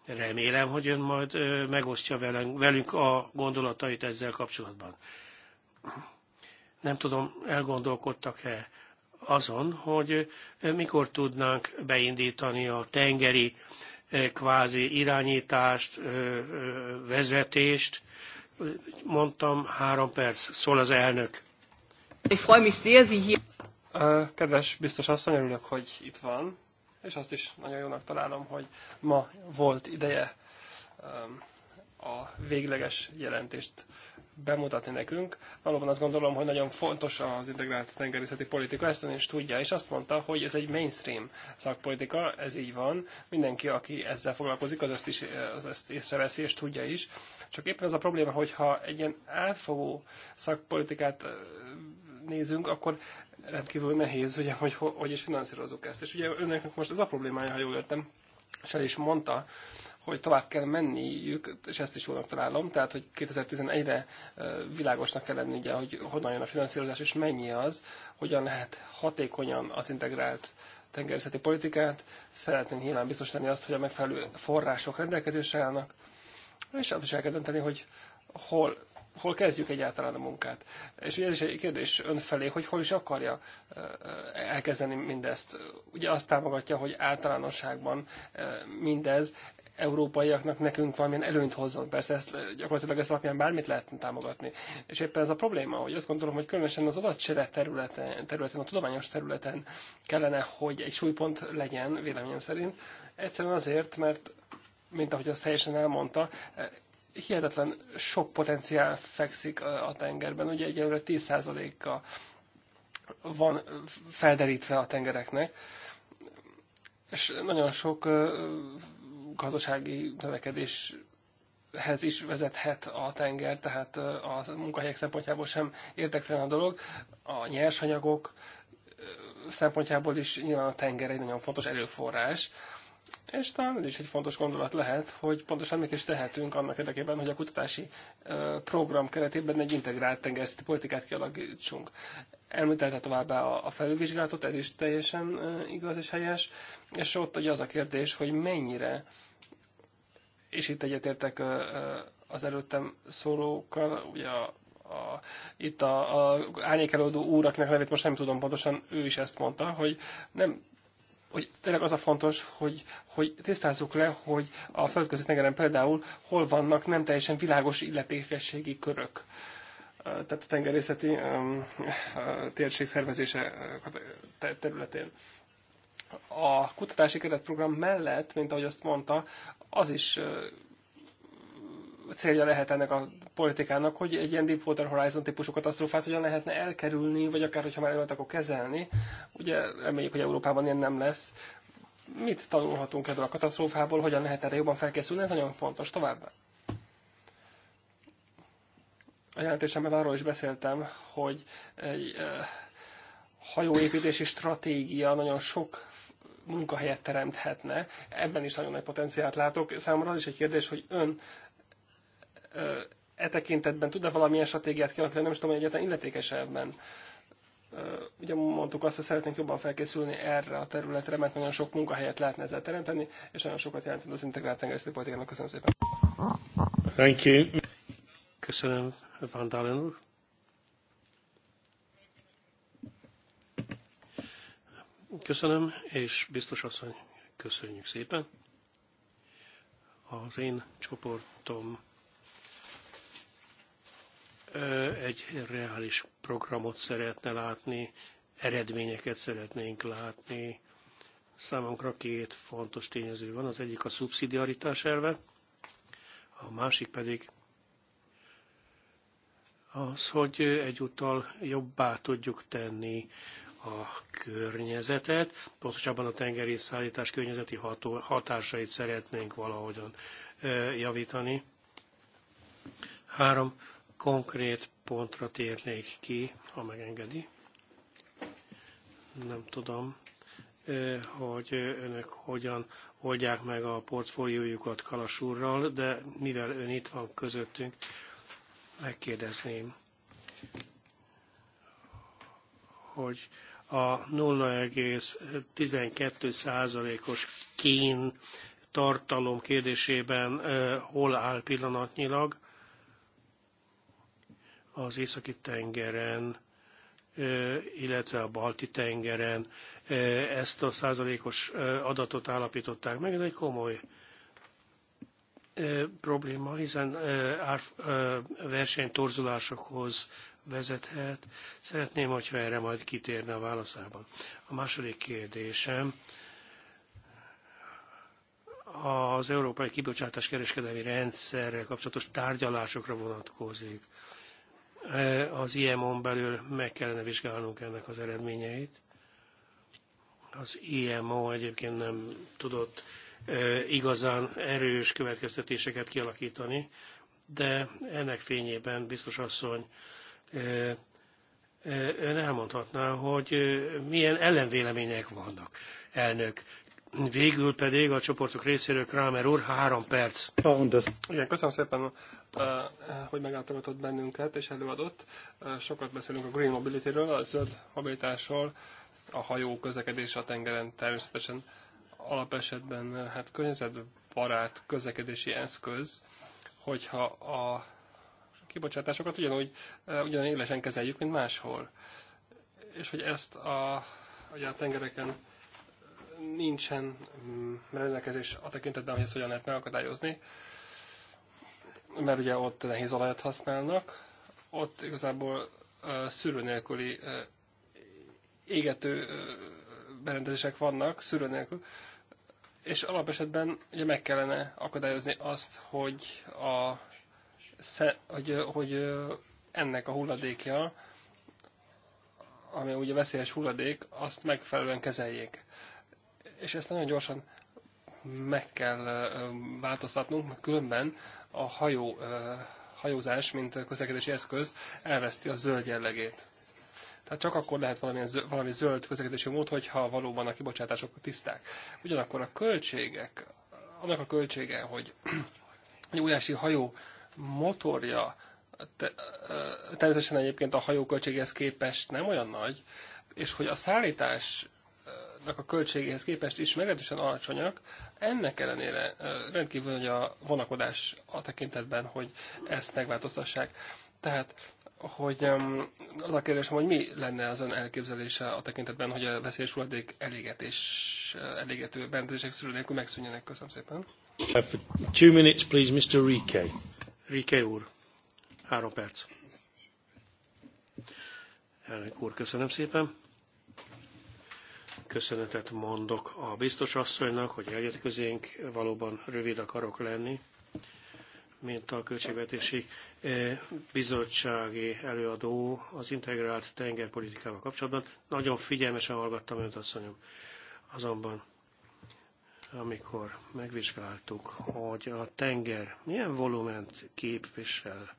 Remélem, hogy ön majd megosztja velünk a gondolatait ezzel kapcsolatban. Nem tudom, elgondolkodtak-e azon, hogy mikor tudnánk beindítani a tengeri kvázi irányítást, vezetést. Mondtam, három perc, szól az elnök. Kedves biztos asszony, örülök, hogy itt van és azt is nagyon jónak találom, hogy ma volt ideje um, a végleges jelentést bemutatni nekünk. Valóban azt gondolom, hogy nagyon fontos az integrált tengerészeti politika, ezt ön is tudja, és azt mondta, hogy ez egy mainstream szakpolitika, ez így van. Mindenki, aki ezzel foglalkozik, az ezt, is, az ezt észreveszi, és tudja is. Csak éppen az a probléma, hogyha egy ilyen átfogó szakpolitikát nézünk, akkor rendkívül nehéz, ugye, hogy hogy is finanszírozunk ezt. És ugye önöknek most ez a problémája, ha jól értem, és el is mondta, hogy tovább kell menniük, és ezt is jónak találom, tehát hogy 2011-re világosnak kell lenni, ugye, hogy honnan jön a finanszírozás, és mennyi az, hogyan lehet hatékonyan az integrált tengerészeti politikát. Szeretnénk nyilván biztosítani azt, hogy a megfelelő források rendelkezésre állnak, és azt is el kell dönteni, hogy hol hol kezdjük egyáltalán a munkát. És ugye ez is egy kérdés önfelé, hogy hol is akarja elkezdeni mindezt. Ugye azt támogatja, hogy általánosságban mindez európaiaknak nekünk valamilyen előnyt hozzon. Persze ezt, gyakorlatilag ez alapján bármit lehet támogatni. És éppen ez a probléma, hogy azt gondolom, hogy különösen az adatcsere területen, területen, a tudományos területen kellene, hogy egy súlypont legyen, véleményem szerint. Egyszerűen azért, mert mint ahogy azt helyesen elmondta, hihetetlen sok potenciál fekszik a tengerben. Ugye egyelőre 10%-a van felderítve a tengereknek, és nagyon sok gazdasági növekedéshez is vezethet a tenger, tehát a munkahelyek szempontjából sem érdektelen a dolog. A nyersanyagok szempontjából is nyilván a tenger egy nagyon fontos előforrás, és talán ez is egy fontos gondolat lehet, hogy pontosan mit is tehetünk annak érdekében, hogy a kutatási program keretében egy integrált tengerészeti politikát kialakítsunk. Említette továbbá a felülvizsgálatot, ez is teljesen igaz és helyes, és ott ugye az a kérdés, hogy mennyire, és itt egyetértek az előttem szólókkal, ugye a a, itt a, a árnyékelődő úr, akinek nevét most nem tudom pontosan, ő is ezt mondta, hogy nem hogy tényleg az a fontos, hogy, hogy tisztázzuk le, hogy a földközi tengeren például hol vannak nem teljesen világos illetékességi körök. Tehát a tengerészeti um, térség szervezése területén. A kutatási keretprogram mellett, mint ahogy azt mondta, az is célja lehet ennek a politikának, hogy egy ilyen Deepwater Horizon típusú katasztrófát hogyan lehetne elkerülni, vagy akár, hogyha már előtt, akkor kezelni. Ugye reméljük, hogy Európában ilyen nem lesz. Mit tanulhatunk ebből a katasztrófából, hogyan lehet erre jobban felkészülni, ez nagyon fontos továbbá. A jelentésemben arról is beszéltem, hogy egy hajóépítési stratégia nagyon sok munkahelyet teremthetne. Ebben is nagyon nagy potenciált látok. Számomra az is egy kérdés, hogy ön e tekintetben tud-e valamilyen stratégiát kialakítani, nem is tudom, hogy egyáltalán illetékes ebben. Ugye mondtuk azt, hogy szeretnénk jobban felkészülni erre a területre, mert nagyon sok munkahelyet lehetne ezzel teremteni, és nagyon sokat jelentett az integrált tengerészeti politikának. Köszönöm szépen. Thank you. Köszönöm, Van Dalen úr. Köszönöm, és biztos asszony, köszönjük szépen. Az én csoportom egy reális programot szeretne látni, eredményeket szeretnénk látni. Számunkra két fontos tényező van, az egyik a szubszidiaritás elve, a másik pedig az, hogy egyúttal jobbá tudjuk tenni a környezetet, pontosabban a tengeri szállítás környezeti ható, hatásait szeretnénk valahogyan javítani. Három konkrét pontra térnék ki, ha megengedi. Nem tudom, hogy önök hogyan oldják meg a portfóliójukat Kalas úrral, de mivel ön itt van közöttünk, megkérdezném, hogy a 0,12%-os kén tartalom kérdésében hol áll pillanatnyilag, az északi tengeren, illetve a balti tengeren ezt a százalékos adatot állapították meg, ez egy komoly probléma, hiszen versenytorzulásokhoz vezethet. Szeretném, hogyha erre majd kitérne a válaszában. A második kérdésem az európai kibocsátás kereskedelmi rendszerrel kapcsolatos tárgyalásokra vonatkozik. E, az IMO-n belül meg kellene vizsgálnunk ennek az eredményeit. Az IMO egyébként nem tudott e, igazán erős következtetéseket kialakítani, de ennek fényében biztos asszony e, ön elmondhatná, hogy milyen ellenvélemények vannak. Elnök, Végül pedig a csoportok részéről Kramer úr, három perc. Igen, köszönöm szépen, uh, uh, hogy meglátogatott bennünket és előadott. Uh, sokat beszélünk a Green Mobility-ről, a zöld mobilitásról, a hajó közlekedés a tengeren természetesen alapesetben hát környezetbarát közlekedési eszköz, hogyha a kibocsátásokat ugyanúgy, élesen kezeljük, mint máshol. És hogy ezt a, ugye a tengereken nincsen mm, rendelkezés a tekintetben, hogy ezt hogyan lehet megakadályozni, mert ugye ott nehéz olajat használnak, ott igazából szűrő nélküli égető berendezések vannak, szűrő nélkül, és alapesetben ugye meg kellene akadályozni azt, hogy, a, hogy, hogy ennek a hulladékja, ami ugye veszélyes hulladék, azt megfelelően kezeljék és ezt nagyon gyorsan meg kell változtatnunk, mert különben a hajó, hajózás, mint közlekedési eszköz elveszti a zöld jellegét. Tehát csak akkor lehet valamilyen, valami zöld közlekedési mód, hogyha valóban a kibocsátások tiszták. Ugyanakkor a költségek, annak a költsége, hogy (clears throat) egy óriási hajó motorja, te, természetesen egyébként a hajó költségehez képest nem olyan nagy, és hogy a szállítás a költségéhez képest is meglehetősen alacsonyak. Ennek ellenére rendkívül nagy a vonakodás a tekintetben, hogy ezt megváltoztassák. Tehát hogy az a kérdésem, hogy mi lenne az ön elképzelése a tekintetben, hogy a veszélyes hulladék elégetés, elégető berendezések szülő nélkül megszűnjenek. Köszönöm szépen. Uh, for two minutes, please, Mr. Rike. Rike úr, három perc. Elnök úr, köszönöm szépen köszönetet mondok a biztos asszonynak, hogy eljött közénk, valóban rövid akarok lenni, mint a Költségvetési eh, Bizottsági előadó az integrált tengerpolitikával kapcsolatban. Nagyon figyelmesen hallgattam önt, asszonyom. Azonban, amikor megvizsgáltuk, hogy a tenger milyen volument képvisel,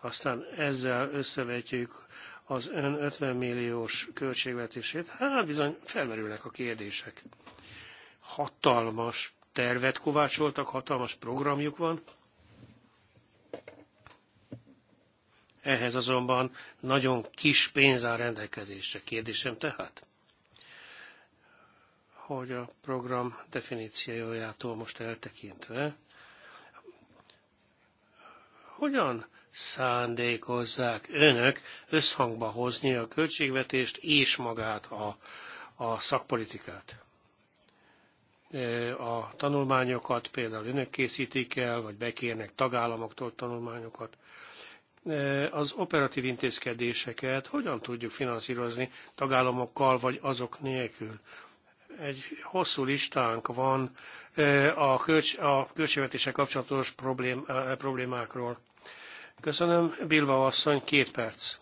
aztán ezzel összevetjük az ön 50 milliós költségvetését, hát bizony felmerülnek a kérdések. Hatalmas tervet kovácsoltak, hatalmas programjuk van. Ehhez azonban nagyon kis pénz áll rendelkezésre. Kérdésem tehát, hogy a program definíciójától most eltekintve, hogyan szándékozzák önök összhangba hozni a költségvetést és magát a, a szakpolitikát. E, a tanulmányokat például önök készítik el, vagy bekérnek tagállamoktól tanulmányokat. E, az operatív intézkedéseket hogyan tudjuk finanszírozni tagállamokkal, vagy azok nélkül? egy hosszú listánk van e, a, kölcs, a költségvetéssel kapcsolatos problém, problémákról. Köszönöm. Bilba asszony, két perc.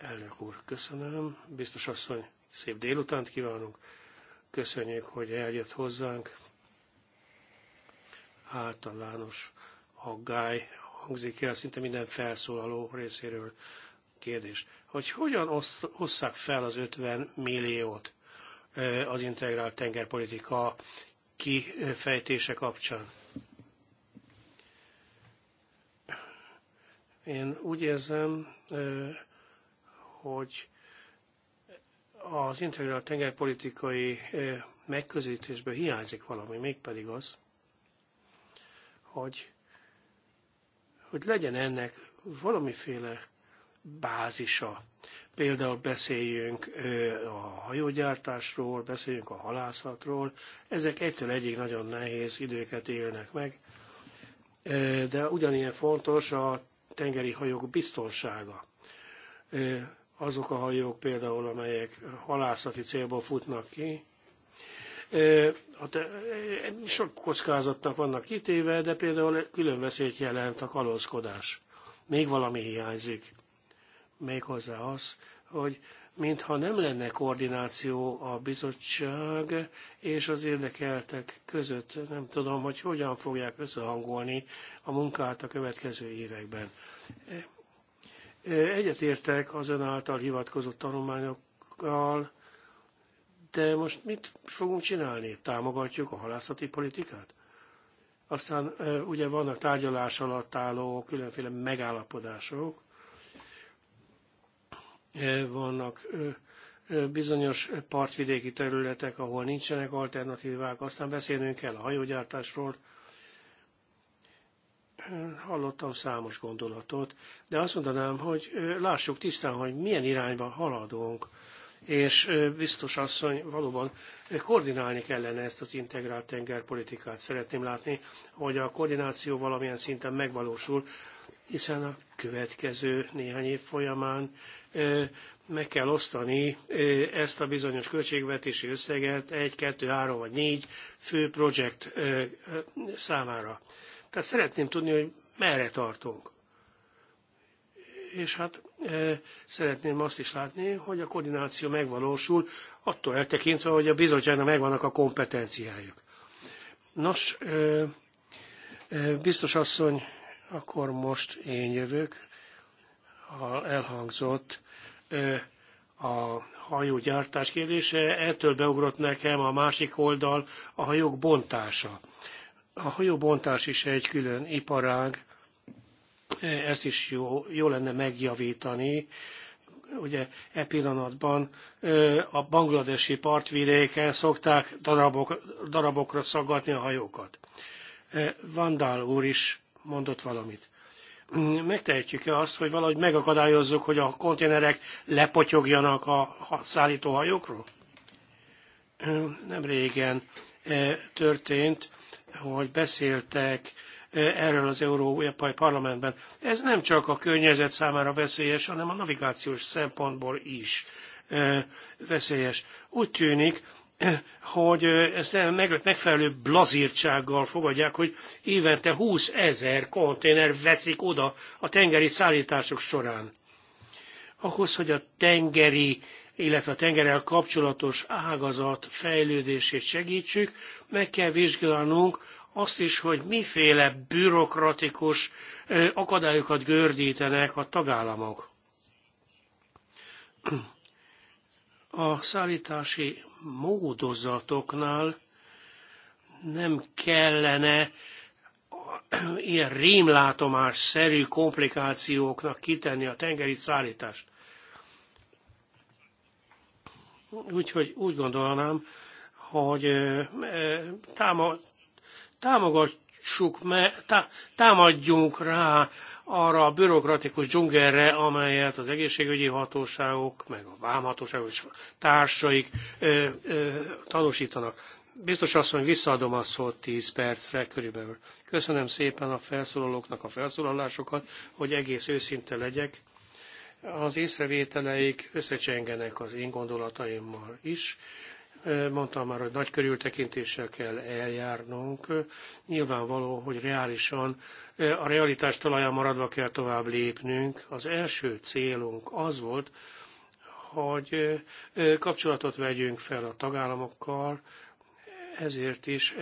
Elnök úr, köszönöm. Biztos asszony, szép délutánt kívánunk. Köszönjük, hogy eljött hozzánk. Általános aggály hangzik el szinte minden felszólaló részéről kérdés, hogy hogyan osszák fel az 50 milliót eh, az integrált tengerpolitika kifejtése kapcsán. Én úgy érzem, hogy az integrál tengerpolitikai megközelítésből hiányzik valami, mégpedig az, hogy, hogy legyen ennek valamiféle bázisa. Például beszéljünk a hajógyártásról, beszéljünk a halászatról. Ezek egytől egyik nagyon nehéz időket élnek meg, de ugyanilyen fontos a tengeri hajók biztonsága. Azok a hajók például, amelyek halászati célból futnak ki, sok kockázatnak vannak kitéve, de például külön veszélyt jelent a kalózkodás. Még valami hiányzik. Méghozzá az, hogy mintha nem lenne koordináció a bizottság és az érdekeltek között. Nem tudom, hogy hogyan fogják összehangolni a munkát a következő években. Egyetértek az ön által hivatkozott tanulmányokkal, de most mit fogunk csinálni? Támogatjuk a halászati politikát? Aztán ugye vannak tárgyalás alatt álló különféle megállapodások, E, vannak e, e, bizonyos partvidéki területek, ahol nincsenek alternatívák, aztán beszélnünk kell a hajógyártásról. Hallottam számos gondolatot, de azt mondanám, hogy lássuk tisztán, hogy milyen irányba haladunk, és biztos asszony, valóban koordinálni kellene ezt az integrált tengerpolitikát. Szeretném látni, hogy a koordináció valamilyen szinten megvalósul, hiszen a következő néhány év folyamán meg kell osztani ezt a bizonyos költségvetési összeget egy, kettő, három vagy négy fő projekt számára. Tehát szeretném tudni, hogy merre tartunk. És hát szeretném azt is látni, hogy a koordináció megvalósul, attól eltekintve, hogy a bizottságnak megvannak a kompetenciájuk. Nos, biztos asszony, akkor most én jövök. Ha elhangzott a hajógyártás kérdése, ettől beugrott nekem a másik oldal a hajók bontása. A hajóbontás is egy külön iparág, ezt is jó, jó lenne megjavítani. Ugye e pillanatban a bangladesi partvidéken szokták darabok, darabokra szaggatni a hajókat. Vandál úr is mondott valamit megtehetjük-e azt, hogy valahogy megakadályozzuk, hogy a konténerek lepotyogjanak a szállítóhajókról? Nem régen történt, hogy beszéltek erről az Európai Parlamentben. Ez nem csak a környezet számára veszélyes, hanem a navigációs szempontból is veszélyes. Úgy tűnik, hogy ezt megfelelő blazírtsággal fogadják, hogy évente 20 ezer konténer veszik oda a tengeri szállítások során. Ahhoz, hogy a tengeri, illetve a tengerrel kapcsolatos ágazat fejlődését segítsük, meg kell vizsgálnunk azt is, hogy miféle bürokratikus akadályokat gördítenek a tagállamok. A szállítási módozatoknál nem kellene ilyen rémlátomásszerű komplikációknak kitenni a tengeri szállítást. Úgyhogy úgy gondolnám, hogy támogassuk, támadjunk rá arra a bürokratikus dzsungelre, amelyet az egészségügyi hatóságok, meg a vámhatóságok és társaik ö, ö, tanúsítanak. Biztos asszony, visszaadom a szót 10 percre körülbelül. Köszönöm szépen a felszólalóknak a felszólalásokat, hogy egész őszinte legyek. Az észrevételeik összecsengenek az én gondolataimmal is. Mondtam már, hogy nagy körültekintéssel kell eljárnunk. Nyilvánvaló, hogy reálisan eh, a realitás talaján maradva kell tovább lépnünk. Az első célunk az volt, hogy eh, eh, kapcsolatot vegyünk fel a tagállamokkal, ezért is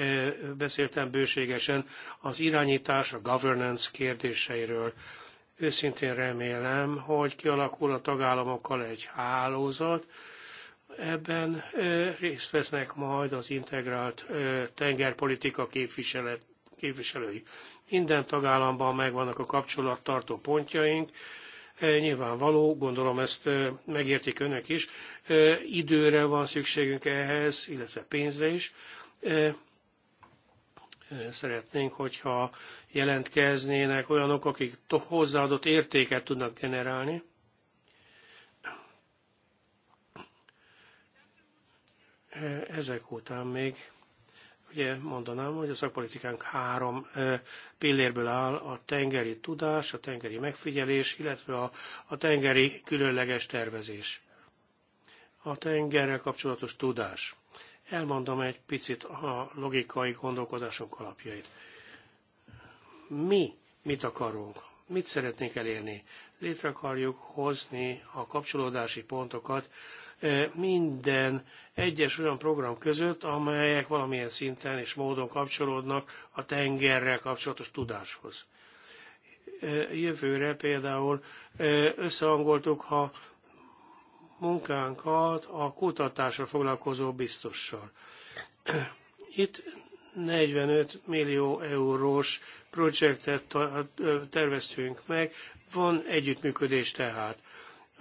beszéltem bőségesen az irányítás, a governance kérdéseiről. Őszintén remélem, hogy kialakul a tagállamokkal egy hálózat, Ebben részt vesznek majd az integrált tengerpolitika képviselet, képviselői. Minden tagállamban megvannak a kapcsolattartó pontjaink, nyilvánvaló, gondolom ezt megértik önök is, időre van szükségünk ehhez, illetve pénzre is. Szeretnénk, hogyha jelentkeznének olyanok, akik hozzáadott értéket tudnak generálni. Ezek után még ugye mondanám, hogy a szakpolitikánk három pillérből áll, a tengeri tudás, a tengeri megfigyelés, illetve a, a tengeri különleges tervezés. A tengerrel kapcsolatos tudás. Elmondom egy picit a logikai gondolkodásunk alapjait. Mi mit akarunk? Mit szeretnénk elérni? Létre akarjuk hozni a kapcsolódási pontokat minden egyes olyan program között, amelyek valamilyen szinten és módon kapcsolódnak a tengerrel kapcsolatos tudáshoz. Jövőre például összehangoltuk a munkánkat a kutatásra foglalkozó biztossal. Itt 45 millió eurós projektet terveztünk meg, van együttműködés tehát.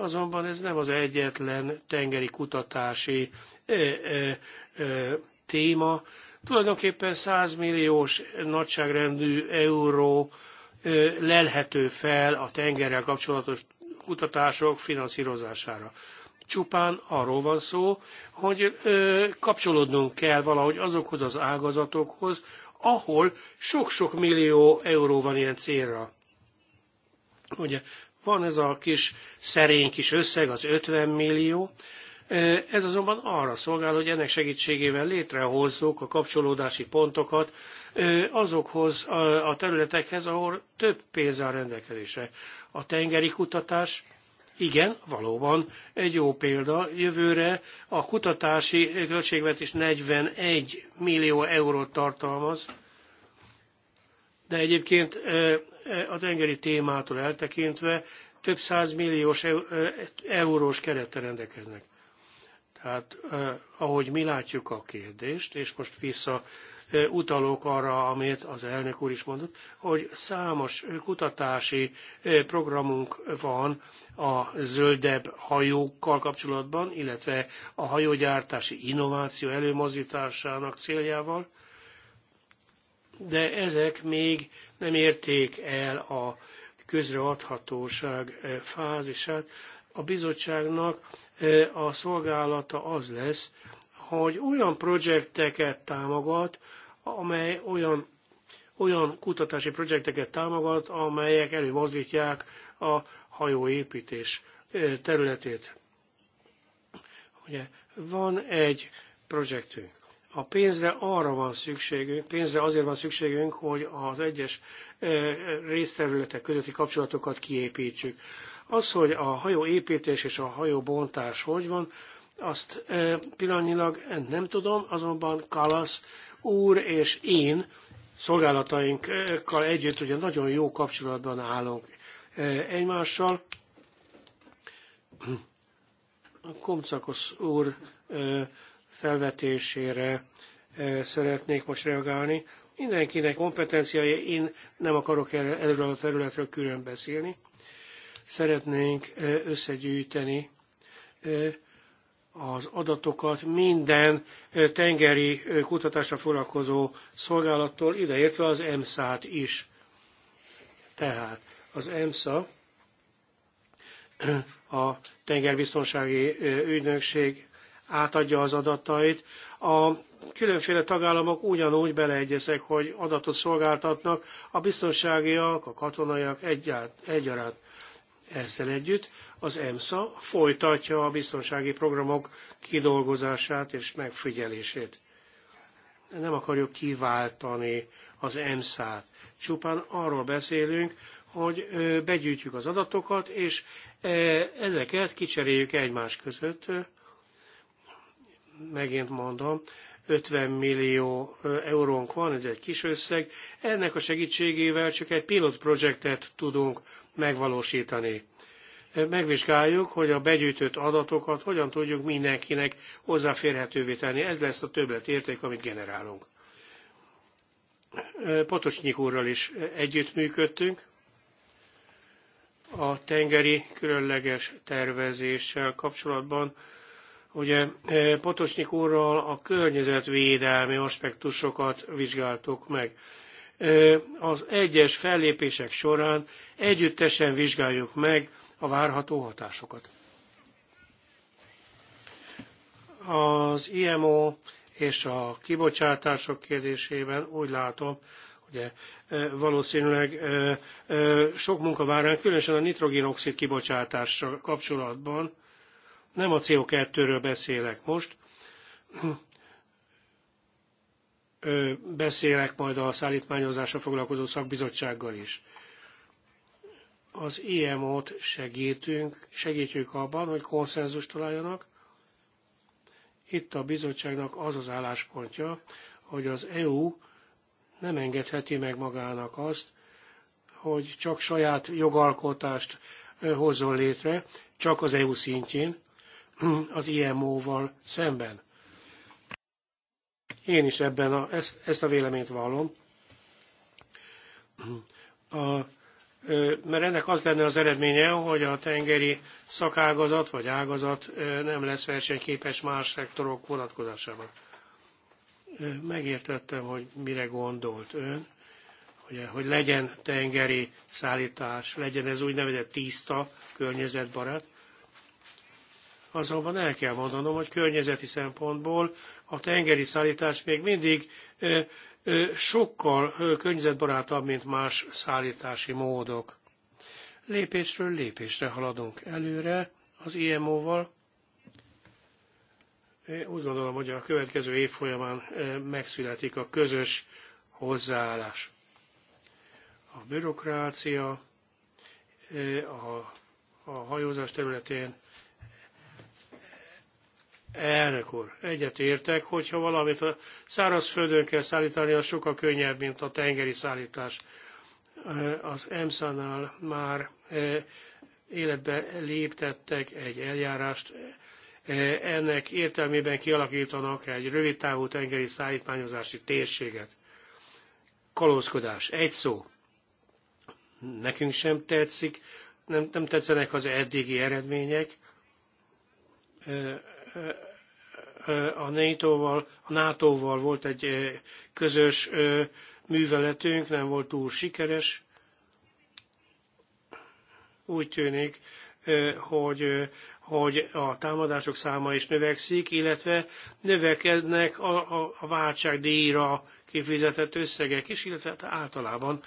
Azonban ez nem az egyetlen tengeri kutatási e, e, e, téma. Tulajdonképpen 100 milliós nagyságrendű euró lelhető fel a tengerrel kapcsolatos kutatások finanszírozására. Csupán arról van szó, hogy kapcsolódnunk kell valahogy azokhoz az ágazatokhoz, ahol sok-sok millió euró van ilyen célra. Ugye van ez a kis szerény kis összeg, az 50 millió, ez azonban arra szolgál, hogy ennek segítségével létrehozzuk a kapcsolódási pontokat azokhoz a területekhez, ahol több pénz áll rendelkezésre. A tengeri kutatás, igen, valóban egy jó példa. Jövőre a kutatási költségvetés 41 millió eurót tartalmaz, de egyébként a tengeri témától eltekintve több százmilliós eurós kerete rendelkeznek. Tehát ahogy mi látjuk a kérdést, és most vissza utalok arra, amit az elnök úr is mondott, hogy számos kutatási programunk van a zöldebb hajókkal kapcsolatban, illetve a hajógyártási innováció előmozdításának céljával de ezek még nem érték el a közreadhatóság eh, fázisát. A bizottságnak eh, a szolgálata az lesz, hogy olyan projekteket támogat, amely olyan, olyan kutatási projekteket támogat, amelyek előmozdítják a hajóépítés eh, területét. Ugye van egy projektünk, a pénzre arra van szükségünk, pénzre azért van szükségünk, hogy az egyes részterületek közötti kapcsolatokat kiépítsük. Az, hogy a hajó építés és a hajó bontás hogy van, azt pillanatnyilag nem tudom, azonban Kalasz úr és én szolgálatainkkal együtt ugye nagyon jó kapcsolatban állunk egymással. Komcakos úr felvetésére eh, szeretnék most reagálni. Mindenkinek kompetenciája, én nem akarok erről a területről külön beszélni. Szeretnénk eh, összegyűjteni eh, az adatokat minden tengeri kutatásra foglalkozó szolgálattól, ideértve az EMSZ-t is. Tehát az EMSZA, a tengerbiztonsági ügynökség átadja az adatait. A különféle tagállamok ugyanúgy beleegyeznek, hogy adatot szolgáltatnak a biztonságiak, a katonaiak egyált, egyaránt. Ezzel együtt az EMSA folytatja a biztonsági programok kidolgozását és megfigyelését. Nem akarjuk kiváltani az EMSA-t. Csupán arról beszélünk, hogy begyűjtjük az adatokat, és ezeket kicseréljük egymás között megint mondom, 50 millió eurónk van, ez egy kis összeg, ennek a segítségével csak egy pilot projektet tudunk megvalósítani. Megvizsgáljuk, hogy a begyűjtött adatokat hogyan tudjuk mindenkinek hozzáférhetővé tenni. Ez lesz a többletérték, amit generálunk. Potocsnyik úrral is együttműködtünk. A tengeri különleges tervezéssel kapcsolatban Ugye e, Potosnyik úrral a környezetvédelmi aspektusokat vizsgáltuk meg. E, az egyes fellépések során együttesen vizsgáljuk meg a várható hatásokat. Az IMO és a kibocsátások kérdésében úgy látom, ugye e, valószínűleg sok munka vár ránk, különösen a nitrogénoxid kibocsátással kapcsolatban nem a CO2-ről beszélek most, beszélek majd a szállítmányozásra foglalkozó szakbizottsággal is. Az IMO-t segítünk, segítjük abban, hogy konszenzus találjanak. Itt a bizottságnak az az álláspontja, hogy az EU nem engedheti meg magának azt, hogy csak saját jogalkotást hozzon létre, csak az EU szintjén. (clears throat) az IMO-val szemben. Én is ebben a, ezt, ezt a véleményt vallom. (clears throat) A, mert ennek az lenne az eredménye, hogy a tengeri szakágazat vagy ágazat nem lesz versenyképes más szektorok vonatkozásában. Megértettem, hogy mire gondolt ön, hogy, hogy legyen tengeri szállítás, legyen ez úgynevezett tiszta, környezetbarát, azonban el kell mondanom, hogy környezeti szempontból a tengeri szállítás még mindig sokkal környezetbarátabb, mint más szállítási módok. Lépésről lépésre haladunk előre az IMO-val. Úgy gondolom, hogy a következő év folyamán megszületik a közös hozzáállás. A bürokrácia, a, a hajózás területén Elnök úr, egyetértek, hogyha valamit a szárazföldön kell szállítani, az sokkal könnyebb, mint a tengeri szállítás. Az EMSZ-nál már életbe léptettek egy eljárást, ennek értelmében kialakítanak egy rövidtávú tengeri szállítmányozási térséget. Kalózkodás, egy szó. Nekünk sem tetszik, nem, nem tetszenek az eddigi eredmények, a NATO-val, a NATO-val volt egy közös műveletünk, nem volt túl sikeres. Úgy tűnik, hogy, hogy a támadások száma is növekszik, illetve növekednek a, a, a váltságdíjra kifizetett összegek is, illetve hát általában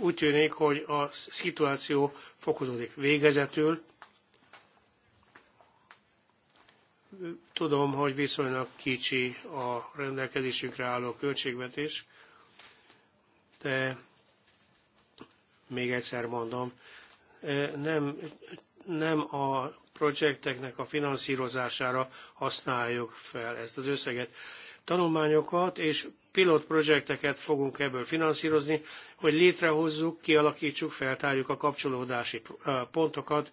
úgy tűnik, hogy a szituáció fokozódik végezetül Tudom, hogy viszonylag kicsi a rendelkezésünkre álló költségvetés, de még egyszer mondom, e, nem, nem a projekteknek a finanszírozására használjuk fel ezt az összeget. Tanulmányokat és pilot projekteket fogunk ebből finanszírozni, hogy létrehozzuk, kialakítsuk, feltárjuk a kapcsolódási e, pontokat,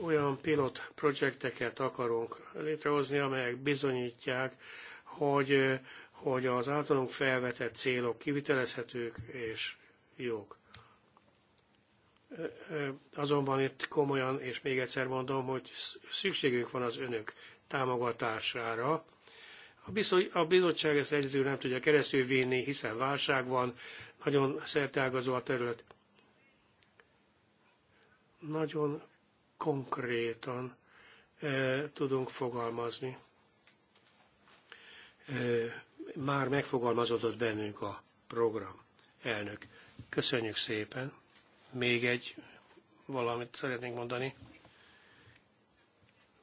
olyan pilot projekteket akarunk létrehozni, amelyek bizonyítják, hogy, hogy az általunk felvetett célok kivitelezhetők és jók. Azonban itt komolyan, és még egyszer mondom, hogy szükségünk van az önök támogatására. A bizottság ezt egyedül nem tudja keresztül vinni, hiszen válság van, nagyon szerteágazó a terület. Nagyon konkrétan e, tudunk fogalmazni. E, már megfogalmazódott bennünk a program, elnök. Köszönjük szépen. Még egy valamit szeretnénk mondani.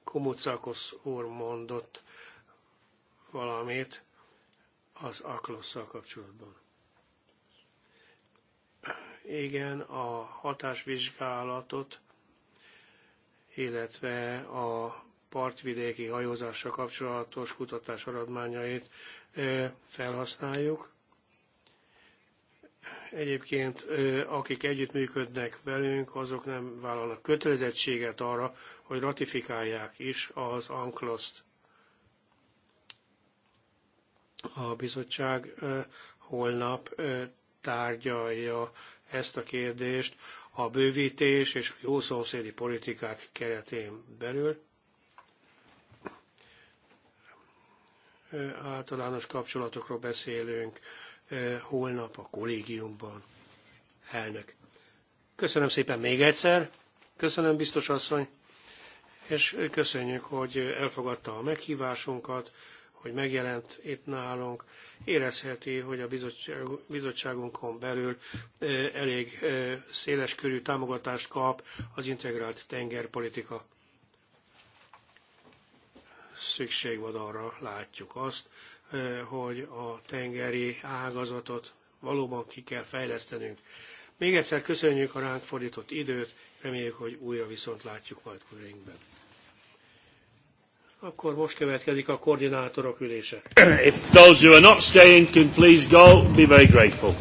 Komucakos úr mondott valamit az aklosszal kapcsolatban. Igen, a hatásvizsgálatot illetve a partvidéki hajózásra kapcsolatos kutatás eredményeit felhasználjuk. Egyébként akik együttműködnek velünk, azok nem vállalnak kötelezettséget arra, hogy ratifikálják is az ANCLOS-t. A bizottság holnap tárgyalja ezt a kérdést a bővítés és a jó szomszédi politikák keretén belül. Általános kapcsolatokról beszélünk holnap a kollégiumban. Elnök. Köszönöm szépen még egyszer. Köszönöm, biztos asszony. És köszönjük, hogy elfogadta a meghívásunkat hogy megjelent itt nálunk, érezheti, hogy a bizottságunkon belül elég széles körű támogatást kap az integrált tengerpolitika. Szükség van arra, látjuk azt, hogy a tengeri ágazatot valóban ki kell fejlesztenünk. Még egyszer köszönjük a ránk fordított időt, reméljük, hogy újra viszont látjuk majd körénkben. Akkor most következik a koordinátorok ülése. If those who are not staying can please go, be very grateful.